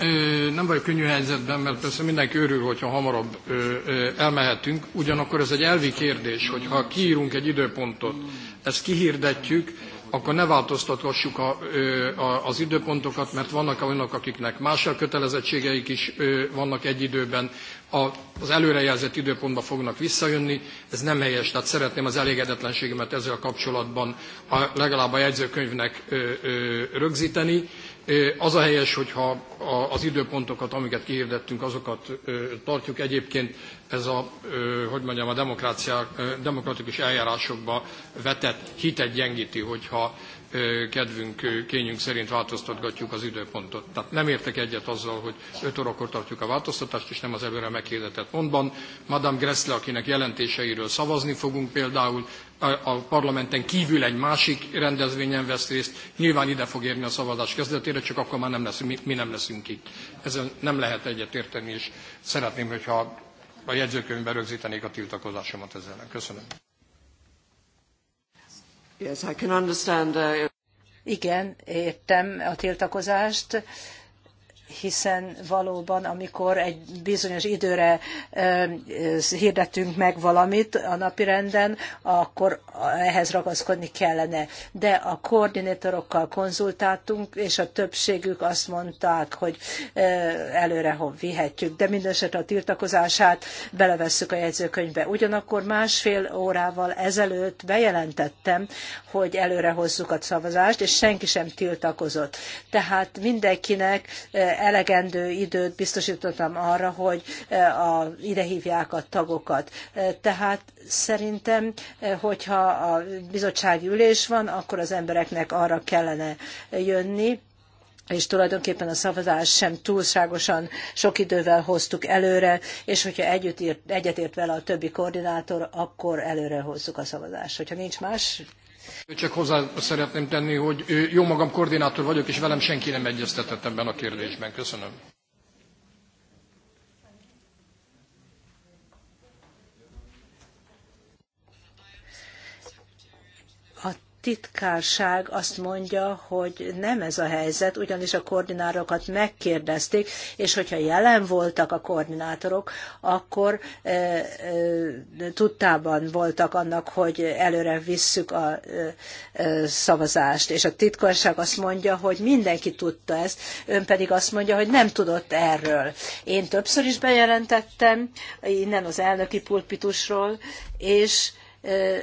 nem vagyok könnyű helyzetben, mert persze mindenki örül, hogyha hamarabb elmehetünk. Ugyanakkor ez egy elvi kérdés, hogyha kiírunk egy időpontot, ezt kihirdetjük, akkor ne változtathassuk a, a, az időpontokat, mert vannak olyanok, akiknek más a kötelezettségeik is vannak egy időben, a, az előrejelzett időpontba fognak visszajönni, ez nem helyes, tehát szeretném az elégedetlenségemet ezzel kapcsolatban a, legalább a jegyzőkönyvnek ö, ö, rögzíteni. Az a helyes, hogyha az időpontokat, amiket kihirdettünk, azokat tartjuk. Egyébként ez a, hogy mondjam, a demokratikus eljárásokba vetett hitet gyengíti, hogyha kedvünk, kényünk szerint változtatgatjuk az időpontot. Tehát nem értek egyet azzal, hogy 5 órakor tartjuk a változtatást, és nem az előre meghirdetett pontban. Madame Gressle, akinek jelentéseiről szavazni fogunk például, a parlamenten kívül egy másik rendezvényen vesz részt, nyilván ide fog érni a szavazás kezdetére, csak akkor már nem leszünk, mi, mi nem leszünk itt. Ezzel nem lehet egyetérteni, és szeretném, hogyha a jegyzőkönyvben rögzítenék a tiltakozásomat ezzel. Köszönöm. Yes, I can understand. Uh, Igen, értem a tiltakozást hiszen valóban, amikor egy bizonyos időre hirdetünk meg valamit a napirenden, akkor ehhez ragaszkodni kellene. De a koordinátorokkal konzultáltunk, és a többségük azt mondták, hogy előre vihetjük. De mindesetre a tiltakozását belevesszük a jegyzőkönyvbe. Ugyanakkor másfél órával ezelőtt bejelentettem, hogy előre hozzuk a szavazást, és senki sem tiltakozott. Tehát mindenkinek elegendő időt biztosítottam arra, hogy e, a, ide a tagokat. E, tehát szerintem, e, hogyha a bizottsági ülés van, akkor az embereknek arra kellene jönni, és tulajdonképpen a szavazást sem túlságosan sok idővel hoztuk előre, és hogyha együtt egyetért vele a többi koordinátor, akkor előre hozzuk a szavazást. Hogyha nincs más csak hozzá szeretném tenni, hogy jó magam koordinátor vagyok, és velem senki nem egyeztetett ebben a kérdésben. Köszönöm. titkárság azt mondja, hogy nem ez a helyzet, ugyanis a koordinátorokat megkérdezték, és hogyha jelen voltak a koordinátorok, akkor e, e, tudtában voltak annak, hogy előre visszük a e, e, szavazást. És a titkárság azt mondja, hogy mindenki tudta ezt, ön pedig azt mondja, hogy nem tudott erről. Én többször is bejelentettem, innen az elnöki pulpitusról, és e,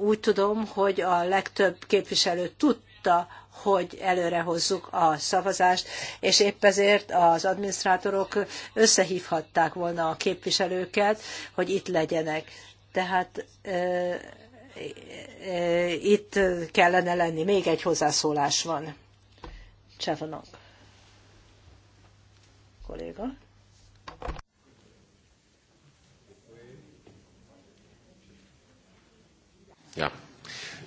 úgy tudom, hogy a legtöbb képviselő tudta, hogy előre hozzuk a szavazást, és épp ezért az adminisztrátorok összehívhatták volna a képviselőket, hogy itt legyenek. Tehát itt kellene lenni. Még egy hozzászólás van. Csevanok kolléga. Ja.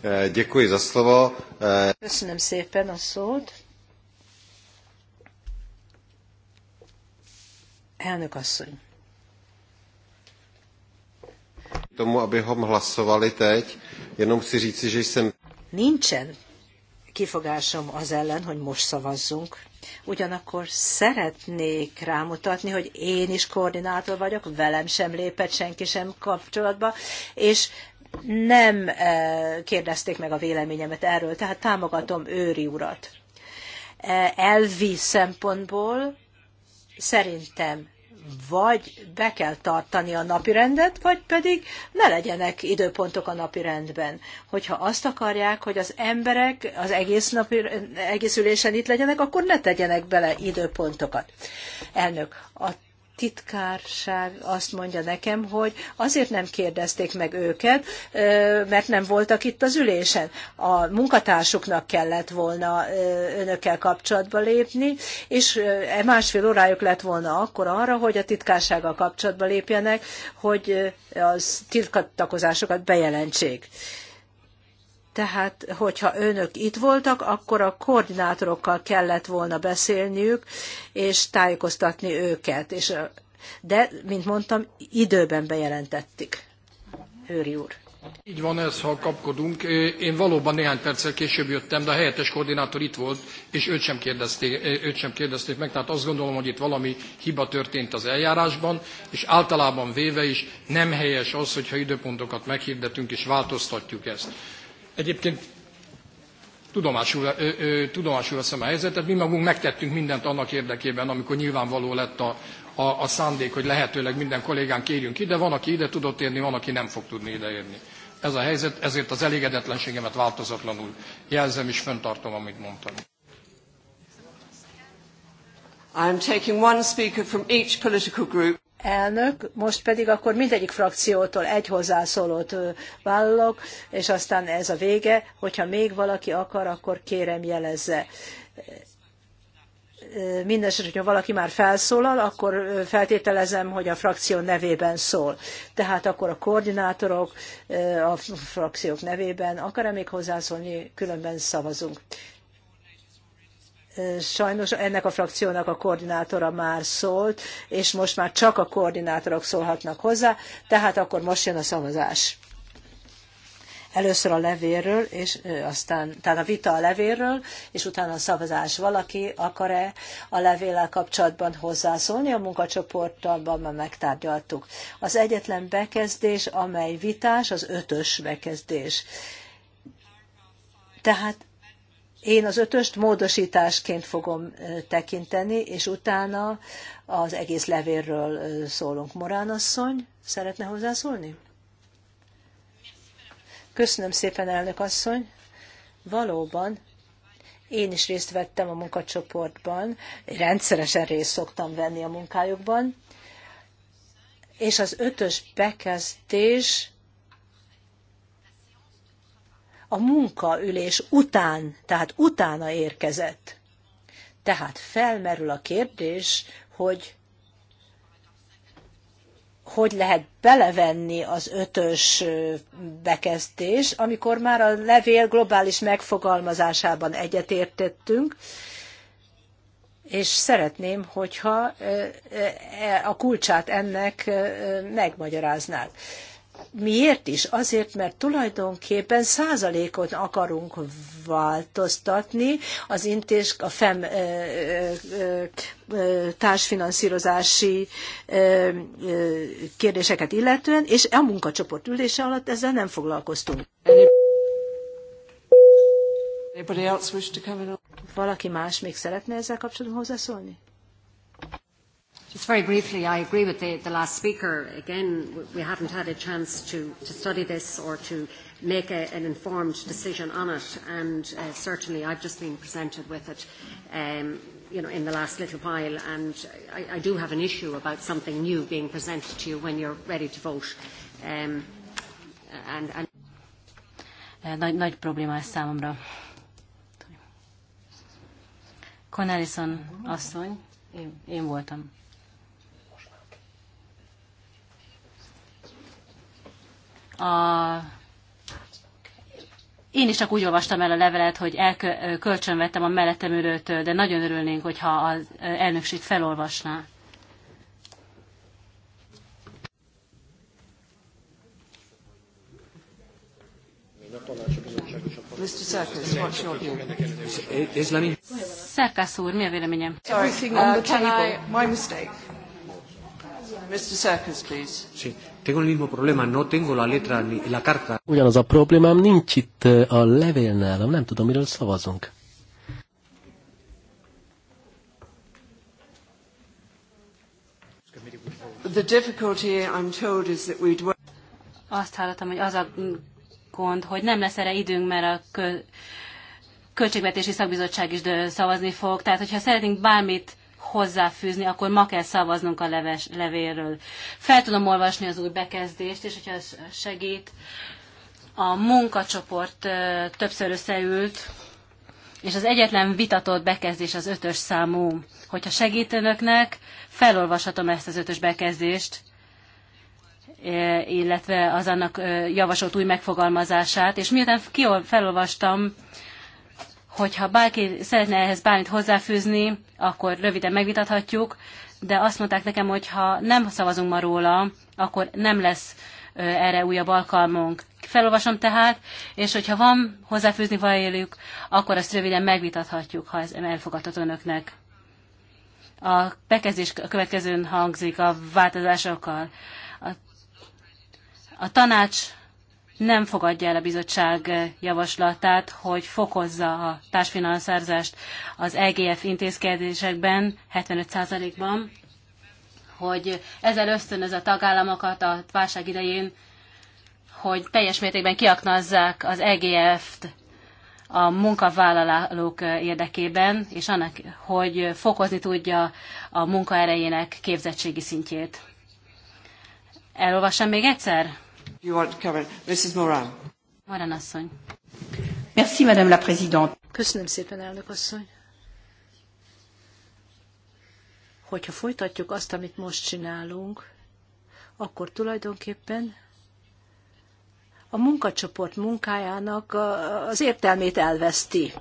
E, děkuji za slovo. E, Köszönöm szépen a szót. Elnök asszony. Tomu, abychom hlasovali teď, jenom chci říci, že jsem... Nincsen kifogásom az ellen, hogy most szavazzunk. Ugyanakkor szeretnék rámutatni, hogy én is koordinátor vagyok, velem sem lépett senki sem kapcsolatba, és nem eh, kérdezték meg a véleményemet erről, tehát támogatom Őri urat. Eh, elvi szempontból szerintem vagy be kell tartani a napirendet, vagy pedig ne legyenek időpontok a napirendben. Hogyha azt akarják, hogy az emberek az egész, napi, egész ülésen itt legyenek, akkor ne tegyenek bele időpontokat. Elnök, a titkárság azt mondja nekem, hogy azért nem kérdezték meg őket, mert nem voltak itt az ülésen. A munkatársuknak kellett volna önökkel kapcsolatba lépni, és e másfél órájuk lett volna akkor arra, hogy a titkársággal kapcsolatba lépjenek, hogy az tiltakozásokat bejelentsék. Tehát, hogyha önök itt voltak, akkor a koordinátorokkal kellett volna beszélniük, és tájékoztatni őket. És, de, mint mondtam, időben bejelentették. Őri úr. Így van ez, ha kapkodunk. Én valóban néhány perccel később jöttem, de a helyettes koordinátor itt volt, és őt sem, kérdezték, őt sem kérdezték meg, tehát azt gondolom, hogy itt valami hiba történt az eljárásban, és általában véve is nem helyes az, hogyha időpontokat meghirdetünk és változtatjuk ezt. Egyébként tudomásul, ö, ö, tudomásul veszem a helyzetet. Mi magunk megtettünk mindent annak érdekében, amikor nyilvánvaló lett a, a, a szándék, hogy lehetőleg minden kollégán kérjünk ide. Van, aki ide tudott érni, van, aki nem fog tudni ideérni. Ez a helyzet, ezért az elégedetlenségemet változatlanul jelzem és föntartom, amit mondtam. I'm taking one speaker from each political group elnök, most pedig akkor mindegyik frakciótól egy hozzászólót vállalok, és aztán ez a vége, hogyha még valaki akar, akkor kérem jelezze. Mindenesetre, hogyha valaki már felszólal, akkor feltételezem, hogy a frakció nevében szól. Tehát akkor a koordinátorok a frakciók nevében akar-e még hozzászólni, különben szavazunk. Sajnos ennek a frakciónak a koordinátora már szólt, és most már csak a koordinátorok szólhatnak hozzá, tehát akkor most jön a szavazás. Először a levélről, és aztán, tehát a vita a levélről, és utána a szavazás. Valaki akar-e a levéllel kapcsolatban hozzászólni? A munkacsoporttal, már megtárgyaltuk. Az egyetlen bekezdés, amely vitás, az ötös bekezdés. Tehát én az ötöst módosításként fogom tekinteni, és utána az egész levérről szólunk. Morán asszony, szeretne hozzászólni? Köszönöm szépen, elnök asszony. Valóban én is részt vettem a munkacsoportban, rendszeresen részt szoktam venni a munkájukban, és az ötös bekezdés a munkaülés után, tehát utána érkezett. Tehát felmerül a kérdés, hogy hogy lehet belevenni az ötös bekezdés, amikor már a levél globális megfogalmazásában egyetértettünk, és szeretném, hogyha e, a kulcsát ennek megmagyaráznák. Miért is? Azért, mert tulajdonképpen százalékot akarunk változtatni az intés, a FEM társfinanszírozási kérdéseket illetően, és a munkacsoport ülése alatt ezzel nem foglalkoztunk. Valaki más még szeretne ezzel kapcsolatban hozzászólni? Just very briefly, I agree with the, the last speaker. Again, we haven't had a chance to, to study this or to make a, an informed decision on it, and uh, certainly I've just been presented with it um, you know, in the last little while, and I, I do have an issue about something new being presented to you when you're ready to vote. Um, and, and uh, nagy, nagy probléma ez számomra. Cornelison asszony, én, én voltam. a én is csak úgy olvastam el a levelet, hogy elkölcsönvettem a mellettem ülőtől, de nagyon örülnénk, hogyha az elnökség felolvasná. Szerkász úr, mi a véleményem? Sorry, uh, my mistake. Mr. Serkis, please. Sí. Tengo el mismo problema, no tengo la letra ni la carta. Ugyanaz a problémám nincs itt a levél nem tudom, miről szavazunk. The difficulty, I'm told, is that we'd... Azt hallottam, hogy az a gond, hogy nem lesz erre időnk, mert a kö... költségvetési szakbizottság is szavazni fog. Tehát, hogyha szeretnénk bármit hozzáfűzni, akkor ma kell szavaznunk a leves, levélről. Fel tudom olvasni az új bekezdést, és hogyha segít, a munkacsoport többször összeült, és az egyetlen vitatott bekezdés az ötös számú. Hogyha segít önöknek, felolvashatom ezt az ötös bekezdést, illetve az annak javasolt új megfogalmazását, és miután felolvastam, Hogyha bárki szeretne ehhez bármit hozzáfűzni, akkor röviden megvitathatjuk, de azt mondták nekem, hogy ha nem szavazunk ma róla, akkor nem lesz erre újabb alkalmunk. Felolvasom tehát, és hogyha van hozzáfűzni valójuk, akkor azt röviden megvitathatjuk, ha ez elfogadható önöknek. A bekezdés következőn hangzik a változásokkal. A, a tanács nem fogadja el a bizottság javaslatát, hogy fokozza a társfinanszírozást az EGF intézkedésekben 75%-ban, hogy ezzel ösztönöz a tagállamokat a válság idején, hogy teljes mértékben kiaknazzák az EGF-t a munkavállalók érdekében, és annak, hogy fokozni tudja a munkaerejének képzettségi szintjét. Elolvassam még egyszer? You want to Mrs. Moran. Moran asszony. Merci, Madame la Présidente. Köszönöm szépen, elnök asszony. Hogyha folytatjuk azt, amit most csinálunk, akkor tulajdonképpen a munkacsoport munkájának az értelmét elveszti.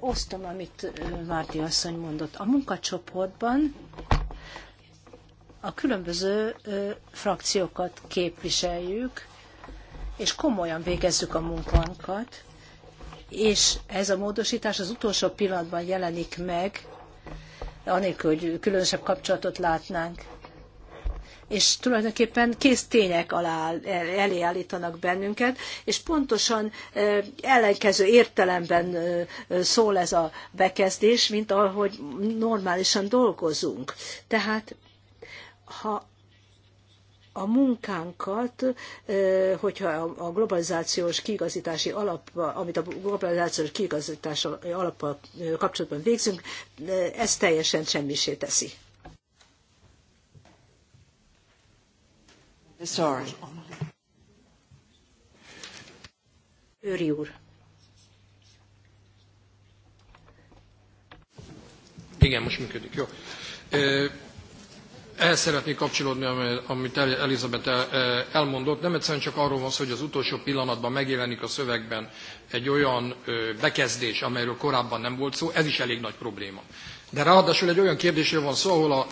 Osztom, amit Várdi asszony mondott. A munkacsoportban a különböző frakciókat képviseljük, és komolyan végezzük a munkánkat, és ez a módosítás az utolsó pillanatban jelenik meg, anélkül, hogy különösebb kapcsolatot látnánk. És tulajdonképpen kész tények alá elé állítanak bennünket, és pontosan ellenkező értelemben szól ez a bekezdés, mint ahogy normálisan dolgozunk. Tehát ha a munkánkat, hogyha a globalizációs kiigazítási alap, amit a globalizációs kiigazítási alappal kapcsolatban végzünk, ez teljesen semmisé teszi. Sorry. Őri úr. Igen, most működik. Jó ehhez szeretnék kapcsolódni, amit Elizabeth e- elmondott. Nem egyszerűen csak arról van szó, hogy az utolsó pillanatban megjelenik a szövegben egy olyan bekezdés, amelyről korábban nem volt szó, ez is elég nagy probléma. De ráadásul egy olyan kérdésről van szó, ahol a,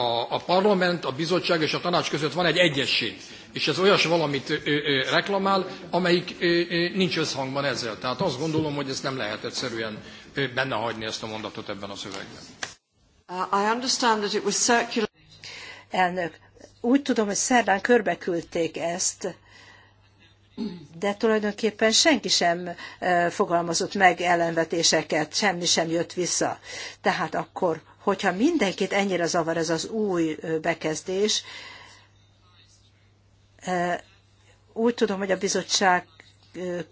a, a parlament, a bizottság és a tanács között van egy egyesség. És ez olyas valamit ö, ö, reklamál, amelyik ö, ö, nincs összhangban ezzel. Tehát azt gondolom, hogy ezt nem lehet egyszerűen benne hagyni ezt a mondatot ebben a szövegben. Uh, I understand that it was circular elnök. Úgy tudom, hogy szerdán körbeküldték ezt, de tulajdonképpen senki sem e, fogalmazott meg ellenvetéseket, semmi sem jött vissza. Tehát akkor, hogyha mindenkit ennyire zavar ez az új e, bekezdés, e, úgy tudom, hogy a bizottság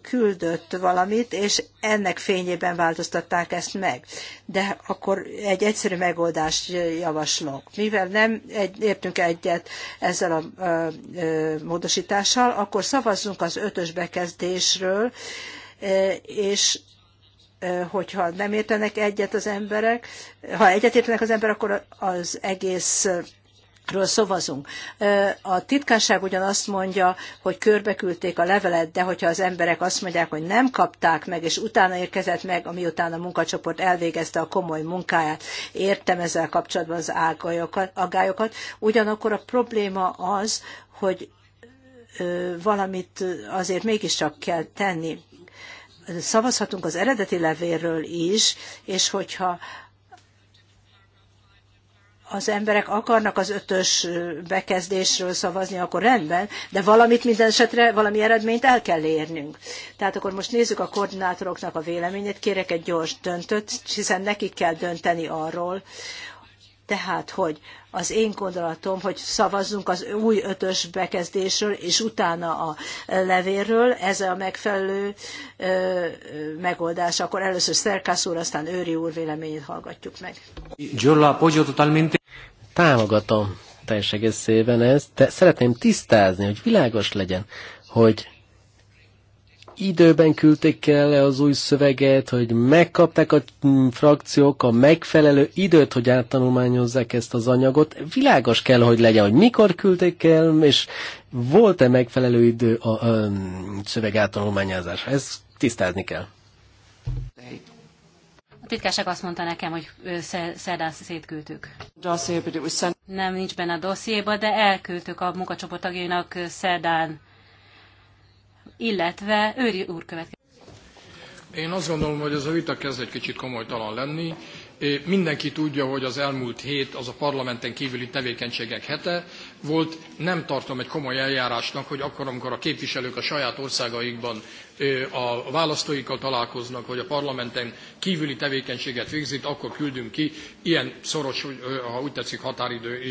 küldött valamit, és ennek fényében változtatták ezt meg. De akkor egy egyszerű megoldást javaslok. Mivel nem egy, értünk egyet ezzel a ö, ö, módosítással, akkor szavazzunk az ötös bekezdésről, és hogyha nem értenek egyet az emberek, ha egyet értenek az emberek, akkor az egész ről szavazunk. A titkárság azt mondja, hogy körbeküldték a levelet, de hogyha az emberek azt mondják, hogy nem kapták meg, és utána érkezett meg, amiután a munkacsoport elvégezte a komoly munkáját, értem ezzel kapcsolatban az aggályokat. Ugyanakkor a probléma az, hogy valamit azért mégiscsak kell tenni. Szavazhatunk az eredeti levélről is, és hogyha az emberek akarnak az ötös bekezdésről szavazni, akkor rendben, de valamit minden esetre, valami eredményt el kell érnünk. Tehát akkor most nézzük a koordinátoroknak a véleményét, kérek egy gyors döntőt, hiszen nekik kell dönteni arról, tehát, hogy az én gondolatom, hogy szavazzunk az új ötös bekezdésről, és utána a levéről, ez a megfelelő ö, megoldás. Akkor először Szerkász úr, aztán Őri úr véleményét hallgatjuk meg. Támogatom teljes egészében ezt, de szeretném tisztázni, hogy világos legyen, hogy időben küldték el az új szöveget, hogy megkapták a frakciók a megfelelő időt, hogy áttanulmányozzák ezt az anyagot. Világos kell, hogy legyen, hogy mikor küldték el, és volt-e megfelelő idő a, a, a um, szöveg áttanulmányozásra. Ezt tisztázni kell. A titkárság azt mondta nekem, hogy szerdán szétküldtük. Nem nincs benne a dossziéba, de elküldtük a munkacsoport tagjainak szerdán illetve Őri úr következik. Én azt gondolom, hogy ez a vita kezd egy kicsit komolytalan lenni. Mindenki tudja, hogy az elmúlt hét az a parlamenten kívüli tevékenységek hete volt. Nem tartom egy komoly eljárásnak, hogy akkor, amikor a képviselők a saját országaikban a választóikkal találkoznak, vagy a parlamenten kívüli tevékenységet végzik, akkor küldünk ki ilyen szoros, ha úgy tetszik, határidő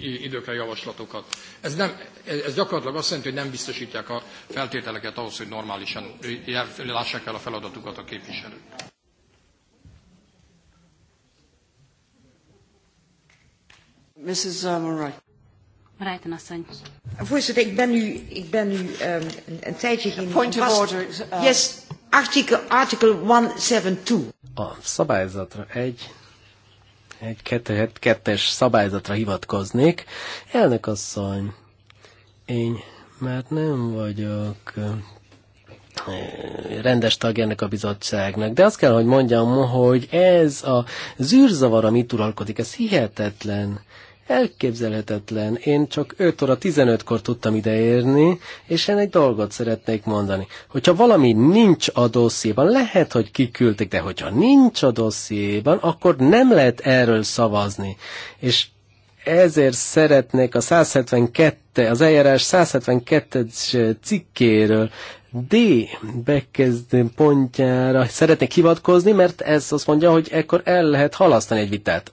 időkre javaslatokat. Ez, nem, ez gyakorlatilag azt jelenti, hogy nem biztosítják a feltételeket ahhoz, hogy normálisan lássák el a feladatukat a képviselők. Mrs. Zamorai. Marijten asszony. Voorzitter, ik ben nu, ik ben nu um, een, tijdje geen... Point of order. Uh... Yes, article, article 172. A szabályzatra egy egy het kettes szabályzatra hivatkoznék. Elnök asszony, én már nem vagyok eh, rendes tagja ennek a bizottságnak. De azt kell, hogy mondjam, hogy ez a zűrzavar, amit uralkodik, ez hihetetlen. Elképzelhetetlen. Én csak 5 óra 15-kor tudtam ideérni, és én egy dolgot szeretnék mondani. Hogyha valami nincs a dossziéban, lehet, hogy kiküldték, de hogyha nincs a dossziéban, akkor nem lehet erről szavazni. És ezért szeretnék a 172, az eljárás 172 cikkéről D bekezdő pontjára szeretnék hivatkozni, mert ez azt mondja, hogy ekkor el lehet halasztani egy vitát.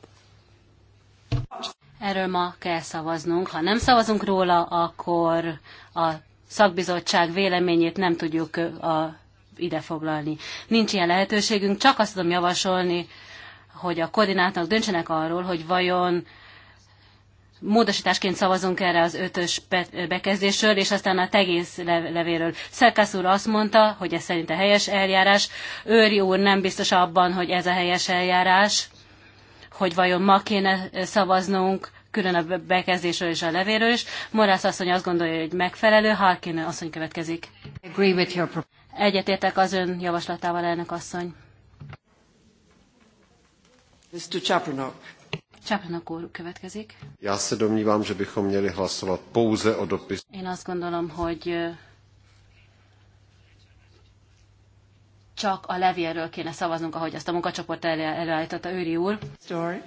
Erről ma kell szavaznunk. Ha nem szavazunk róla, akkor a szakbizottság véleményét nem tudjuk a, ide foglalni. Nincs ilyen lehetőségünk, csak azt tudom javasolni, hogy a koordinátnak döntsenek arról, hogy vajon módosításként szavazunk erre az ötös bekezdésről, és aztán a tegész levéről. Szerkász úr azt mondta, hogy ez szerint a helyes eljárás. Őri úr nem biztos abban, hogy ez a helyes eljárás, hogy vajon ma kéne szavaznunk, külön a bekezdésről és a levéről is. Morász asszony azt gondolja, hogy megfelelő, Harkin asszony következik. Egyetértek az ön javaslatával, elnök asszony. Mr. Chapernak. Chapernak úr következik. Já se domnívám, že bychom měli hlasovat pouze o dopis. Én azt gondolom, hogy csak a levélről kéne szavaznunk, ahogy azt a munkacsoport elő, előállította Őri úr. Story.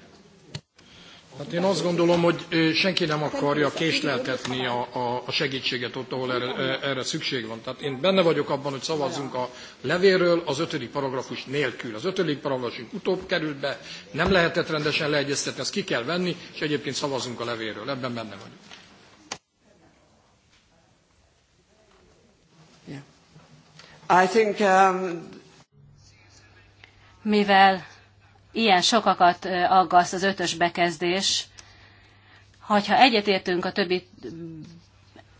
Hát én azt gondolom, hogy senki nem akarja késleltetni a, a, a segítséget ott, ahol erre, erre szükség van. Tehát én benne vagyok abban, hogy szavazzunk a levéről az ötödik paragrafus nélkül. Az ötödik paragrafus utóbb került be, nem lehetett rendesen leegyeztetni, ezt ki kell venni, és egyébként szavazzunk a levéről. Ebben benne vagyok. Yeah. I think, um... Mivel ilyen sokakat aggaszt az ötös bekezdés, hogyha egyetértünk a többi mm,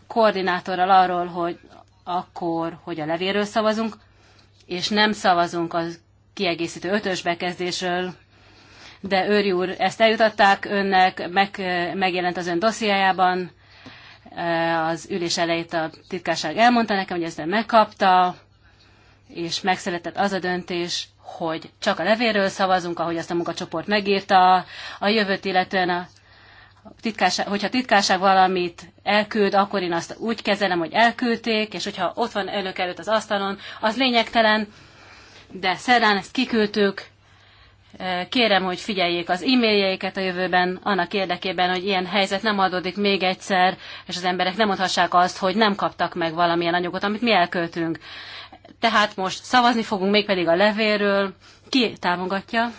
koordinátorral arról, hogy akkor, hogy a levéről szavazunk, és nem szavazunk a kiegészítő ötös bekezdésről, de Őri úr, ezt eljutatták önnek, meg, megjelent az ön dossziájában, az ülés elejét a titkárság elmondta nekem, hogy ezt megkapta, és megszületett az a döntés, hogy csak a levéről szavazunk, ahogy azt a munkacsoport megírta, a jövőt illetően a titkárság, hogyha titkárság valamit elküld, akkor én azt úgy kezelem, hogy elküldték, és hogyha ott van önök előtt az asztalon, az lényegtelen, de szerdán ezt kiküldtük, kérem, hogy figyeljék az e-mailjeiket a jövőben, annak érdekében, hogy ilyen helyzet nem adódik még egyszer, és az emberek nem mondhassák azt, hogy nem kaptak meg valamilyen anyagot, amit mi elköltünk. Tehát most szavazni fogunk mégpedig a levélről. Ki támogatja?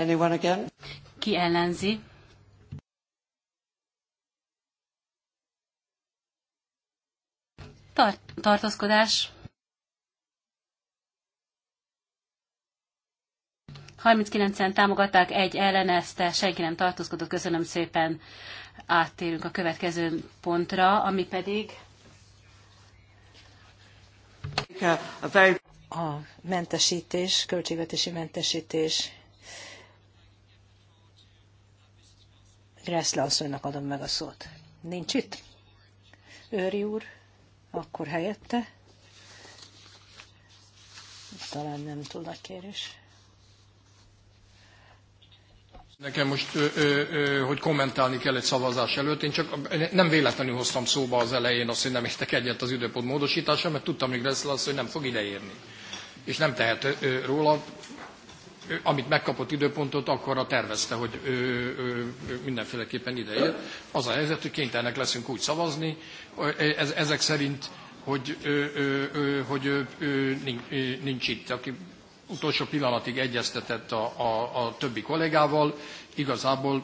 Anyone again? Ki ellenzi? Tart tartózkodás. 39-en támogatták, egy ellenezte, senki nem tartózkodott. Köszönöm szépen. Áttérünk a következő pontra, ami pedig a mentesítés, költségvetési mentesítés Reszle asszonynak adom meg a szót. Nincs itt? Őri úr, akkor helyette? Talán nem túl nagy kérés. Nekem most, ö, ö, hogy kommentálni kell egy szavazás előtt, én csak nem véletlenül hoztam szóba az elején azt, hogy nem értek egyet az időpont módosítása, mert tudtam, hogy lesz az, hogy nem fog ideérni. És nem tehet ö, róla, amit megkapott időpontot, a tervezte, hogy ö, ö, mindenféleképpen ideér. Az a helyzet, hogy kénytelenek leszünk úgy szavazni, ez, ezek szerint, hogy, ö, ö, ö, hogy ö, nincs itt, aki utolsó pillanatig egyeztetett a, a, a többi kollégával, igazából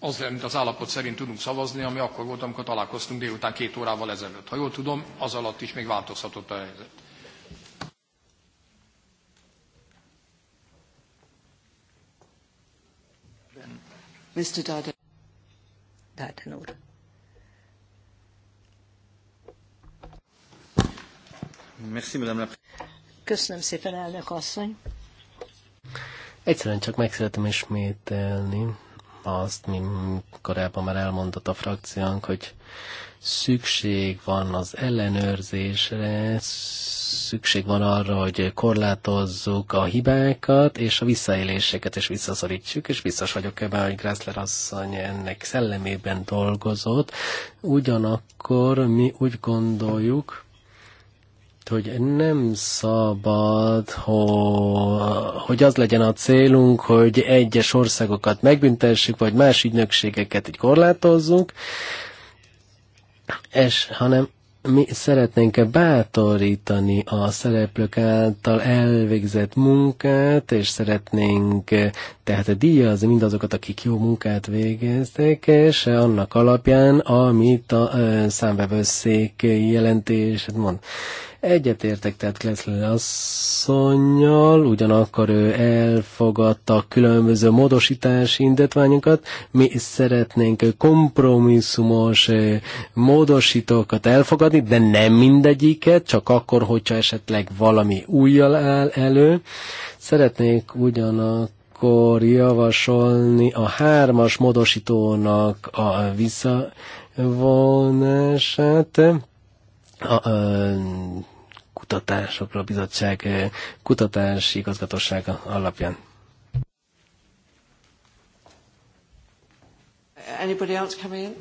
az, amit az állapot szerint tudunk szavazni, ami akkor volt, amikor találkoztunk délután két órával ezelőtt. Ha jól tudom, az alatt is még változhatott a helyzet. Mr. Darden. Darden úr. Köszönöm szépen, elnök asszony. Egyszerűen csak meg szeretem ismételni azt, mint korábban már elmondott a frakciánk, hogy szükség van az ellenőrzésre, szükség van arra, hogy korlátozzuk a hibákat és a visszaéléseket, és visszaszorítsuk, és biztos vagyok ebben, hogy Grászler asszony ennek szellemében dolgozott. Ugyanakkor mi úgy gondoljuk, hogy nem szabad, hogy az legyen a célunk, hogy egyes országokat megbüntessük, vagy más ügynökségeket így korlátozzunk, és, hanem mi szeretnénk bátorítani a szereplők által elvégzett munkát, és szeretnénk eh, tehát díjazni mindazokat, akik jó munkát végeztek, és annak alapján, amit a eh, számbevőszék jelentés mond. Egyetértek tehát Kleszlen asszonynal, ugyanakkor ő elfogadta a különböző módosítási indítványokat, Mi szeretnénk kompromisszumos eh, módosítókat elfogadni, de nem mindegyiket, csak akkor, hogyha esetleg valami újjal áll elő. Szeretnék ugyanakkor akkor javasolni a hármas modosítónak a visszavonását. A, a, kutatásokról a bizottság kutatási igazgatósága alapján. Anybody else coming in?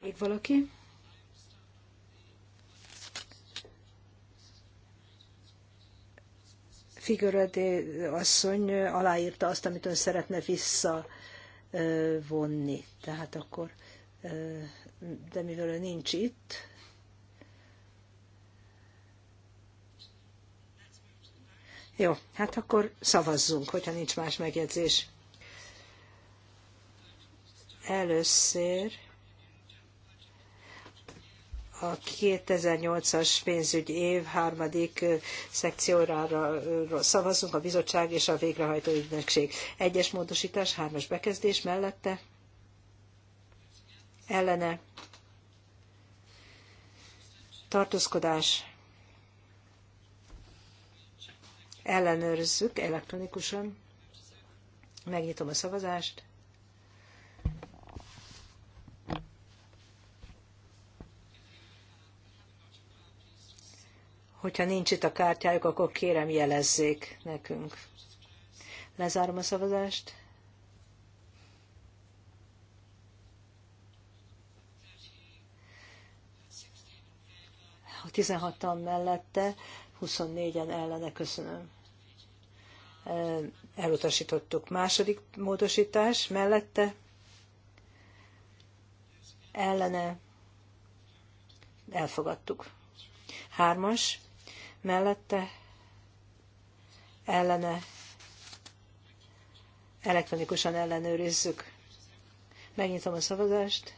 Még valaki? Figueredé asszony aláírta azt, amit ön szeretne visszavonni. Tehát akkor, de mivel ő nincs itt, Jó, hát akkor szavazzunk, hogyha nincs más megjegyzés. Először a 2008-as pénzügyi év harmadik szekciórára szavazunk a bizottság és a végrehajtó ügynökség. Egyes módosítás, hármas bekezdés mellette. Ellene. Tartózkodás ellenőrzzük elektronikusan. Megnyitom a szavazást. Hogyha nincs itt a kártyájuk, akkor kérem jelezzék nekünk. Lezárom a szavazást. 16-an mellette, 24-en ellene köszönöm elutasítottuk. Második módosítás mellette ellene elfogadtuk. Hármas mellette ellene elektronikusan ellenőrizzük. Megnyitom a szavazást.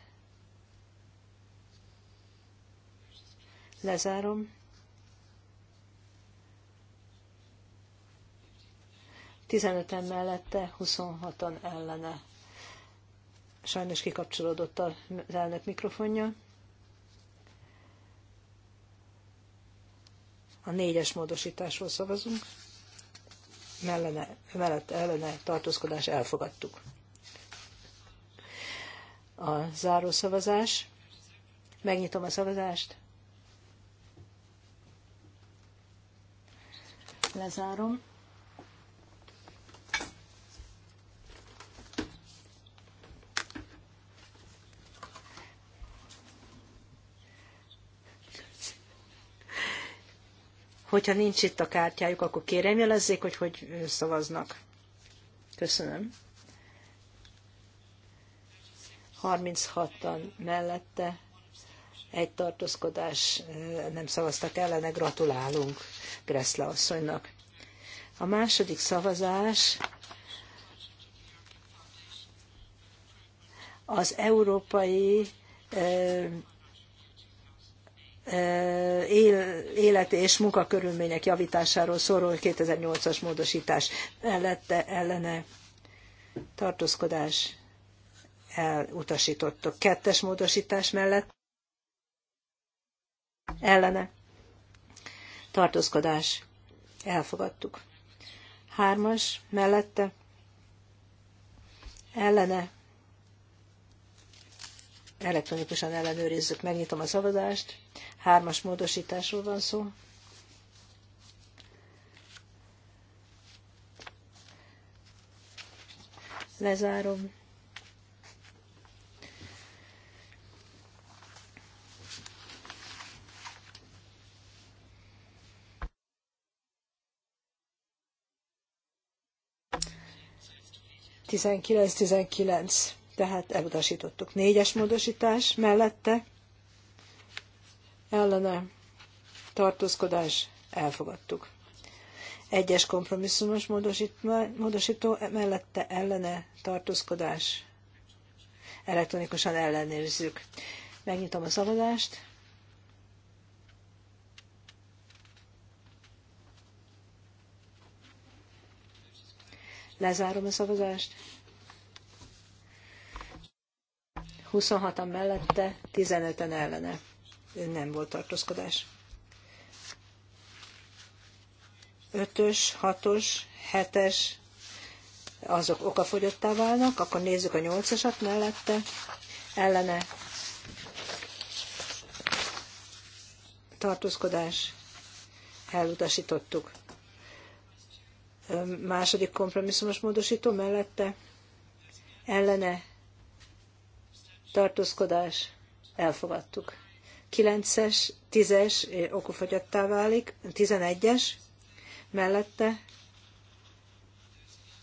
Lezárom. 15-en mellette, 26-an ellene. Sajnos kikapcsolódott az elnök mikrofonja. A négyes módosításról szavazunk. Mellene, mellett ellene tartózkodás elfogadtuk. A záró szavazás. Megnyitom a szavazást. Lezárom. Hogyha nincs itt a kártyájuk, akkor kérem jelezzék, hogy hogy szavaznak. Köszönöm. 36-an mellette egy tartózkodás nem szavaztak ellene, gratulálunk Greszle asszonynak. A második szavazás az Európai élet és munkakörülmények javításáról szóló 2008-as módosítás mellette ellene tartózkodás elutasítottuk. Kettes módosítás mellett ellene tartózkodás elfogadtuk. Hármas mellette ellene elektronikusan ellenőrizzük, megnyitom a szavazást. Hármas módosításról van szó. Lezárom. Tizenkilenc, tizenkilenc tehát elutasítottuk. Négyes módosítás mellette ellene tartózkodás elfogadtuk. Egyes kompromisszumos módosító mellette ellene tartózkodás elektronikusan ellenőrzzük. Megnyitom a szavazást. Lezárom a szavazást. 26-an mellette, 15-en ellene. Nem volt tartózkodás. 5-ös, 6-os, 7-es, azok okafogyottá válnak, akkor nézzük a 8-asat mellette, ellene tartózkodás, elutasítottuk. Második kompromisszumos módosító mellette, ellene tartózkodás, elfogadtuk. 9-es, 10-es okufogyattá válik, 11-es mellette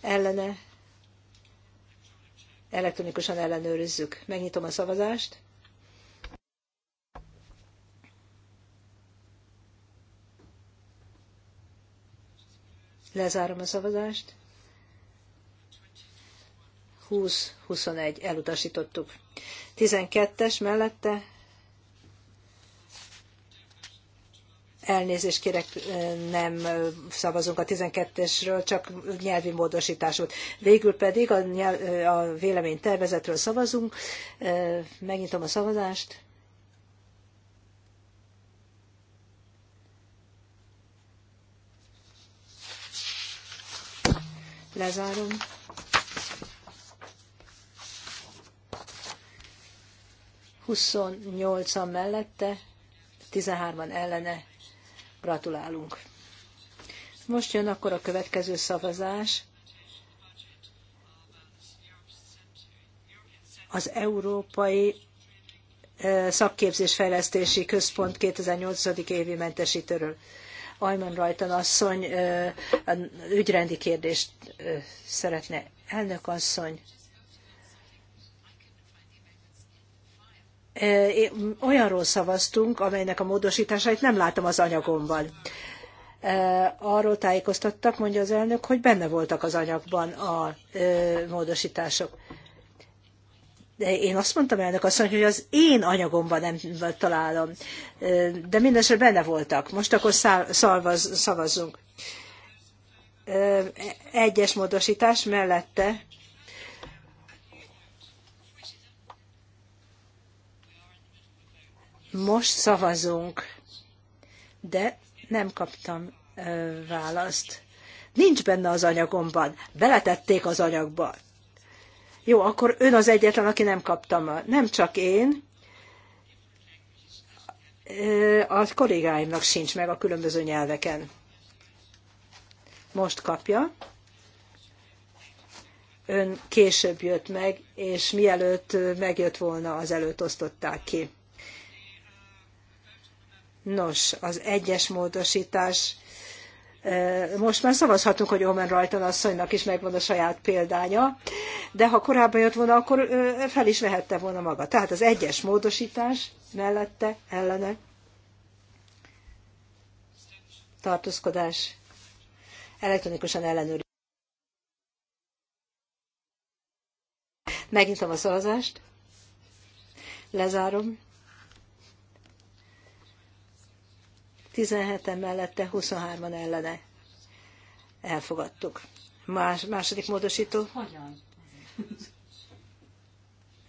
ellene elektronikusan ellenőrizzük. Megnyitom a szavazást. Lezárom a szavazást. 20-21 elutasítottuk. 12-es mellette elnézést kérek, nem szavazunk a 12-esről, csak nyelvi volt. Végül pedig a, nyelv, a vélemény tervezetről szavazunk. Megnyitom a szavazást. Lezárom. 28-an mellette, 13-an ellene. Gratulálunk. Most jön akkor a következő szavazás. Az Európai Szakképzésfejlesztési Központ 2008. évi mentesítőről. Ajman Rajtan asszony ügyrendi kérdést szeretne. Elnök asszony, olyanról szavaztunk, amelynek a módosításait nem látom az anyagomban. Arról tájékoztattak, mondja az elnök, hogy benne voltak az anyagban a módosítások. De én azt mondtam elnök asszony, hogy az én anyagomban nem találom. De mindenesetre benne voltak. Most akkor szavaz, szavazzunk. E-, egyes módosítás mellette Most szavazunk, de nem kaptam ö, választ. Nincs benne az anyagomban. Beletették az anyagba. Jó, akkor ön az egyetlen, aki nem kaptam. Nem csak én, a kollégáimnak sincs meg a különböző nyelveken. Most kapja. Ön később jött meg, és mielőtt megjött volna, az előtt osztották ki. Nos, az egyes módosítás. Most már szavazhatunk, hogy Omen Rajton asszonynak is megvan a saját példánya, de ha korábban jött volna, akkor fel is vehette volna maga. Tehát az egyes módosítás mellette, ellene, tartózkodás, elektronikusan ellenőriz. Megnyitom a szavazást, lezárom. 17-en mellette, 23-an ellene. Elfogadtuk. Más, második módosító? Hogyan?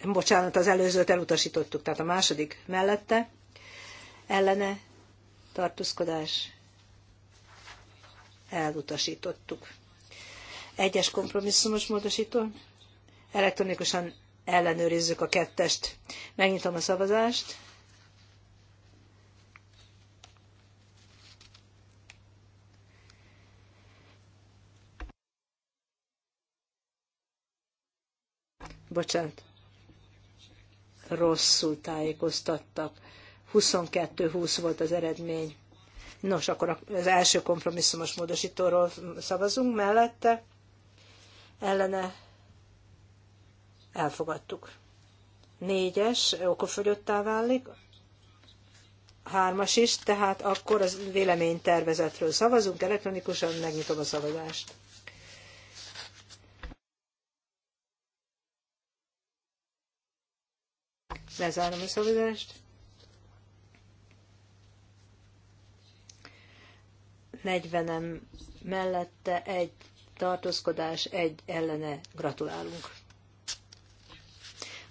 Bocsánat, az előzőt elutasítottuk, tehát a második mellette. Ellene tartózkodás elutasítottuk. Egyes kompromisszumos módosító. Elektronikusan ellenőrizzük a kettest. Megnyitom a szavazást. bocsánat, rosszul tájékoztattak. 22-20 volt az eredmény. Nos, akkor az első kompromisszumos módosítóról szavazunk mellette. Ellene elfogadtuk. Négyes okofogyottá válik, hármas is, tehát akkor az véleménytervezetről szavazunk elektronikusan, megnyitom a szavazást. Lezárom a szavazást. 40 mellette egy tartózkodás, egy ellene gratulálunk.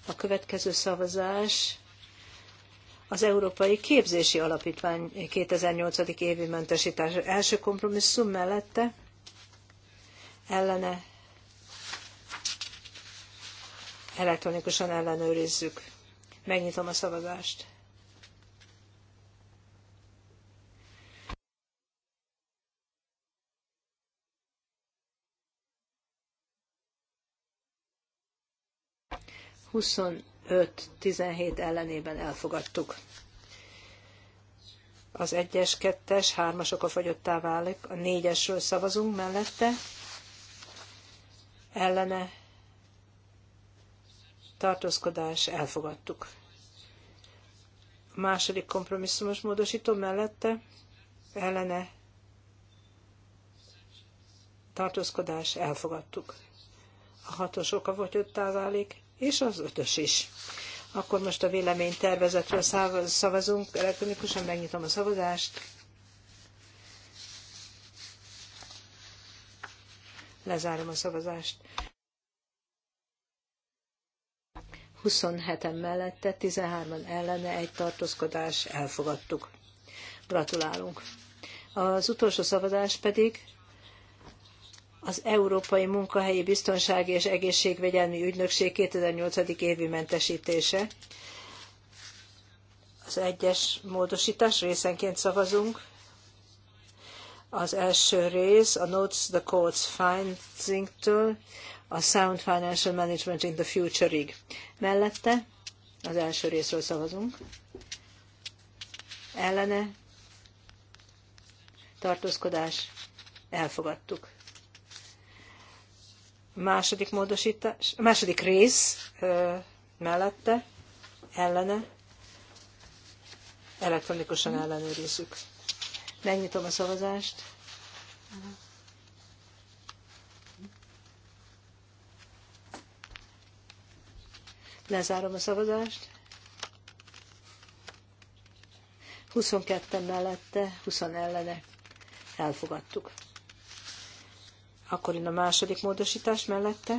A következő szavazás az Európai Képzési Alapítvány 2008. évi mentesítása első kompromisszum mellette ellene elektronikusan ellenőrizzük. Megnyitom a szavazást. Huszonöt 17 ellenében elfogadtuk. Az egyes, kettes, hármas fagyottá válik. A négyesről szavazunk mellette. Ellene tartózkodás elfogadtuk. A második kompromisszumos módosító mellette ellene tartózkodás elfogadtuk. A hatos oka fogyottá válik, és az ötös is. Akkor most a tervezetről szavazunk, elektronikusan megnyitom a szavazást. Lezárom a szavazást. 27-en mellette, 13 an ellene, egy tartózkodás, elfogadtuk. Gratulálunk. Az utolsó szavazás pedig az Európai Munkahelyi Biztonsági és Egészségvédelmi Ügynökség 2008. évi mentesítése. Az egyes módosítás részenként szavazunk. Az első rész a Notes the Codes Finding-től a Sound Financial Management in the Future-ig. Mellette az első részről szavazunk. Ellene tartózkodás elfogadtuk. Második módosítás, második rész ö, mellette, ellene, elektronikusan ellenőrizzük. Megnyitom a szavazást. Mhm. Lezárom a szavazást. 22 mellette, 20 ellene. Elfogadtuk. Akkor én a második módosítás mellette.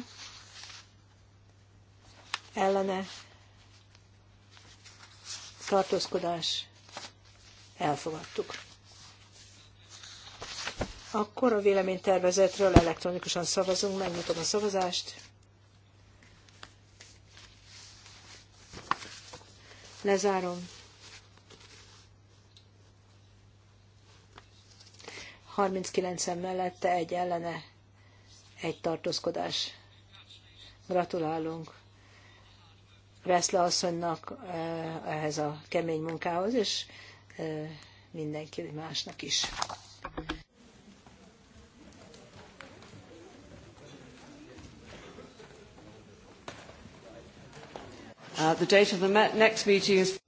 Ellene. Tartózkodás. Elfogadtuk. Akkor a véleménytervezetről elektronikusan szavazunk, megnyitom a szavazást. Lezárom. 39 mellette egy ellene, egy tartózkodás. Gratulálunk Reszle asszonynak eh, ehhez a kemény munkához, és eh, mindenki másnak is. Uh, the date of the next meeting is...